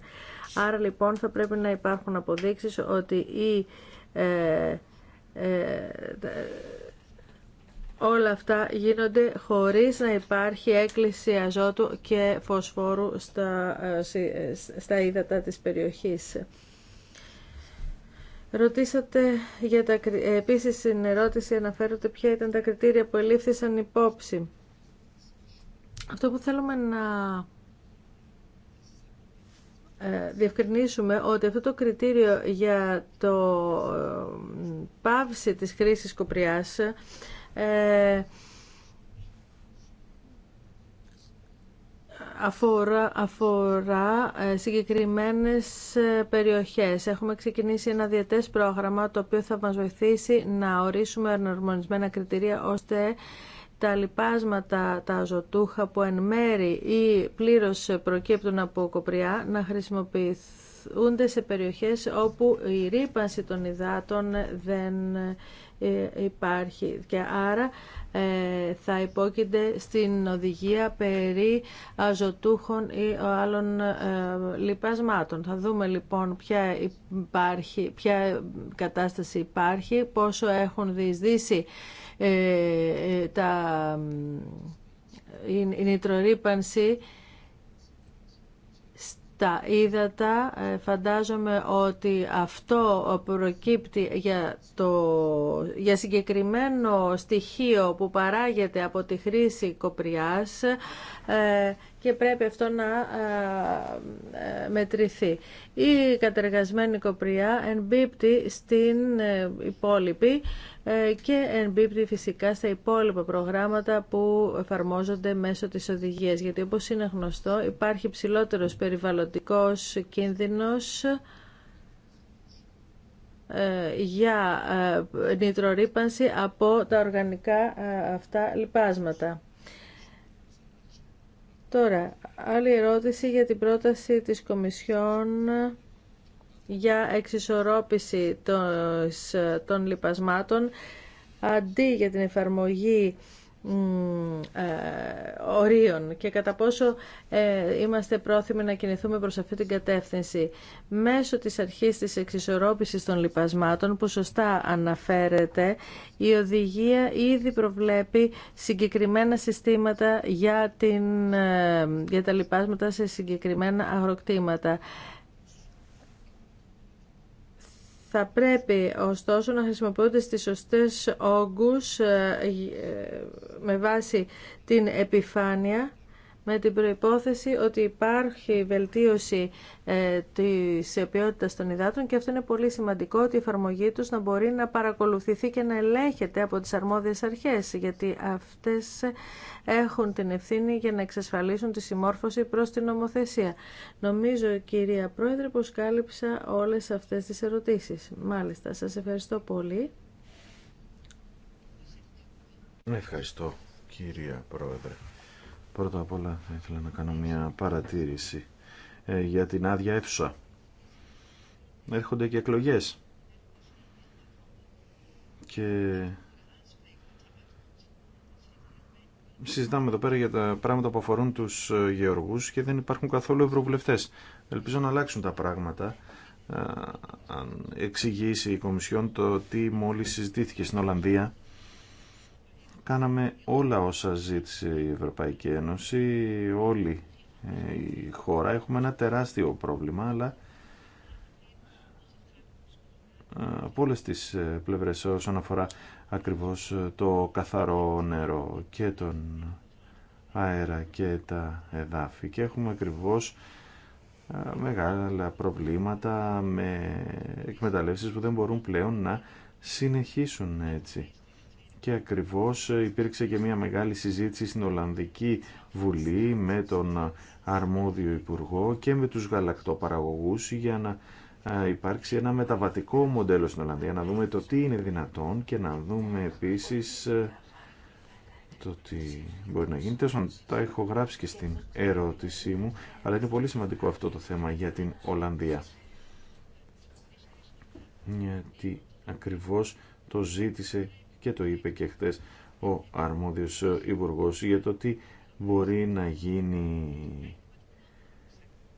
Άρα λοιπόν θα πρέπει να υπάρχουν αποδείξεις ότι η, ε, ε, όλα αυτά γίνονται χωρίς να υπάρχει έκκληση αζότου και φωσφόρου στα, ε, ε, στα ύδατα της περιοχής. Ρωτήσατε για τα, ε, επίσης στην ερώτηση αναφέρονται ποια ήταν τα κριτήρια που ελήφθησαν υπόψη. Αυτό που θέλουμε να ε, διευκρινίσουμε ότι αυτό το κριτήριο για το ε, πάυση της χρήσης κοπριάς αφορά, αφορά ε, συγκεκριμένες ε, περιοχές. Έχουμε ξεκινήσει ένα διετές πρόγραμμα το οποίο θα μας βοηθήσει να ορίσουμε ενορμονισμένα κριτηρία ώστε τα λιπάσματα, τα ζωτούχα που εν μέρη ή πλήρως προκύπτουν από κοπριά να χρησιμοποιηθούν σε περιοχές όπου η πληρως προκυπτουν απο κοπρια να χρησιμοποιηθουνται σε περιοχες οπου η ρηπανση των υδάτων δεν ε, υπάρχει και άρα ε, θα υπόκειται στην οδηγία περί αζωτούχων ή άλλων ε, λιπασμάτων. Θα δούμε λοιπόν ποια, υπάρχει, ποια κατάσταση υπάρχει, πόσο έχουν διεισδύσει τα, η, η νητρορύπανση τα ύδατα. Ε, φαντάζομαι ότι αυτό προκύπτει για, το, για συγκεκριμένο στοιχείο που παράγεται από τη χρήση κοπριάς ε, και πρέπει αυτό να ε, μετρηθεί. Η κατεργασμένη κοπριά εμπίπτει στην ε, υπόλοιπη ε, και εμπίπτει φυσικά στα υπόλοιπα προγράμματα που εφαρμόζονται μέσω της οδηγίας. Γιατί όπως είναι γνωστό υπάρχει ψηλότερος περιβαλλοντικός κίνδυνος για νητρορύπανση από τα οργανικά αυτά λιπάσματα. Τώρα, άλλη ερώτηση για την πρόταση της Κομισιόν για εξισορρόπηση των, των λιπασμάτων αντί για την εφαρμογή ε, ορίων και κατά πόσο ε, είμαστε πρόθυμοι να κινηθούμε προς αυτή την κατεύθυνση. Μέσω της αρχής της εξισορρόπησης των λοιπασμάτων που σωστά αναφέρεται, η οδηγία ήδη προβλέπει συγκεκριμένα συστήματα για, την, ε, για τα λοιπάσματα σε συγκεκριμένα αγροκτήματα. Θα πρέπει ωστόσο να χρησιμοποιούνται στις σωστές όγκους ε, ε, με βάση την επιφάνεια με την προϋπόθεση ότι υπάρχει βελτίωση ε, της ποιότητας των υδάτων και αυτό είναι πολύ σημαντικό ότι η εφαρμογή τους να μπορεί να παρακολουθηθεί και να ελέγχεται από τις αρμόδιες αρχές γιατί αυτές έχουν την ευθύνη για να εξασφαλίσουν τη συμμόρφωση προς την νομοθεσία. Νομίζω κυρία Πρόεδρε πως κάλυψα όλες αυτές τις ερωτήσεις. Μάλιστα, σας ευχαριστώ πολύ. Ευχαριστώ κυρία Πρόεδρε. Πρώτα απ' όλα θα ήθελα να κάνω μια παρατήρηση ε, για την άδεια αίθουσα. Έρχονται και εκλογές. Και συζητάμε εδώ πέρα για τα πράγματα που αφορούν τους ε, γεωργούς και δεν υπάρχουν καθόλου ευρωβουλευτές. Ελπίζω να αλλάξουν τα πράγματα ε, αν εξηγήσει η Κομισιόν το τι μόλις συζητήθηκε στην Ολλανδία Κάναμε όλα όσα ζήτησε η Ευρωπαϊκή Ένωση, όλη ε, η χώρα. Έχουμε ένα τεράστιο πρόβλημα, αλλά ε, από όλε τις ε, πλευρές όσον αφορά ακριβώς το καθαρό νερό και τον αέρα και τα εδάφη και έχουμε ακριβώς μεγάλα προβλήματα με εκμεταλλεύσεις που δεν μπορούν πλέον να συνεχίσουν έτσι και ακριβώς ε, υπήρξε και μια μεγάλη συζήτηση στην Ολλανδική Βουλή με τον ε, αρμόδιο Υπουργό και με τους γαλακτοπαραγωγούς για να ε, υπάρξει ένα μεταβατικό μοντέλο στην Ολλανδία, να δούμε το τι είναι δυνατόν και να δούμε επίσης το τι μπορεί να γίνει. Τέλος τα έχω γράψει και στην ερώτησή μου, αλλά είναι πολύ σημαντικό αυτό το θέμα για την Ολλανδία. Γιατί ακριβώς το ζήτησε και το είπε και χτες ο αρμόδιος υπουργό για το τι μπορεί να γίνει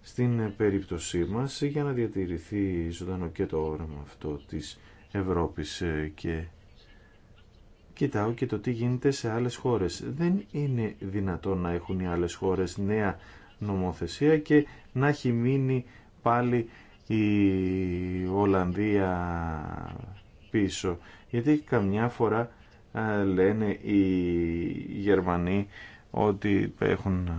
στην περίπτωσή μας για να διατηρηθεί ζωντανό και το όραμα αυτό της Ευρώπης και κοιτάω και το τι γίνεται σε άλλες χώρες. Δεν είναι δυνατό να έχουν οι άλλες χώρες νέα νομοθεσία και να έχει μείνει πάλι η Ολλανδία πίσω. Γιατί καμιά φορά λένε οι Γερμανοί ότι έχουν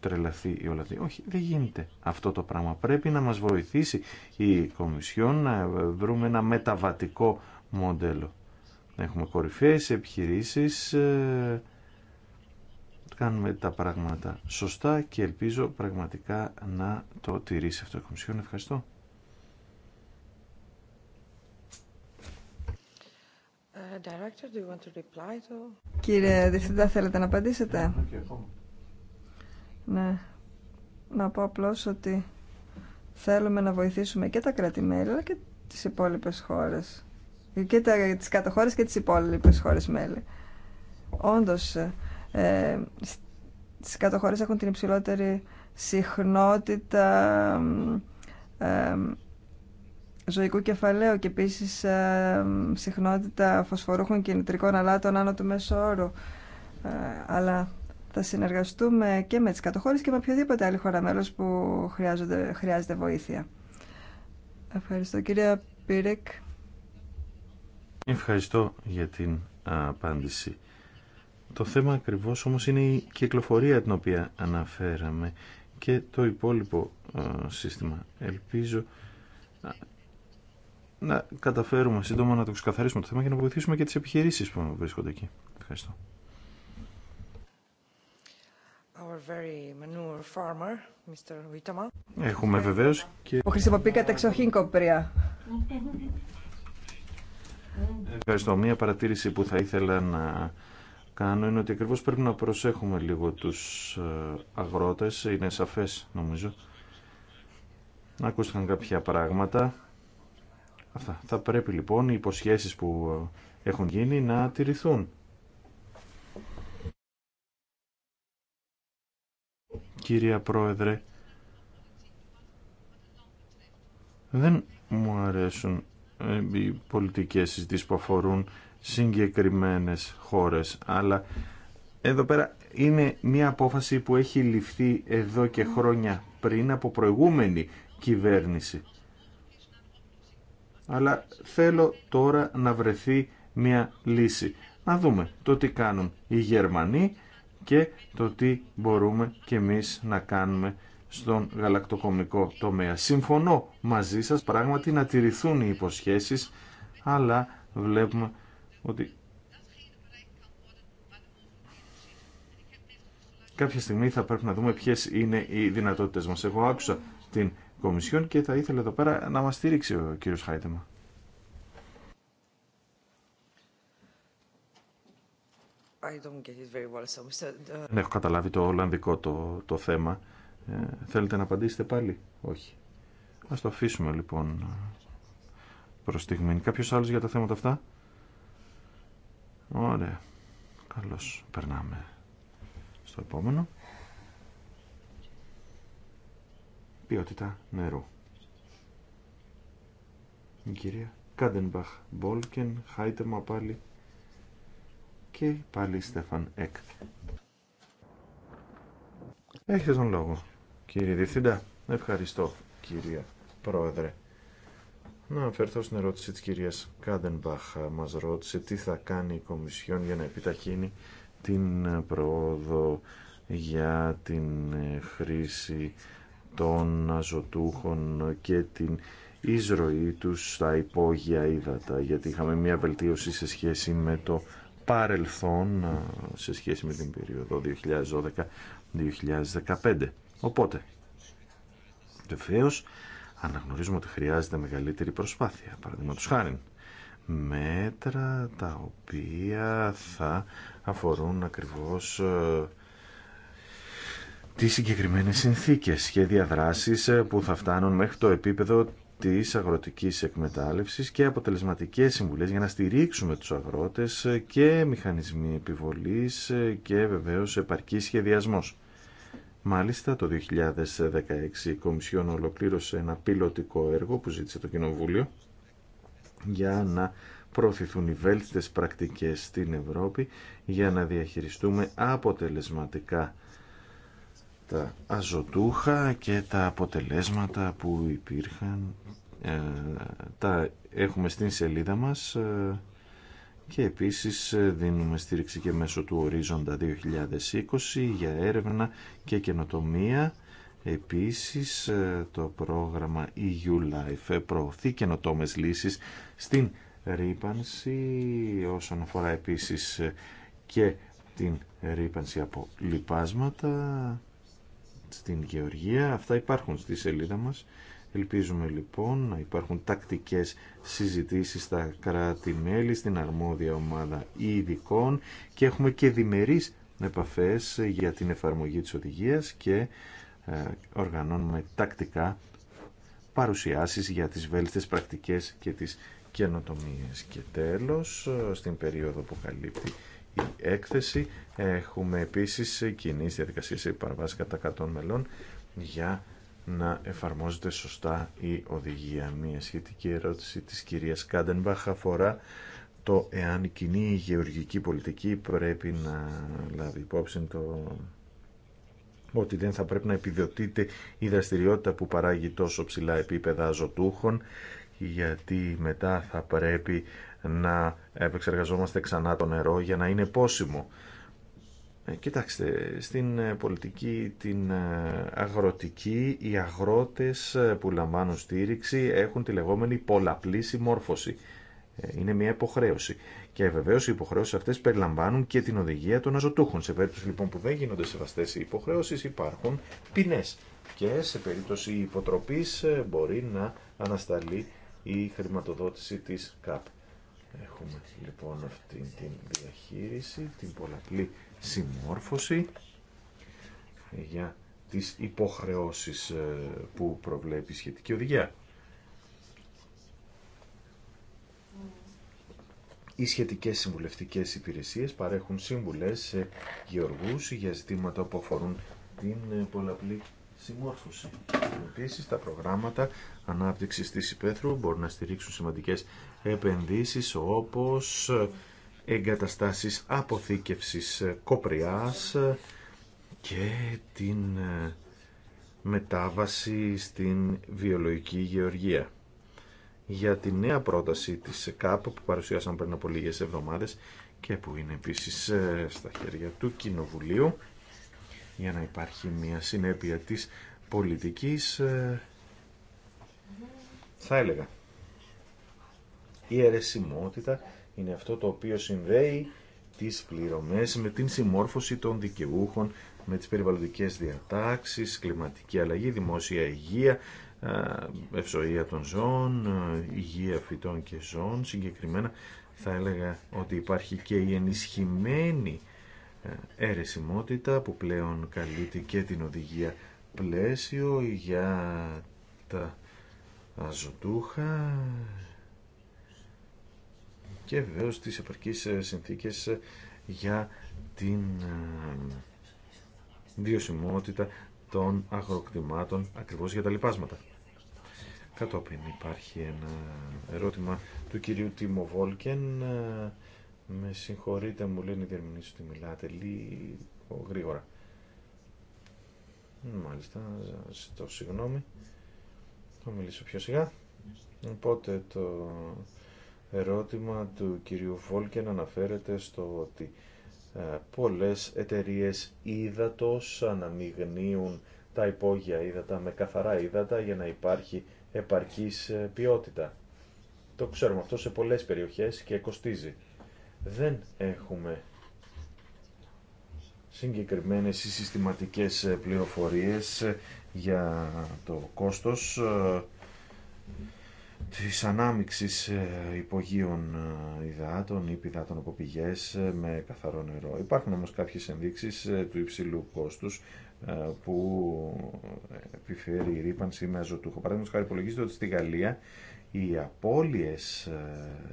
τρελαθεί οι Ολλανδοί. Όχι, δεν γίνεται αυτό το πράγμα. Πρέπει να μας βοηθήσει η Κομισιόν να βρούμε ένα μεταβατικό μοντέλο. Να έχουμε κορυφαίες επιχειρήσεις, ε, κάνουμε τα πράγματα σωστά και ελπίζω πραγματικά να το τηρήσει αυτό η Κομισιόν. Ευχαριστώ. Uh, director, do you Κύριε Διευθυντά, θέλετε να απαντήσετε. Ναι. Να πω απλώ ότι θέλουμε να βοηθήσουμε και τα κράτη-μέλη αλλά και τις υπόλοιπες χώρες. Και τα, τις και τις υπόλοιπες χώρες μέλη. Όντως, ε, στις έχουν την υψηλότερη συχνότητα ε, ζωικού κεφαλαίου και επίσης ε, συχνότητα φωσφορούχων και νητρικών αλάτων άνω του μέσου όρου. Ε, αλλά θα συνεργαστούμε και με τι κατοχώρε και με οποιοδήποτε άλλη χώρα μέλος που χρειάζεται βοήθεια. Ευχαριστώ κύριε Πύρεκ. Ευχαριστώ για την απάντηση. Το θέμα ακριβώς όμως είναι η κυκλοφορία την οποία αναφέραμε και το υπόλοιπο ε, σύστημα. Ελπίζω να καταφέρουμε σύντομα να το ξεκαθαρίσουμε το θέμα και να βοηθήσουμε και τις επιχειρήσεις που βρίσκονται εκεί. Ευχαριστώ. Έχουμε βεβαίως και... Ο κατεξοχήν κοπρία. Ευχαριστώ. Μία παρατήρηση που θα ήθελα να κάνω είναι ότι ακριβώς πρέπει να προσέχουμε λίγο τους ε, αγρότες. Είναι σαφές νομίζω. Να Ακούστηκαν κάποια πράγματα Αυτά. Θα πρέπει λοιπόν οι υποσχέσεις που ε, έχουν γίνει να τηρηθούν. Κυρία Πρόεδρε, δεν μου αρέσουν ε, οι πολιτικές συζητήσεις που αφορούν συγκεκριμένες χώρες, αλλά εδώ πέρα είναι μια απόφαση που έχει ληφθεί εδώ και χρόνια πριν από προηγούμενη κυβέρνηση αλλά θέλω τώρα να βρεθεί μια λύση. Να δούμε το τι κάνουν οι Γερμανοί και το τι μπορούμε και εμείς να κάνουμε στον γαλακτοκομικό τομέα. Συμφωνώ μαζί σας πράγματι να τηρηθούν οι υποσχέσεις, αλλά βλέπουμε ότι κάποια στιγμή θα πρέπει να δούμε ποιες είναι οι δυνατότητες μας. Εγώ άκουσα την Κομισιόν και θα ήθελε εδώ πέρα να μας στηρίξει ο κύριος Χάιτεμα. Uh, Δεν έχω καταλάβει το Ολλανδικό το, το θέμα. Ε, θέλετε να απαντήσετε πάλι. Όχι. Ας το αφήσουμε λοιπόν προς στιγμή. Κάποιος άλλος για τα θέματα αυτά. Ωραία. Καλώς. Περνάμε στο επόμενο. ποιότητα νερού. Η κυρία Κάντενμπαχ, Μπόλκεν, Χάιτεμα πάλι και πάλι Στέφαν Εκ. Έχετε τον λόγο, κύριε Διευθύντα. Ευχαριστώ, κύριε Πρόεδρε. Να αφαιρθώ στην ερώτηση της κυρίας Κάντενμπαχ. Μας ρώτησε τι θα κάνει η Κομισιόν για να επιταχύνει την πρόοδο για την χρήση των αζωτούχων και την εισρωή του στα υπόγεια ύδατα γιατί είχαμε μια βελτίωση σε σχέση με το παρελθόν σε σχέση με την περίοδο 2012-2015. Οπότε, βεβαίω αναγνωρίζουμε ότι χρειάζεται μεγαλύτερη προσπάθεια, παραδείγματος χάρη μέτρα τα οποία θα αφορούν ακριβώς ε, τι συγκεκριμένες συνθήκες, σχέδια δράσης ε, που θα φτάνουν μέχρι το επίπεδο της αγροτικής εκμετάλλευσης και αποτελεσματικές συμβουλές για να στηρίξουμε τους αγρότες ε, και μηχανισμοί επιβολής ε, και βεβαίως επαρκή σχεδιασμός. Μάλιστα, το 2016 η Κομισιόν ολοκλήρωσε ένα πιλωτικό έργο που ζήτησε το Κοινοβούλιο για να προωθηθούν οι βέλτιστες πρακτικές στην Ευρώπη για να διαχειριστούμε αποτελεσματικά τα αζωτούχα και τα αποτελέσματα που υπήρχαν ε, τα έχουμε στην σελίδα μας ε, και επίσης ε, δίνουμε στήριξη και μέσω του ορίζοντα 2020 για έρευνα και καινοτομία. Επίσης το πρόγραμμα EU Life προωθεί καινοτόμες λύσεις στην ρήπανση όσον αφορά επίσης και την ρήπανση από λιπάσματα στην Γεωργία. Αυτά υπάρχουν στη σελίδα μας. Ελπίζουμε λοιπόν να υπάρχουν τακτικές συζητήσεις στα κράτη-μέλη, στην αρμόδια ομάδα ειδικών και έχουμε και διμερείς επαφές για την εφαρμογή της οδηγίας και ε, οργανώνουμε τακτικά παρουσιάσεις για τις βέλτιστες πρακτικές και τις καινοτομίες. Και τέλος, στην περίοδο που καλύπτει η έκθεση. Έχουμε επίσης κοινή διαδικασία υπαρβάση κατά 100 μελών για να εφαρμόζεται σωστά η οδηγία. Μία σχετική ερώτηση της κυρίας Κάντενμπαχ αφορά το εάν η κοινή γεωργική πολιτική πρέπει να λάβει υπόψη το ότι δεν θα πρέπει να επιδοτείται η δραστηριότητα που παράγει τόσο ψηλά επίπεδα ζωτούχων γιατί μετά θα πρέπει να επεξεργαζόμαστε ξανά το νερό για να είναι πόσιμο. Ε, κοιτάξτε, στην ε, πολιτική την ε, αγροτική οι αγρότες που λαμβάνουν στήριξη έχουν τη λεγόμενη πολλαπλή συμμόρφωση. Είναι μια υποχρέωση. Και βεβαίω οι υποχρεώσει αυτέ περιλαμβάνουν και την οδηγία των αζωτούχων. Σε περίπτωση λοιπόν που δεν γίνονται σεβαστέ οι υποχρεώσει, υπάρχουν ποινέ. Και σε περίπτωση υποτροπή μπορεί να ανασταλεί η χρηματοδότηση τη ΚΑΠ. Έχουμε λοιπόν αυτή την διαχείριση, την πολλαπλή συμμόρφωση για τις υποχρεώσεις ε, που προβλέπει η σχετική οδηγία. Οι σχετικές συμβουλευτικές υπηρεσίες παρέχουν σύμβουλες σε γεωργούς για ζητήματα που αφορούν την ε, πολλαπλή συμμόρφωση. Επίσης, τα προγράμματα ανάπτυξης της υπαίθρου μπορούν να στηρίξουν σημαντικές επενδύσεις όπως εγκαταστάσεις αποθήκευσης κοπριάς και την ε, μετάβαση στην βιολογική γεωργία. Για τη νέα πρόταση της ΚΑΠ που παρουσιάσαμε πριν από λίγες εβδομάδες και που είναι επίσης ε, στα χέρια του Κοινοβουλίου για να υπάρχει μια συνέπεια της πολιτικής ε, θα έλεγα η αιρεσιμότητα είναι αυτό το οποίο συνδέει τις πληρωμές με την συμμόρφωση των δικαιούχων με τις περιβαλλοντικές διατάξεις, κλιματική αλλαγή, δημόσια υγεία, ευσοία των ζώων, υγεία φυτών και ζώων. Συγκεκριμένα θα έλεγα ότι υπάρχει και η ενισχυμένη αιρεσιμότητα που πλέον καλύπτει και την οδηγία πλαίσιο για τα αζωτούχα και βεβαίω τις επαρκείς ε, συνθήκες ε, για την ε, βιωσιμότητα των αγροκτημάτων ακριβώς για τα λοιπάσματα. Κατόπιν υπάρχει ένα ερώτημα του κυρίου Τίμο Βόλκεν. Με συγχωρείτε, μου λένε οι διερμηνείς ότι μιλάτε λίγο γρήγορα. Μάλιστα, ζητώ συγγνώμη. Θα μιλήσω πιο σιγά. Οπότε το ερώτημα του κυρίου Φόλκεν αναφέρεται στο ότι ε, πολλές εταιρείες ύδατος αναμειγνύουν τα υπόγεια ύδατα με καθαρά ύδατα για να υπάρχει επαρκής ε, ποιότητα. Το ξέρουμε αυτό σε πολλές περιοχές και κοστίζει. Δεν έχουμε συγκεκριμένες ή συστηματικές ε, πληροφορίες για το κόστος της ανάμιξης ε, υπογείων ε, υδάτων ή πυδάτων από πηγές ε, με καθαρό νερό. Υπάρχουν όμως κάποιες ενδείξεις του υψηλού κόστους που επιφέρει η ρήπανση με αζωτούχο. Παραδείγματος χάρη υπολογίζεται ότι στη Γαλλία οι απώλειες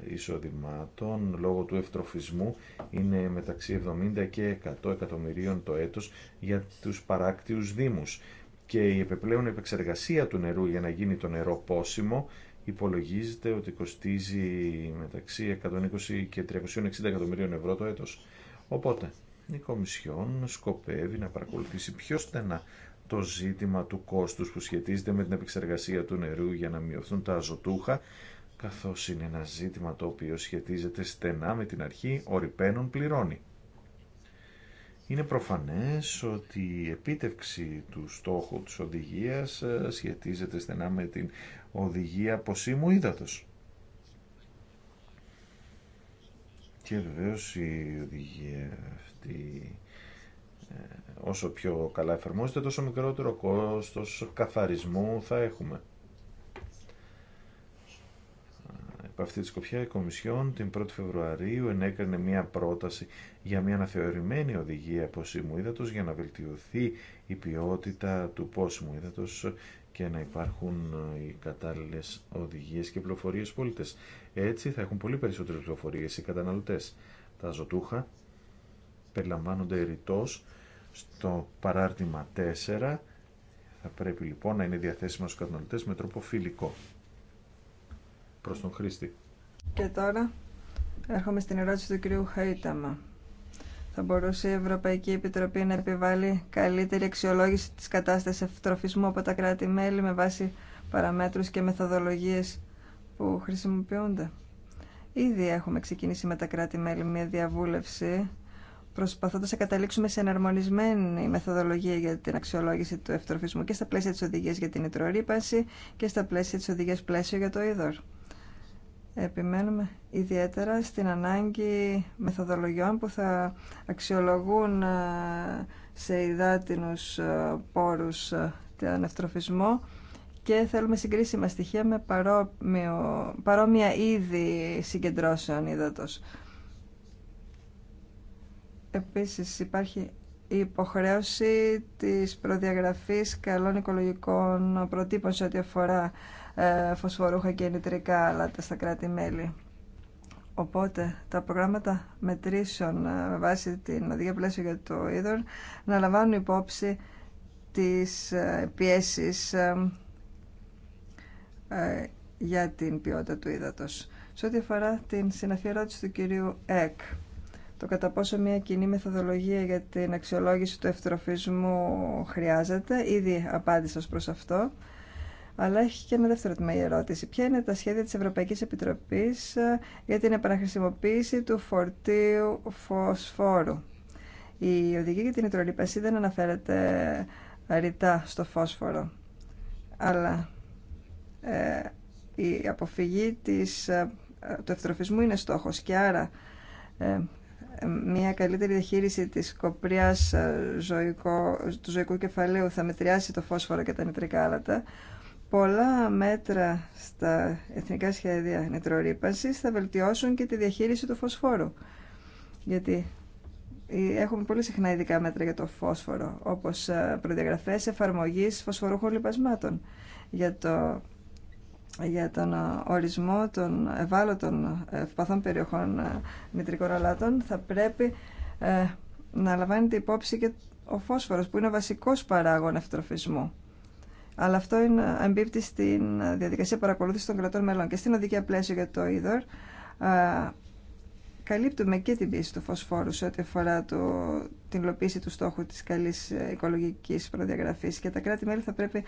εισοδημάτων λόγω του ευτροφισμού είναι μεταξύ 70 και 100 εκατομμυρίων το έτος για τους παράκτιους δήμους και η επιπλέον επεξεργασία του νερού για να γίνει το νερό πόσιμο υπολογίζεται ότι κοστίζει μεταξύ 120 και 360 εκατομμυρίων ευρώ το έτος. Οπότε, η Κομισιόν σκοπεύει να παρακολουθήσει πιο στενά το ζήτημα του κόστους που σχετίζεται με την επεξεργασία του νερού για να μειωθούν τα αζωτούχα, καθώς είναι ένα ζήτημα το οποίο σχετίζεται στενά με την αρχή «Οριπένων πληρώνει». Είναι προφανές ότι η επίτευξη του στόχου της οδηγίας ε, σχετίζεται στενά με την ...οδηγία ποσίμου ύδατος. Και βεβαίως η οδηγία αυτή ε, όσο πιο καλά εφαρμόζεται τόσο μικρότερο κόστος καθαρισμού θα έχουμε. Επ' αυτή τη σκοπιά η Κομισιόν την 1η Φεβρουαρίου ενέκρινε μια πρόταση για μια αναθεωρημένη οδηγία πόσιμου ύδατος για να βελτιωθεί η ποιότητα του πόσιμου ύδατος και να υπάρχουν ε, οι κατάλληλες οδηγίες και πληροφορίες στους πολίτες. Έτσι θα έχουν πολύ περισσότερες πληροφορίες οι καταναλωτές. Τα ζωτούχα περιλαμβάνονται ρητός στο παράρτημα 4. Θα πρέπει λοιπόν να είναι διαθέσιμα στους καταναλωτές με τρόπο φιλικό προς τον χρήστη. Και τώρα έρχομαι στην ερώτηση του κυρίου Χαΐταμα. Θα μπορούσε η Ευρωπαϊκή Επιτροπή να επιβάλλει καλύτερη αξιολόγηση της κατάστασης ευτροφισμού από τα κράτη-μέλη με βάση παραμέτρους και μεθοδολογίες που χρησιμοποιούνται. Ήδη έχουμε ξεκινήσει με τα κράτη-μέλη μια διαβούλευση προσπαθώντας να καταλήξουμε σε εναρμονισμένη μεθοδολογία για την αξιολόγηση του ευτροφισμού και στα πλαίσια της οδηγίας για την υτρορύπανση και στα πλαίσια της οδηγίας πλαίσιο για το είδωρ. Επιμένουμε ιδιαίτερα στην ανάγκη μεθοδολογιών που θα αξιολογούν ε, σε υδάτινους ε, πόρους ε, τον ευτροφισμό και θέλουμε συγκρίσιμα στοιχεία με παρόμοια είδη συγκεντρώσεων ύδατος. Επίσης υπάρχει η υποχρέωση της προδιαγραφής καλών οικολογικών προτύπων σε ό,τι αφορά ε, φωσφορούχα και νητρικά αλάτα στα κράτη-μέλη. Οπότε τα προγράμματα μετρήσεων ε, με βάση την οδηγία πλαίσιο για το είδωρ να λαμβάνουν υπόψη τις ε, πιέσεις για την ποιότητα του ύδατος. Σε ό,τι αφορά την συναφή ερώτηση του κυρίου Εκ, το κατά πόσο μια κοινή μεθοδολογία για την αξιολόγηση του ευτροφισμού χρειάζεται, ήδη απάντησα προς αυτό. Αλλά έχει και ένα δεύτερο τμήμα η ερώτηση. Ποια είναι τα σχέδια της Ευρωπαϊκής Επιτροπής ε, για την επαναχρησιμοποίηση του φορτίου φωσφόρου. Η οδηγία για την υδρολιπασία δεν αναφέρεται ε, ρητά στο φόσφορο. Αλλά ε, η αποφυγή της, του ευτροφισμού είναι στόχος και άρα μια καλύτερη διαχείριση της κοπριάς του ζωικού κεφαλαίου θα μετριάσει το φόσφορο και τα νητρικά άλατα Πολλά μέτρα στα εθνικά σχέδια νετρορύπανσης θα βελτιώσουν και τη διαχείριση του φωσφόρου. Γιατί έχουμε πολύ συχνά ειδικά μέτρα για το φωσφόρο όπως ε, προδιαγραφές εφαρμογής φωσφορούχων λιπασμάτων για, το, για τον ε, ορισμό των ευάλωτων ε, ευπαθών περιοχών μητρικών αλάτων θα πρέπει να λαμβάνεται υπόψη και ο φόσφορος που είναι ο βασικός παράγων ευτροφισμού. Αλλά αυτό είναι εμπίπτει στην ε, διαδικασία παρακολούθηση των κρατών μελών και στην οδική πλαίσιο για το είδωρ. Ε, καλύπτουμε και την πίεση του φωσφόρου σε ό,τι αφορά το, την υλοποίηση του στόχου της καλής ε, οικολογικής προδιαγραφής και τα κράτη-μέλη θα πρέπει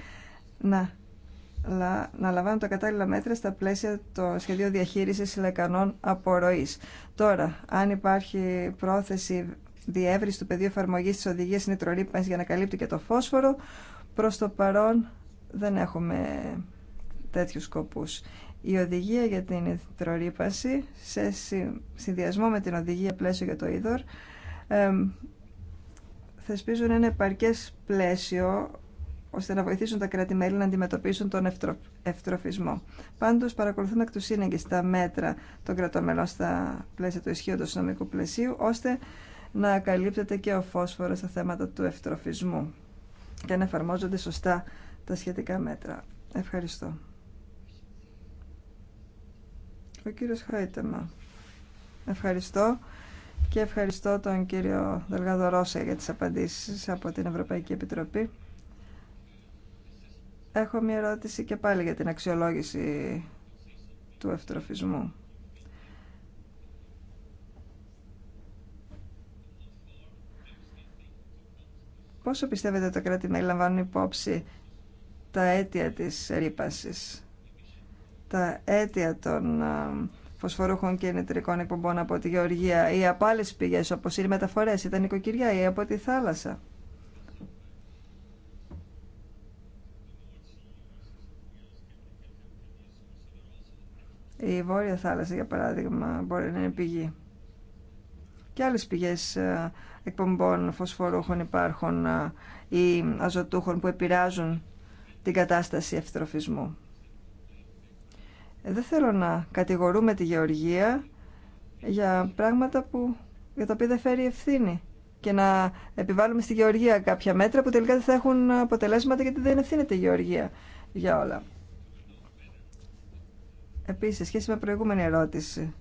να, να λαμβάνουν τα κατάλληλα μέτρα στα πλαίσια το σχεδίο διαχείρισης λεκανών απορροής. Τώρα, αν υπάρχει πρόθεση διεύρυνση του πεδίου εφαρμογής της οδηγίας νητρορύπανης για να καλύπτει και το φόσφορο, προς το παρόν δεν έχουμε τέτοιους σκοπούς. Η οδηγία για την ηθρορύπαση σε συνδυασμό με την οδηγία πλαίσιο για το είδωρ θεσπίζουν ένα επαρκές πλαίσιο ώστε να βοηθήσουν τα κράτη-μέλη να αντιμετωπίσουν τον ευτροφισμό. Πάντως παρακολουθούμε εκ του σύνεγγυ τα μέτρα των κρατομέλων στα πλαίσια του ισχύοντο νομικού πλαισίου, ώστε να καλύπτεται και ο φόσφορο στα θέματα του ευτροφισμού και να εφαρμόζονται σωστά τα σχετικά μέτρα. Ευχαριστώ. Ο κύριος Χαϊτεμα. Ευχαριστώ και ευχαριστώ τον κύριο Δελγάδο για τις απαντήσεις από την Ευρωπαϊκή Επιτροπή. Έχω μια ερώτηση και πάλι για την αξιολόγηση του ευτροφισμού. Πόσο πιστεύετε το κράτη-μέλη λαμβάνουν υπόψη τα αίτια της ρήπασης. Τα αίτια των φωσφορούχων και νητρικών εκπομπών από τη Γεωργία ή από άλλε πηγές όπως είναι οι μεταφορές ή τα νοικοκυριά ή από τη θάλασσα. Η απο αλλε πηγες οπως οι μεταφορες η τα η απο τη θαλασσα η βορεια θαλασσα για παράδειγμα, μπορεί να είναι πηγή. Και άλλες πηγές εκπομπών φωσφορούχων υπάρχουν ή αζωτούχων που επηρεάζουν την κατάσταση ευθροφισμού. Ε, δεν θέλω να κατηγορούμε τη γεωργία για πράγματα που, για τα οποία δεν φέρει ευθύνη και να επιβάλλουμε στη γεωργία κάποια μέτρα που τελικά δεν θα έχουν αποτελέσματα γιατί δεν ευθύνεται η γεωργία για όλα. Επίσης, σχέση με προηγούμενη ερώτηση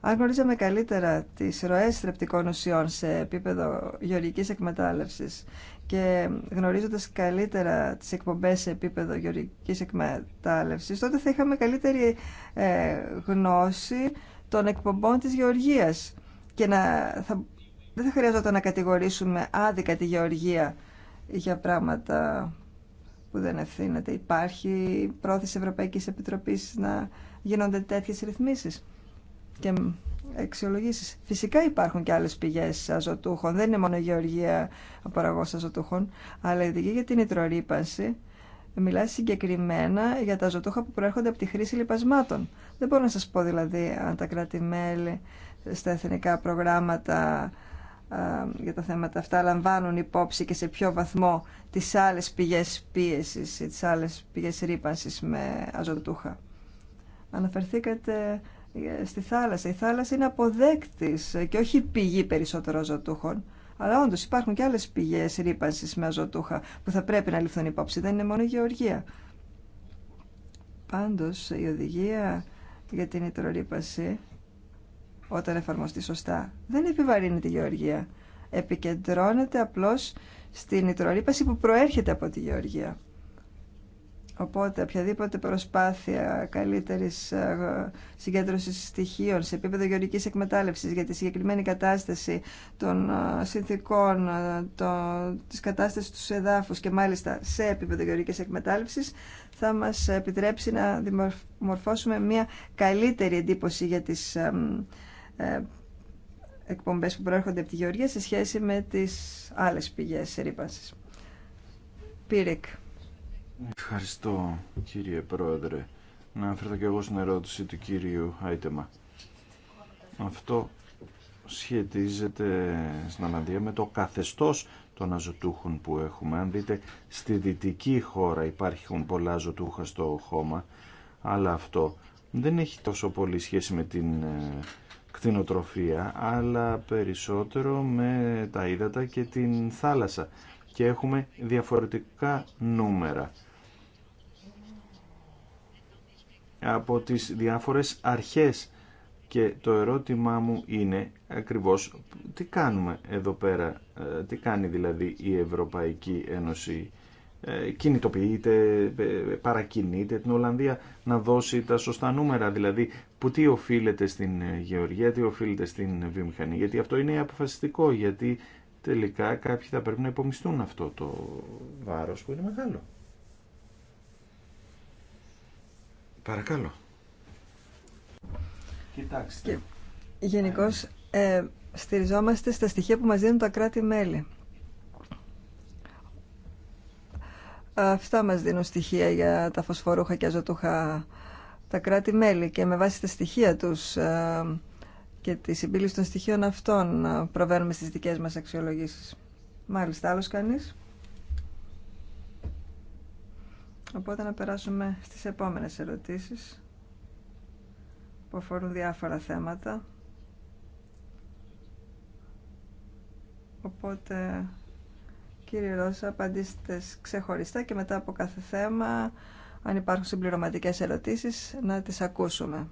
αν γνωρίζαμε καλύτερα τις ροέ θρεπτικών ουσιών σε επίπεδο γεωργικής εκμετάλλευσης και γνωρίζοντας καλύτερα τις εκπομπές σε επίπεδο γεωργικής εκμετάλλευσης, τότε θα είχαμε καλύτερη ε, γνώση των εκπομπών της γεωργίας και να, θα, δεν θα χρειαζόταν να κατηγορήσουμε άδικα τη γεωργία για πράγματα που δεν ευθύνεται. Υπάρχει πρόθεση Ευρωπαϊκής Επιτροπής να γίνονται τέτοιες ρυθμίσεις και εξολογήσει. Φυσικά υπάρχουν και άλλε πηγέ αζωτούχων. Δεν είναι μόνο η γεωργία παραγό αζωτούχων, αλλά ειδική για την υδρορύπανση μιλάει συγκεκριμένα για τα αζωτούχα που προέρχονται από τη χρήση λιπασμάτων. Δεν μπορώ να σας πω δηλαδή αν τα κράτη-μέλη στα εθνικά προγράμματα για τα θέματα αυτά λαμβάνουν υπόψη και σε ποιο βαθμό τις άλλες πηγές πίεσης ή τις άλλες πηγές ρήπανσης με αζωτούχα. Αναφερθήκατε στη θάλασσα. Η θάλασσα είναι αποδέκτης και όχι πηγή περισσότερων ζωτούχων. Αλλά όντω υπάρχουν και άλλε πηγέ ρήπανση με ζωτούχα που θα πρέπει να ληφθούν υπόψη. Δεν είναι μόνο η γεωργία. Πάντω η οδηγία για την ιτρορύπαση όταν εφαρμοστεί σωστά, δεν επιβαρύνει τη γεωργία. Επικεντρώνεται απλώ στην ιτρορύπαση που προέρχεται από τη γεωργία. Οπότε οποιαδήποτε προσπάθεια καλύτερης ε, συγκέντρωσης στοιχείων σε επίπεδο γεωργικής εκμετάλλευσης για τη συγκεκριμένη κατάσταση των ε, συνθήκων, ε, το, της κατάστασης του εδάφους και μάλιστα σε επίπεδο γεωργικής εκμετάλλευσης θα μας επιτρέψει να δημορφώσουμε μια καλύτερη εντύπωση για τις εκπομπές που προέρχονται από τη γεωργία σε σχέση με τις άλλες πηγές ρήπανσης. Πύρικ. Ευχαριστώ κύριε Πρόεδρε. Να αναφέρω και εγώ στην ερώτηση του κύριου Άιτεμα. Αυτό σχετίζεται στην Ολλανδία με το καθεστώς των αζωτούχων που έχουμε. Αν δείτε, στη δυτική χώρα υπάρχουν πολλά αζωτούχα στο χώμα, αλλά αυτό δεν έχει τόσο πολύ σχέση με την ε, κτηνοτροφία, αλλά περισσότερο με τα ύδατα και την θάλασσα. Και έχουμε διαφορετικά νούμερα. από τις διάφορες αρχές και το ερώτημά μου είναι ακριβώς τι κάνουμε εδώ πέρα, ε, τι κάνει δηλαδή η Ευρωπαϊκή Ένωση ε, κινητοποιείται, ε, παρακινείται την Ολλανδία να δώσει τα σωστά νούμερα, δηλαδή που τι οφείλεται στην γεωργία, τι οφείλεται στην βιομηχανή γιατί αυτό είναι αποφασιστικό, γιατί τελικά κάποιοι θα πρέπει να υπομισθούν αυτό το βάρος που είναι μεγάλο. Παρακαλώ. Κοιτάξτε. Γενικώ ε, στηριζόμαστε στα στοιχεία που μας δίνουν τα κράτη-μέλη. Αυτά μας δίνουν στοιχεία για τα φωσφορούχα και αζωτούχα τα κράτη-μέλη και με βάση τα στοιχεία τους ε, και τη συμπίληση των στοιχείων αυτών ε, προβαίνουμε στις δικές μας αξιολογήσεις. Μάλιστα, άλλος κανείς. Οπότε να περάσουμε στις επόμενες ερωτήσεις που αφορούν διάφορα θέματα. Οπότε, κύριε Ρώσα, απαντήστε ξεχωριστά και μετά από κάθε θέμα, αν υπάρχουν συμπληρωματικές ερωτήσεις, να τις ακούσουμε.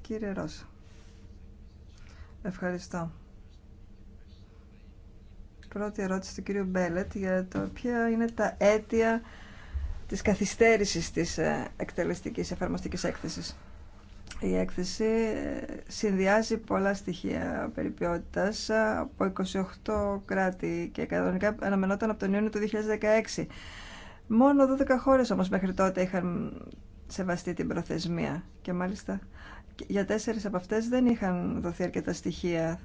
Κύριε Ρώσα. Ευχαριστώ πρώτη ερώτηση του κύριου Μπέλετ για το ποια είναι τα αίτια της καθυστέρησης της ε, εκτελεστικής εφαρμοστικής έκθεσης. Η έκθεση ε, συνδυάζει πολλά στοιχεία περιποιότητας ε, από 28 κράτη και κανονικά αναμενόταν από τον Ιούνιο του 2016. Μόνο 12 χώρες όμως μέχρι τότε είχαν σεβαστεί την προθεσμία και μάλιστα για τέσσερις από αυτές δεν είχαν δοθεί αρκετά στοιχεία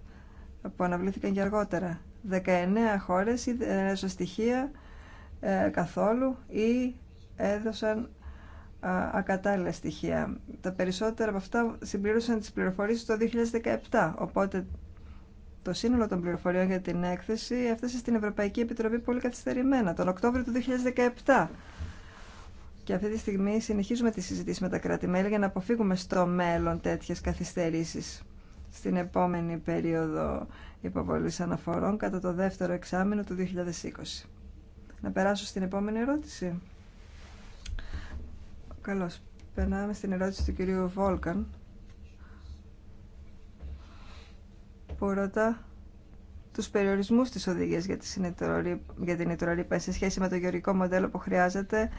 που αναβλήθηκαν και αργότερα. 19 χώρες δεν έδωσαν στοιχεία ε, καθόλου ή έδωσαν ακατάλληλα στοιχεία. Τα περισσότερα από αυτά συμπλήρωσαν τις πληροφορίες το 2017, οπότε το σύνολο των πληροφοριών για την έκθεση έφτασε στην Ευρωπαϊκή Επιτροπή πολύ καθυστερημένα, τον Οκτώβριο του 2017. Και αυτή τη στιγμή συνεχίζουμε τη συζήτηση με τα κράτη-μέλη για να αποφύγουμε στο μέλλον τέτοιες καθυστερήσεις στην επόμενη περίοδο υποβολής αναφορών κατά το δεύτερο εξάμεινο του 2020. Να περάσω στην επόμενη ερώτηση. Καλώς. Περνάμε στην ερώτηση του κυρίου Βόλκαν που ρωτά τους περιορισμούς της οδηγίας για, την ητρορρύπα σε σχέση με το γεωργικό μοντέλο που χρειάζεται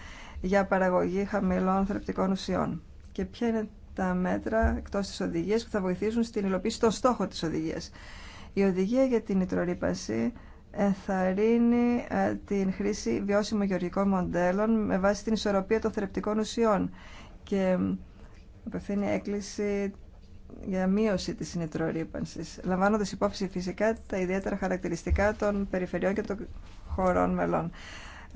για παραγωγή χαμηλών θρεπτικών ουσιών. Και ποια είναι τα μέτρα εκτός της οδηγίας που θα βοηθήσουν στην υλοποίηση των στόχων της οδηγίας. Η οδηγία για την νητρορύπαση ενθαρρύνει ε, την χρήση βιώσιμων γεωργικών μοντέλων με βάση την ισορροπία των θρεπτικών ουσιών και απευθύνει έκκληση για μείωση της νητρορύπανσης, λαμβάνοντας υπόψη φυσικά τα ιδιαίτερα χαρακτηριστικά των περιφερειών και των χωρών μελών.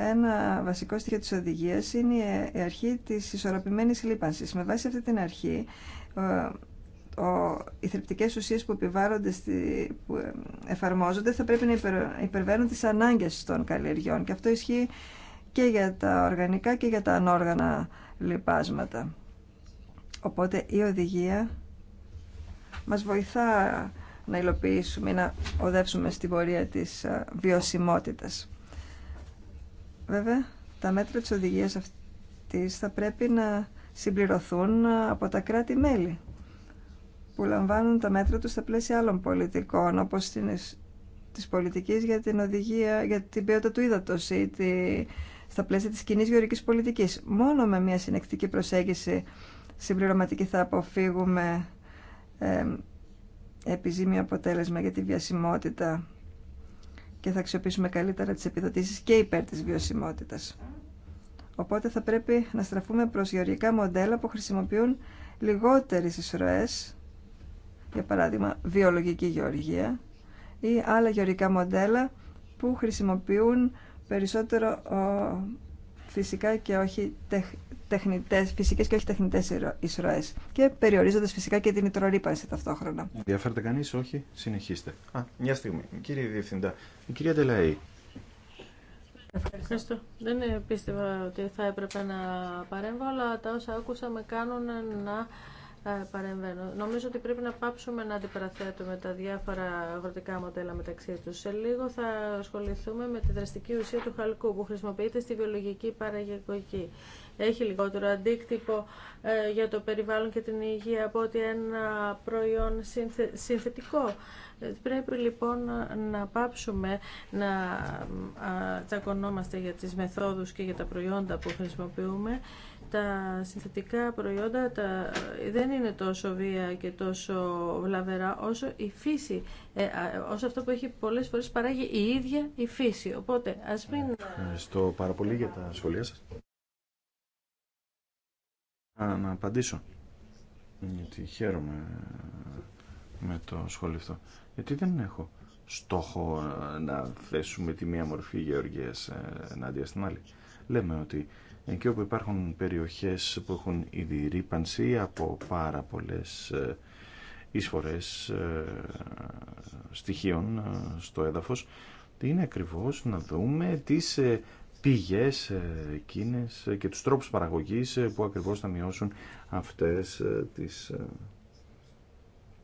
Ένα βασικό στοιχείο της οδηγίας είναι ε, η αρχή της ισορροπημένης λίπανσης. Με βάση αυτή την αρχή, οι θρεπτικές ουσίες που, επιβάλλονται που ε, εφαρμόζονται θα πρέπει να υπερβαίνουν τις ανάγκες των καλλιεργιών και αυτό ισχύει και για τα οργανικά και για τα ανόργανα λιπάσματα. Οπότε η οδηγία μας βοηθά να υλοποιήσουμε ή να οδεύσουμε στην πορεία της ε, βιωσιμότητας. Βέβαια, τα μέτρα της οδηγίας αυτής θα πρέπει να συμπληρωθούν από τα κράτη-μέλη που λαμβάνουν τα μέτρα τους στα πλαίσια άλλων πολιτικών, όπως της πολιτικής για την οδηγία, για την ποιότητα του ύδατος ή τη, στα πλαίσια της κοινή γεωρικής πολιτικής. Μόνο με μια συνεκτική προσέγγιση συμπληρωματική θα αποφύγουμε ε, επιζήμιο αποτέλεσμα για τη βιασιμότητα και θα αξιοποιήσουμε καλύτερα τις επιδοτήσεις και υπέρ της βιωσιμότητας. Οπότε θα πρέπει να στραφούμε προς γεωργικά μοντέλα που χρησιμοποιούν λιγότερες εισρωές, για παράδειγμα βιολογική γεωργία, ή άλλα γεωργικά μοντέλα που χρησιμοποιούν περισσότερο φυσικά και όχι τεχνητές, φυσικές και όχι τεχνητές εισρωές και περιορίζοντας φυσικά και την ητρορύπανση ταυτόχρονα. Διαφέρετε κανείς, όχι, συνεχίστε. Α, μια στιγμή, κύριε Διευθυντά, η κυρία Τελαή. Ευχαριστώ. Δεν πίστευα ότι θα έπρεπε να παρέμβω, αλλά τα όσα άκουσα με κάνουν να ε, παρεμβαίνω. Νομίζω ότι πρέπει να πάψουμε να αντιπαραθέτουμε τα διάφορα αγροτικά μοντέλα μεταξύ τους. Σε λίγο θα ασχοληθούμε με τη δραστική ουσία του χαλκού που χρησιμοποιείται στη βιολογική παραγωγική. Έχει λιγότερο αντίκτυπο ε, για το περιβάλλον και την υγεία από ότι ένα προϊόν συνθετικό. Ε, πρέπει λοιπόν να πάψουμε να τσακωνόμαστε για τις μεθόδους και για τα προϊόντα που χρησιμοποιούμε τα συνθετικά προϊόντα τα, δεν είναι τόσο βία και τόσο βλαβερά όσο η φύση, ε, όσο αυτό που έχει πολλές φορές παράγει η ίδια η φύση. Οπότε ας μην... Ναι. Ευχαριστώ πάρα πολύ για τα σχολεία σας. Α, να απαντήσω. Γιατί χαίρομαι με το σχόλιο αυτό. Γιατί δεν έχω στόχο ε, να θέσουμε τη μία μορφή γεωργίας ε, ενάντια στην άλλη. Λέμε ότι εκεί όπου υπάρχουν περιοχές που έχουν ήδη ρήπανση από πάρα πολλές ε, εισφορές ε, στοιχείων ε, στο έδαφος είναι ακριβώς να δούμε τις πηγές εκείνες και τους τρόπους παραγωγής που ακριβώς θα μειώσουν αυτές τις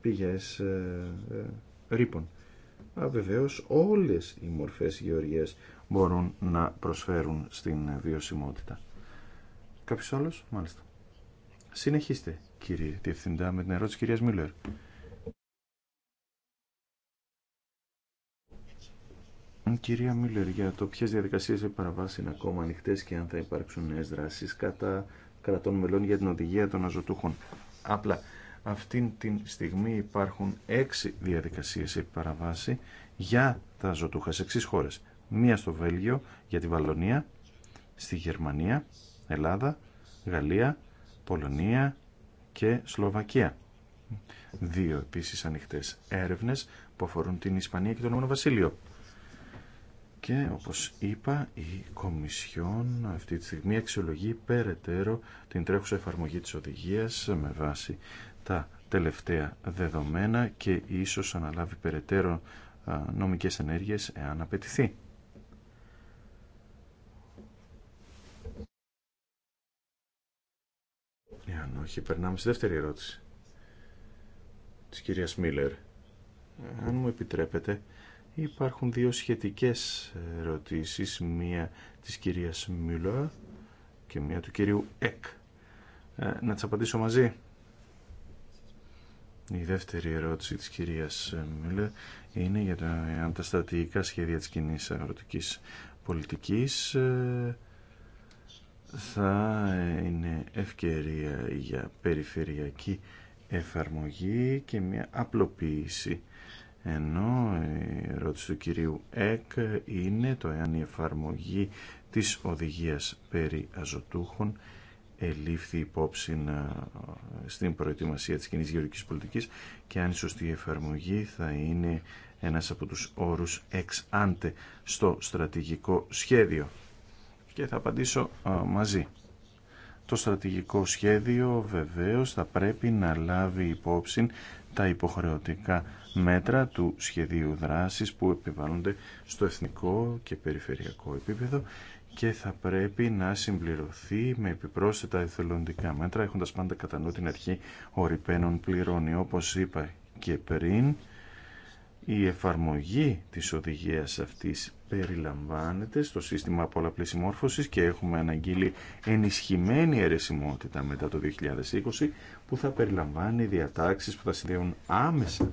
πηγές ρήπων. Βεβαίως όλες οι μορφές γεωργίας μπορούν να προσφέρουν στην βιωσιμότητα. Κάποιος άλλο μάλιστα. Συνεχίστε, κύριε Διευθυντά, με την ερώτηση κυρίας Μίλλερ. Κυρία Μίλλερ, για το ποιε διαδικασίες επί παραβάση είναι ακόμα ανοιχτέ και αν θα υπάρξουν νέε δράσει κατά κρατών μελών για την οδηγία των αζωτούχων. Απλά, αυτήν τη στιγμή υπάρχουν έξι διαδικασίες επί παραβάση για τα ζωτούχα σε εξής χώρες. Μία στο Βέλγιο για τη Βαλονία, στη Γερμανία, Ελλάδα, Γαλλία, Πολωνία και Σλοβακία. Δύο επίσης ανοιχτές έρευνες που αφορούν την Ισπανία και τον Ομόνο Βασίλειο. Και όπως είπα η Κομισιόν αυτή τη στιγμή αξιολογεί περαιτέρω την τρέχουσα εφαρμογή της οδηγίας με βάση τα τελευταία δεδομένα και ίσως αναλάβει περαιτέρω νομικές ενέργειες εάν απαιτηθεί. Εάν όχι, περνάμε στη δεύτερη ερώτηση της κυρίας Μίλλερ. Αν μου επιτρέπετε, υπάρχουν δύο σχετικές ερωτήσεις, μία της κυρίας Μίλλερ και μία του κυρίου Εκ. Ε, να τις απαντήσω μαζί. Η δεύτερη ερώτηση της κυρίας Μίλλερ είναι για τα στρατηγικά σχέδια της κοινή αγροτικής πολιτικής ε, θα είναι ευκαιρία για περιφερειακή εφαρμογή και μια απλοποίηση ενώ η ερώτηση του κυρίου ΕΚ είναι το εάν η εφαρμογή της οδηγίας περί αζωτούχων ελήφθη υπόψη στην προετοιμασία της κοινή γεωργικής πολιτικής και αν η σωστή εφαρμογή θα είναι ένας από τους όρους εξάντε στο στρατηγικό σχέδιο και θα απαντήσω μαζί. Το στρατηγικό σχέδιο βεβαίως θα πρέπει να λάβει υπόψη τα υποχρεωτικά μέτρα του σχεδίου δράσης που επιβάλλονται στο εθνικό και περιφερειακό επίπεδο και θα πρέπει να συμπληρωθεί με επιπρόσθετα εθελοντικά μέτρα έχοντας πάντα κατά νου την αρχή ορυπαίνων πληρώνει. Όπως είπα και πριν, η εφαρμογή της οδηγίας αυτής περιλαμβάνεται στο σύστημα πολλαπλής συμμόρφωσης και έχουμε αναγγείλει ενισχυμένη αιρεσιμότητα μετά το 2020 που θα περιλαμβάνει διατάξεις που θα συνδέουν άμεσα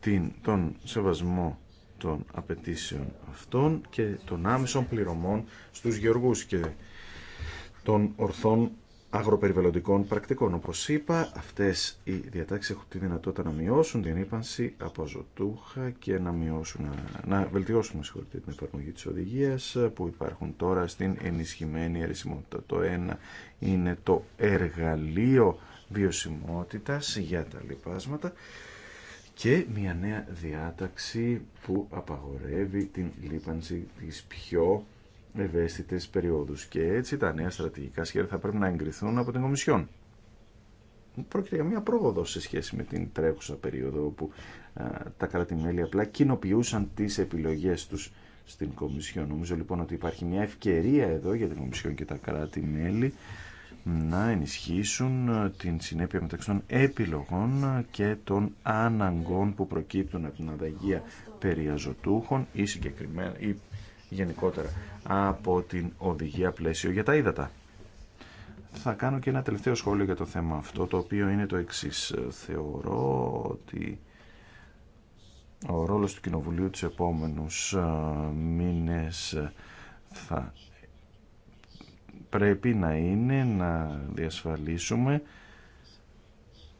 την, τον σεβασμό των απαιτήσεων αυτών και των άμεσων πληρωμών στους γεωργούς και των ορθών αγροπεριβαλλοντικών πρακτικών. Όπω είπα, αυτές οι διατάξεις έχουν τη δυνατότητα να μειώσουν την ύπανση από ζωτούχα και να, μειώσουν, να βελτιώσουν την εφαρμογή τη οδηγία. που υπάρχουν τώρα στην ενισχυμένη αρισιμότητα. Το ένα είναι το εργαλείο βιωσιμότητα για τα λοιπάσματα και μια νέα διάταξη που απαγορεύει την λίπανση της πιο ευαίσθητε περιόδου. και έτσι τα νέα στρατηγικά σχέδια θα πρέπει να εγκριθούν από την Κομισιόν. Πρόκειται για μια πρόοδο σε σχέση με την τρέχουσα περίοδο όπου α, τα κράτη-μέλη απλά κοινοποιούσαν τι επιλογέ του στην Κομισιόν. Νομίζω λοιπόν ότι υπάρχει μια ευκαιρία εδώ για την Κομισιόν και τα κράτη-μέλη να ενισχύσουν την συνέπεια μεταξύ των επιλογών και των αναγκών που προκύπτουν από την αδαγία περί ή, συγκεκριμένα, γενικότερα από την οδηγία πλαίσιο για τα ύδατα. Θα κάνω και ένα τελευταίο σχόλιο για το θέμα αυτό, το οποίο είναι το εξής. Θεωρώ ότι ο ρόλος του Κοινοβουλίου τους επόμενους ε, μήνες ε, θα πρέπει να είναι να διασφαλίσουμε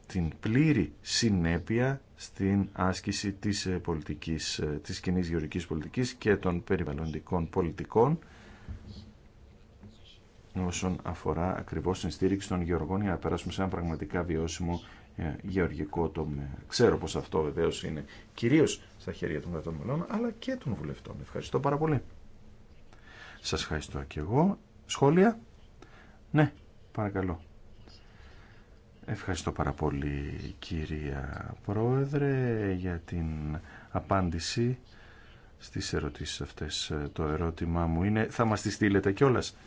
την πλήρη συνέπεια στην άσκηση της, ε, πολιτικής, ε, της κοινή γεωργικής πολιτικής και των περιβαλλοντικών πολιτικών όσον αφορά ακριβώς την στήριξη των γεωργών για να περάσουμε σε ένα πραγματικά βιώσιμο ε, γεωργικό τομέα. Ξέρω πως αυτό βεβαίω είναι κυρίως στα χέρια των κρατών αλλά και των βουλευτών. Ευχαριστώ πάρα πολύ. Σας ευχαριστώ και εγώ. Σχόλια. Ναι, παρακαλώ. Ευχαριστώ πάρα πολύ κυρία Πρόεδρε για την απάντηση στις ερωτήσεις αυτές. Το ερώτημά μου είναι θα μας τη στείλετε κιόλας.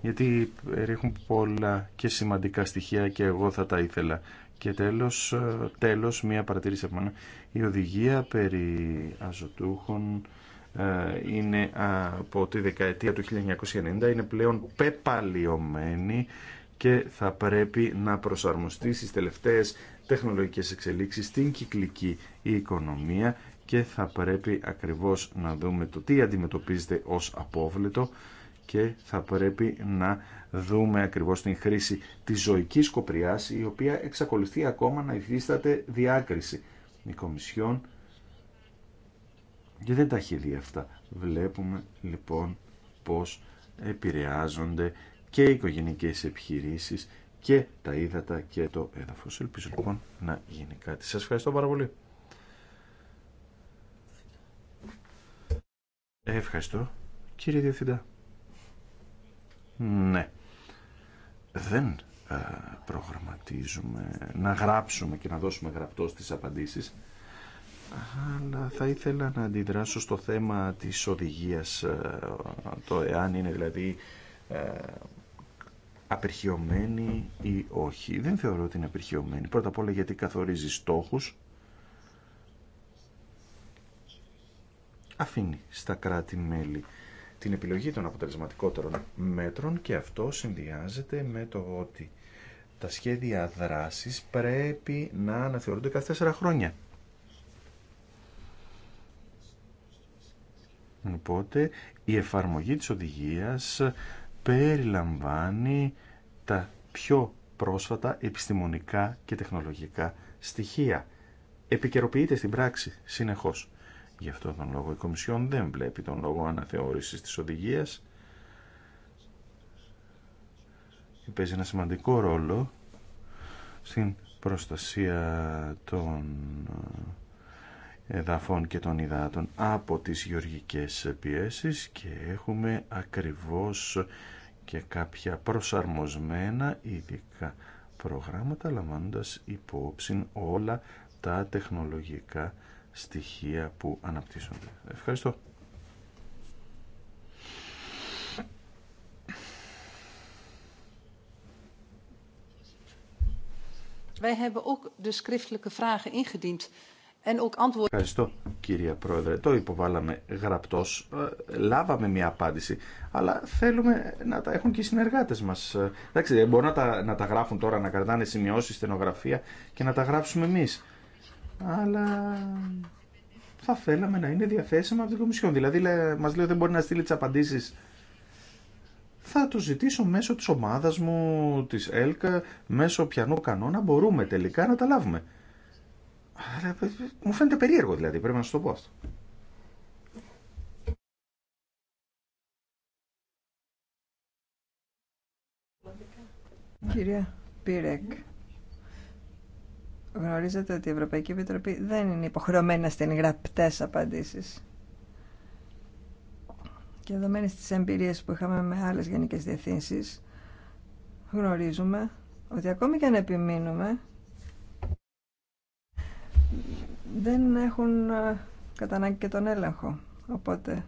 Γιατί έχουν πολλά και σημαντικά στοιχεία και εγώ θα τα ήθελα. Και τέλος, τέλος μία παρατήρηση από μένα. Η οδηγία περί αζωτούχων ε, είναι από τη δεκαετία του 1990, είναι πλέον πεπαλιωμένη και θα πρέπει να προσαρμοστεί στις τελευταίες τεχνολογικές εξελίξεις στην κυκλική οικονομία και θα πρέπει ακριβώς να δούμε το τι αντιμετωπίζεται ως απόβλητο και θα πρέπει να δούμε ακριβώς την χρήση της ζωικής κοπριάς, η οποία εξακολουθεί ακόμα να υφίσταται διάκριση. Η και δεν τα έχει δει αυτά. Βλέπουμε λοιπόν πώς επηρεάζονται και οι οικογενικές επιχειρήσεις και τα ύδατα και το έδαφος. Ελπίζω λοιπόν να γίνει κάτι. Σας ευχαριστώ πάρα πολύ. Ευχαριστώ κύριε Διευθυντά. Ναι. Δεν προγραμματίζουμε να γράψουμε και να δώσουμε γραπτό στις απαντήσεις αλλά θα ήθελα να αντιδράσω στο θέμα της οδηγίας, ε, το εάν είναι δηλαδή ε, απερχιωμένη ή όχι. Δεν θεωρώ ότι είναι απερχιωμένη. Πρώτα απ' όλα γιατί καθορίζει στόχους, αφήνει στα κράτη-μέλη την επιλογή των αποτελεσματικότερων μέτρων και αυτό συνδυάζεται με το ότι τα σχέδια δράσης πρέπει να αναθεωρούνται κάθε 4 χρόνια. Οπότε η εφαρμογή της οδηγίας περιλαμβάνει τα πιο πρόσφατα επιστημονικά και τεχνολογικά στοιχεία. Επικαιροποιείται στην πράξη συνεχώς. Γι' αυτό τον λόγο η Κομισιόν δεν βλέπει τον λόγο αναθεώρησης της οδηγίας. Παίζει ένα σημαντικό ρόλο στην προστασία των εδαφών και των υδάτων από τις γεωργικές πιέσεις και έχουμε ακριβώς και κάποια προσαρμοσμένα ειδικά προγράμματα λαμβάνοντας υπόψη όλα τα τεχνολογικά στοιχεία που αναπτύσσονται. Ευχαριστώ. Wij hebben ook de schriftelijke vragen ingediend Ευχαριστώ κυρία Πρόεδρε. Το υποβάλαμε γραπτός. Ε, λάβαμε μια απάντηση. Αλλά θέλουμε να τα έχουν και οι συνεργάτες μας. Ε, εντάξει, δεν μπορούν να τα, να τα γράφουν τώρα, να κρατάνε σημειώσεις, στενογραφία και να τα γράψουμε εμείς. Αλλά θα θέλαμε να είναι διαθέσιμα από την Κομισιόν. Δηλαδή μας λέει ότι δεν μπορεί να στείλει τι απαντήσεις θα το ζητήσω μέσω της ομάδας μου, της ΕΛΚΑ, μέσω πιανού κανόνα, μπορούμε τελικά να τα λάβουμε μου φαίνεται περίεργο δηλαδή, πρέπει να σου το πω αυτό. Κυρία Πίρεκ, γνωρίζετε ότι η Ευρωπαϊκή Επιτροπή δεν είναι υποχρεωμένη να στείλει γραπτέ απαντήσεις. Και δεδομένε τις εμπειρίες που είχαμε με άλλε γενικέ διευθύνσει γνωρίζουμε ότι ακόμη και αν επιμείνουμε, δεν έχουν ε, κατά ανάγκη και τον έλεγχο. Οπότε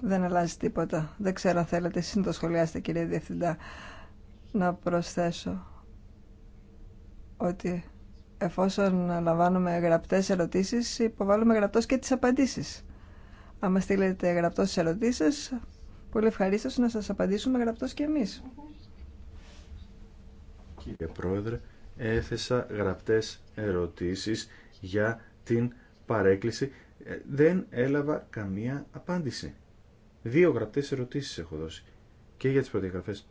δεν αλλάζει τίποτα. Δεν ξέρω αν θέλετε εσείς να το σχολιάσετε κύριε Διευθυντά να προσθέσω ότι εφόσον λαμβάνουμε γραπτές ερωτήσεις υποβάλλουμε γραπτός και τις απαντήσεις. Αν στείλετε γραπτός τις ερωτήσεις πολύ ευχαρίστω να σας απαντήσουμε γραπτός και εμείς. Κύριε Πρόεδρε, έθεσα γραπτές ερωτήσεις για την παρέκκληση. Ε, δεν έλαβα καμία απάντηση. Δύο γραπτές ερωτήσεις έχω δώσει και για τις προδιαγραφές.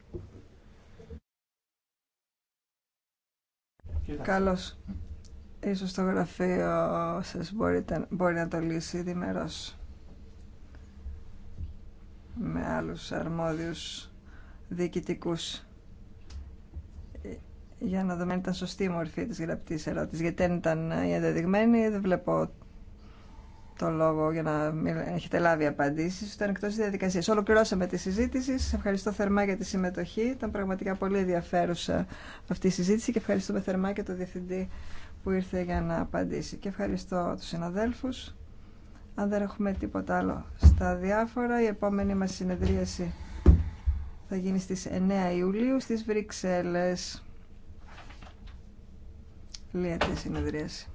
Καλώς. Ίσως το γραφείο σας μπορείτε, μπορεί να το λύσει διμερός με άλλους αρμόδιους διοικητικούς για να δούμε αν ήταν σωστή η μορφή της γραπτής ερώτησης, γιατί αν ήταν ε, η ενδεδειγμένη δεν βλέπω το λόγο για να έχετε λάβει απαντήσεις, ήταν εκτός της διαδικασίας. Ολοκληρώσαμε τη συζήτηση, σας ευχαριστώ θερμά για τη συμμετοχή, ήταν πραγματικά πολύ ενδιαφέρουσα αυτή η συζήτηση και ευχαριστούμε θερμά και τον Διευθυντή που ήρθε για να απαντήσει. Και ευχαριστώ τους συναδέλφους. Αν δεν έχουμε τίποτα άλλο στα διάφορα, η επόμενη μας συνεδρίαση θα γίνει στις 9 Ιουλίου στις Βρυξέλλες αυτή η συνεδρίαση.